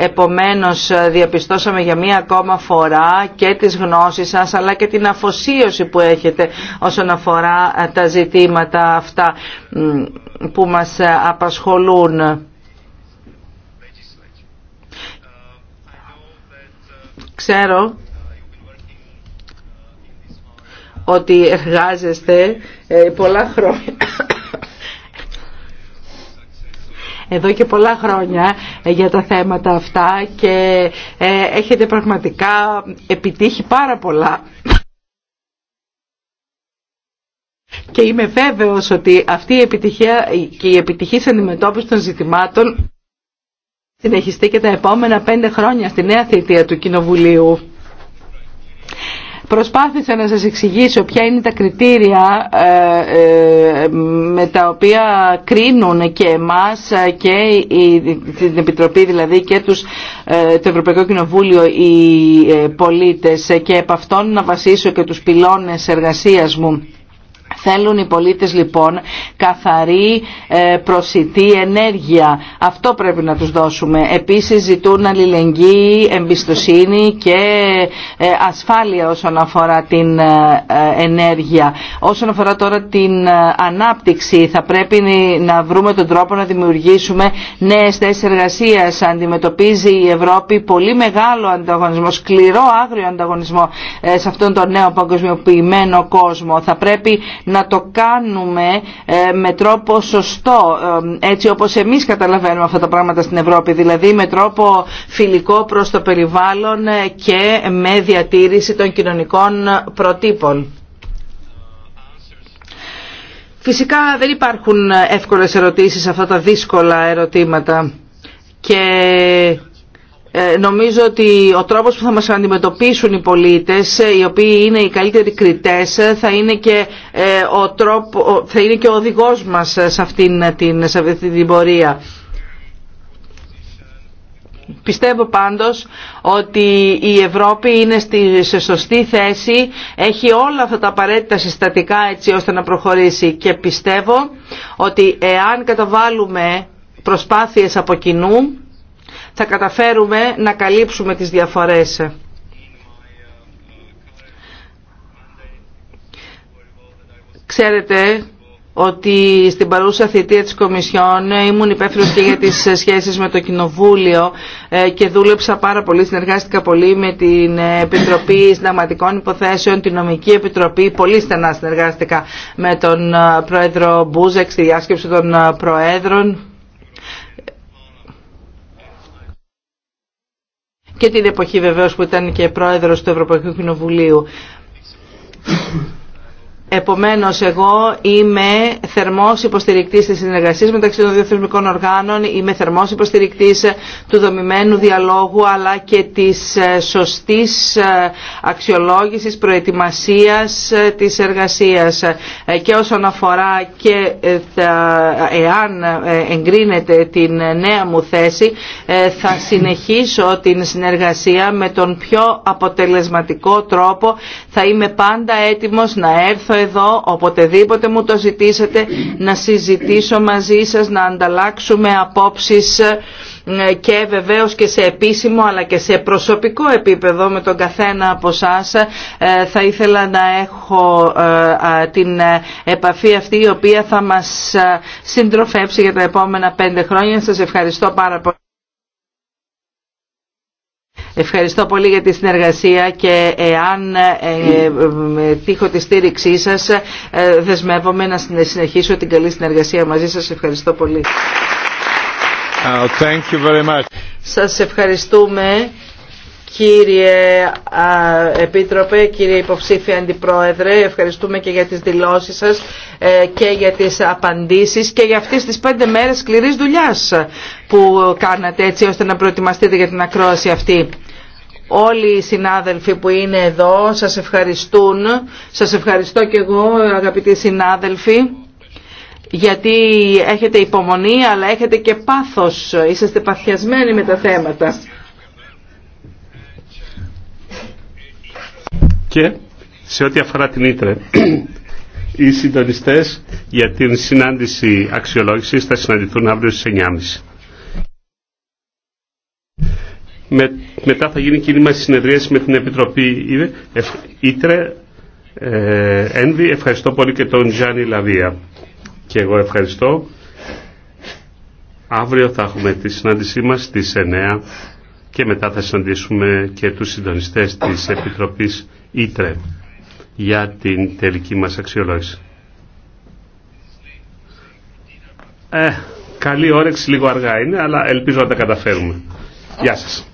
Επομένως, διαπιστώσαμε για μία ακόμα φορά και και τις γνώσεις σας αλλά και την αφοσίωση που έχετε όσον αφορά ε, τα ζητήματα αυτά που μας ε, απασχολούν. Ξέρω ότι εργάζεστε ε, πολλά χρόνια εδώ και πολλά χρόνια ε, για τα θέματα αυτά και ε, έχετε πραγματικά επιτύχει πάρα πολλά. Και είμαι βέβαιος ότι αυτή η επιτυχία και η σε αντιμετώπιση των ζητημάτων συνεχιστεί και τα επόμενα πέντε χρόνια στη νέα θητεία του Κοινοβουλίου. Προσπάθησα να σας εξηγήσω ποια είναι τα κριτήρια ε, ε, με τα οποία κρίνουν και εμάς και την Επιτροπή δηλαδή και τους, ε, το Ευρωπαϊκό Κοινοβούλιο οι πολίτες και επ' να βασίσω και τους πυλώνες εργασίας μου Θέλουν οι πολίτες λοιπόν καθαρή ε, προσιτή ενέργεια. Αυτό πρέπει να τους δώσουμε. Επίσης ζητούν αλληλεγγύη, εμπιστοσύνη και ε, ασφάλεια όσον αφορά την ε, ενέργεια. Όσον αφορά τώρα την ανάπτυξη θα πρέπει να βρούμε τον τρόπο να δημιουργήσουμε νέες θέσεις εργασίας. Αντιμετωπίζει η Ευρώπη πολύ μεγάλο ανταγωνισμό, σκληρό άγριο ανταγωνισμό σε αυτόν τον νέο παγκοσμιοποιημένο κόσμο. Θα πρέπει να το κάνουμε ε, με τρόπο σωστό, ε, έτσι όπως εμείς καταλαβαίνουμε αυτά τα πράγματα στην Ευρώπη, δηλαδή με τρόπο φιλικό προς το περιβάλλον ε, και με διατήρηση των κοινωνικών προτύπων. Φυσικά δεν υπάρχουν εύκολες ερωτήσεις σε αυτά τα δύσκολα ερωτήματα και ε, νομίζω ότι ο τρόπος που θα μας αντιμετωπίσουν οι πολίτες, ε, οι οποίοι είναι οι καλύτεροι κριτές, ε, θα είναι και ο, τρόπο, θα είναι και ο οδηγός μας σε αυτήν την, σε αυτή την πορεία. Πιστεύω πάντως ότι η Ευρώπη είναι στη, σε σωστή θέση, έχει όλα αυτά τα απαραίτητα συστατικά έτσι ώστε να προχωρήσει και πιστεύω ότι εάν καταβάλουμε προσπάθειες από κοινού θα καταφέρουμε να καλύψουμε τις διαφορές. Ξέρετε ότι στην παρούσα θητεία της Κομισιόν ήμουν υπεύθυνο και για τις σχέσεις με το Κοινοβούλιο ε, και δούλεψα πάρα πολύ, συνεργάστηκα πολύ με την Επιτροπή Συνταγματικών Υποθέσεων, την Νομική Επιτροπή, πολύ στενά συνεργάστηκα με τον ε, Πρόεδρο Μπούζεξ, τη διάσκεψη των ε, Προέδρων. και την εποχή βεβαίως που ήταν και πρόεδρος του Ευρωπαϊκού Κοινοβουλίου. Επομένως, εγώ είμαι θερμός υποστηρικτής της συνεργασίας μεταξύ των δύο οργάνων, είμαι θερμός υποστηρικτής του δομημένου διαλόγου, αλλά και της ε, σωστής ε, αξιολόγησης, προετοιμασίας ε, της εργασίας. Και όσον αφορά και εάν εγκρίνεται την νέα μου θέση, θα συνεχίσω την συνεργασία με τον πιο αποτελεσματικό τρόπο. Θα είμαι πάντα έτοιμος να έρθω εδώ οποτεδήποτε μου το ζητήσετε να συζητήσω μαζί σας, να ανταλλάξουμε απόψεις ε, και βεβαίως και σε επίσημο αλλά και σε προσωπικό επίπεδο με τον καθένα από εσά θα ήθελα να έχω ε, την ε, επαφή αυτή η οποία θα μας συντροφεύσει για τα επόμενα πέντε χρόνια. Σας ευχαριστώ πάρα πολύ. Ευχαριστώ πολύ για τη συνεργασία και εάν ε, τύχω τη στήριξή σας ε, δεσμεύομαι να συνεχίσω την καλή συνεργασία μαζί σας. Ευχαριστώ πολύ. Uh, thank you very much. Σας ευχαριστούμε κύριε Επίτροπε, κύριε Υποψήφια Αντιπρόεδρε, ευχαριστούμε και για τις δηλώσεις σας ε, και για τις απαντήσεις και για αυτές τις πέντε μέρες σκληρής δουλειάς που κάνατε έτσι ώστε να προετοιμαστείτε για την ακρόαση αυτή. Όλοι οι συνάδελφοι που είναι εδώ σας ευχαριστούν. Σας ευχαριστώ και εγώ αγαπητοί συνάδελφοι γιατί έχετε υπομονή αλλά έχετε και πάθος. Είσαστε παθιασμένοι με τα θέματα. Και σε ό,τι αφορά την Ήτρε, οι συντονιστές για την συνάντηση αξιολόγησης θα συναντηθούν αύριο στις 9.30. Με, μετά θα γίνει κοινή μας συνεδρίαση με την Επιτροπή Ήτρε ε, Ευχαριστώ πολύ και τον Τζάνι Λαβία. Και εγώ ευχαριστώ. Αύριο θα έχουμε τη συνάντησή μας στις 9 και μετά θα συναντήσουμε και τους συντονιστές της Επιτροπής Ήτρε για την τελική μας αξιολόγηση. Ε, καλή όρεξη λίγο αργά είναι, αλλά ελπίζω να τα καταφέρουμε. Γεια σας.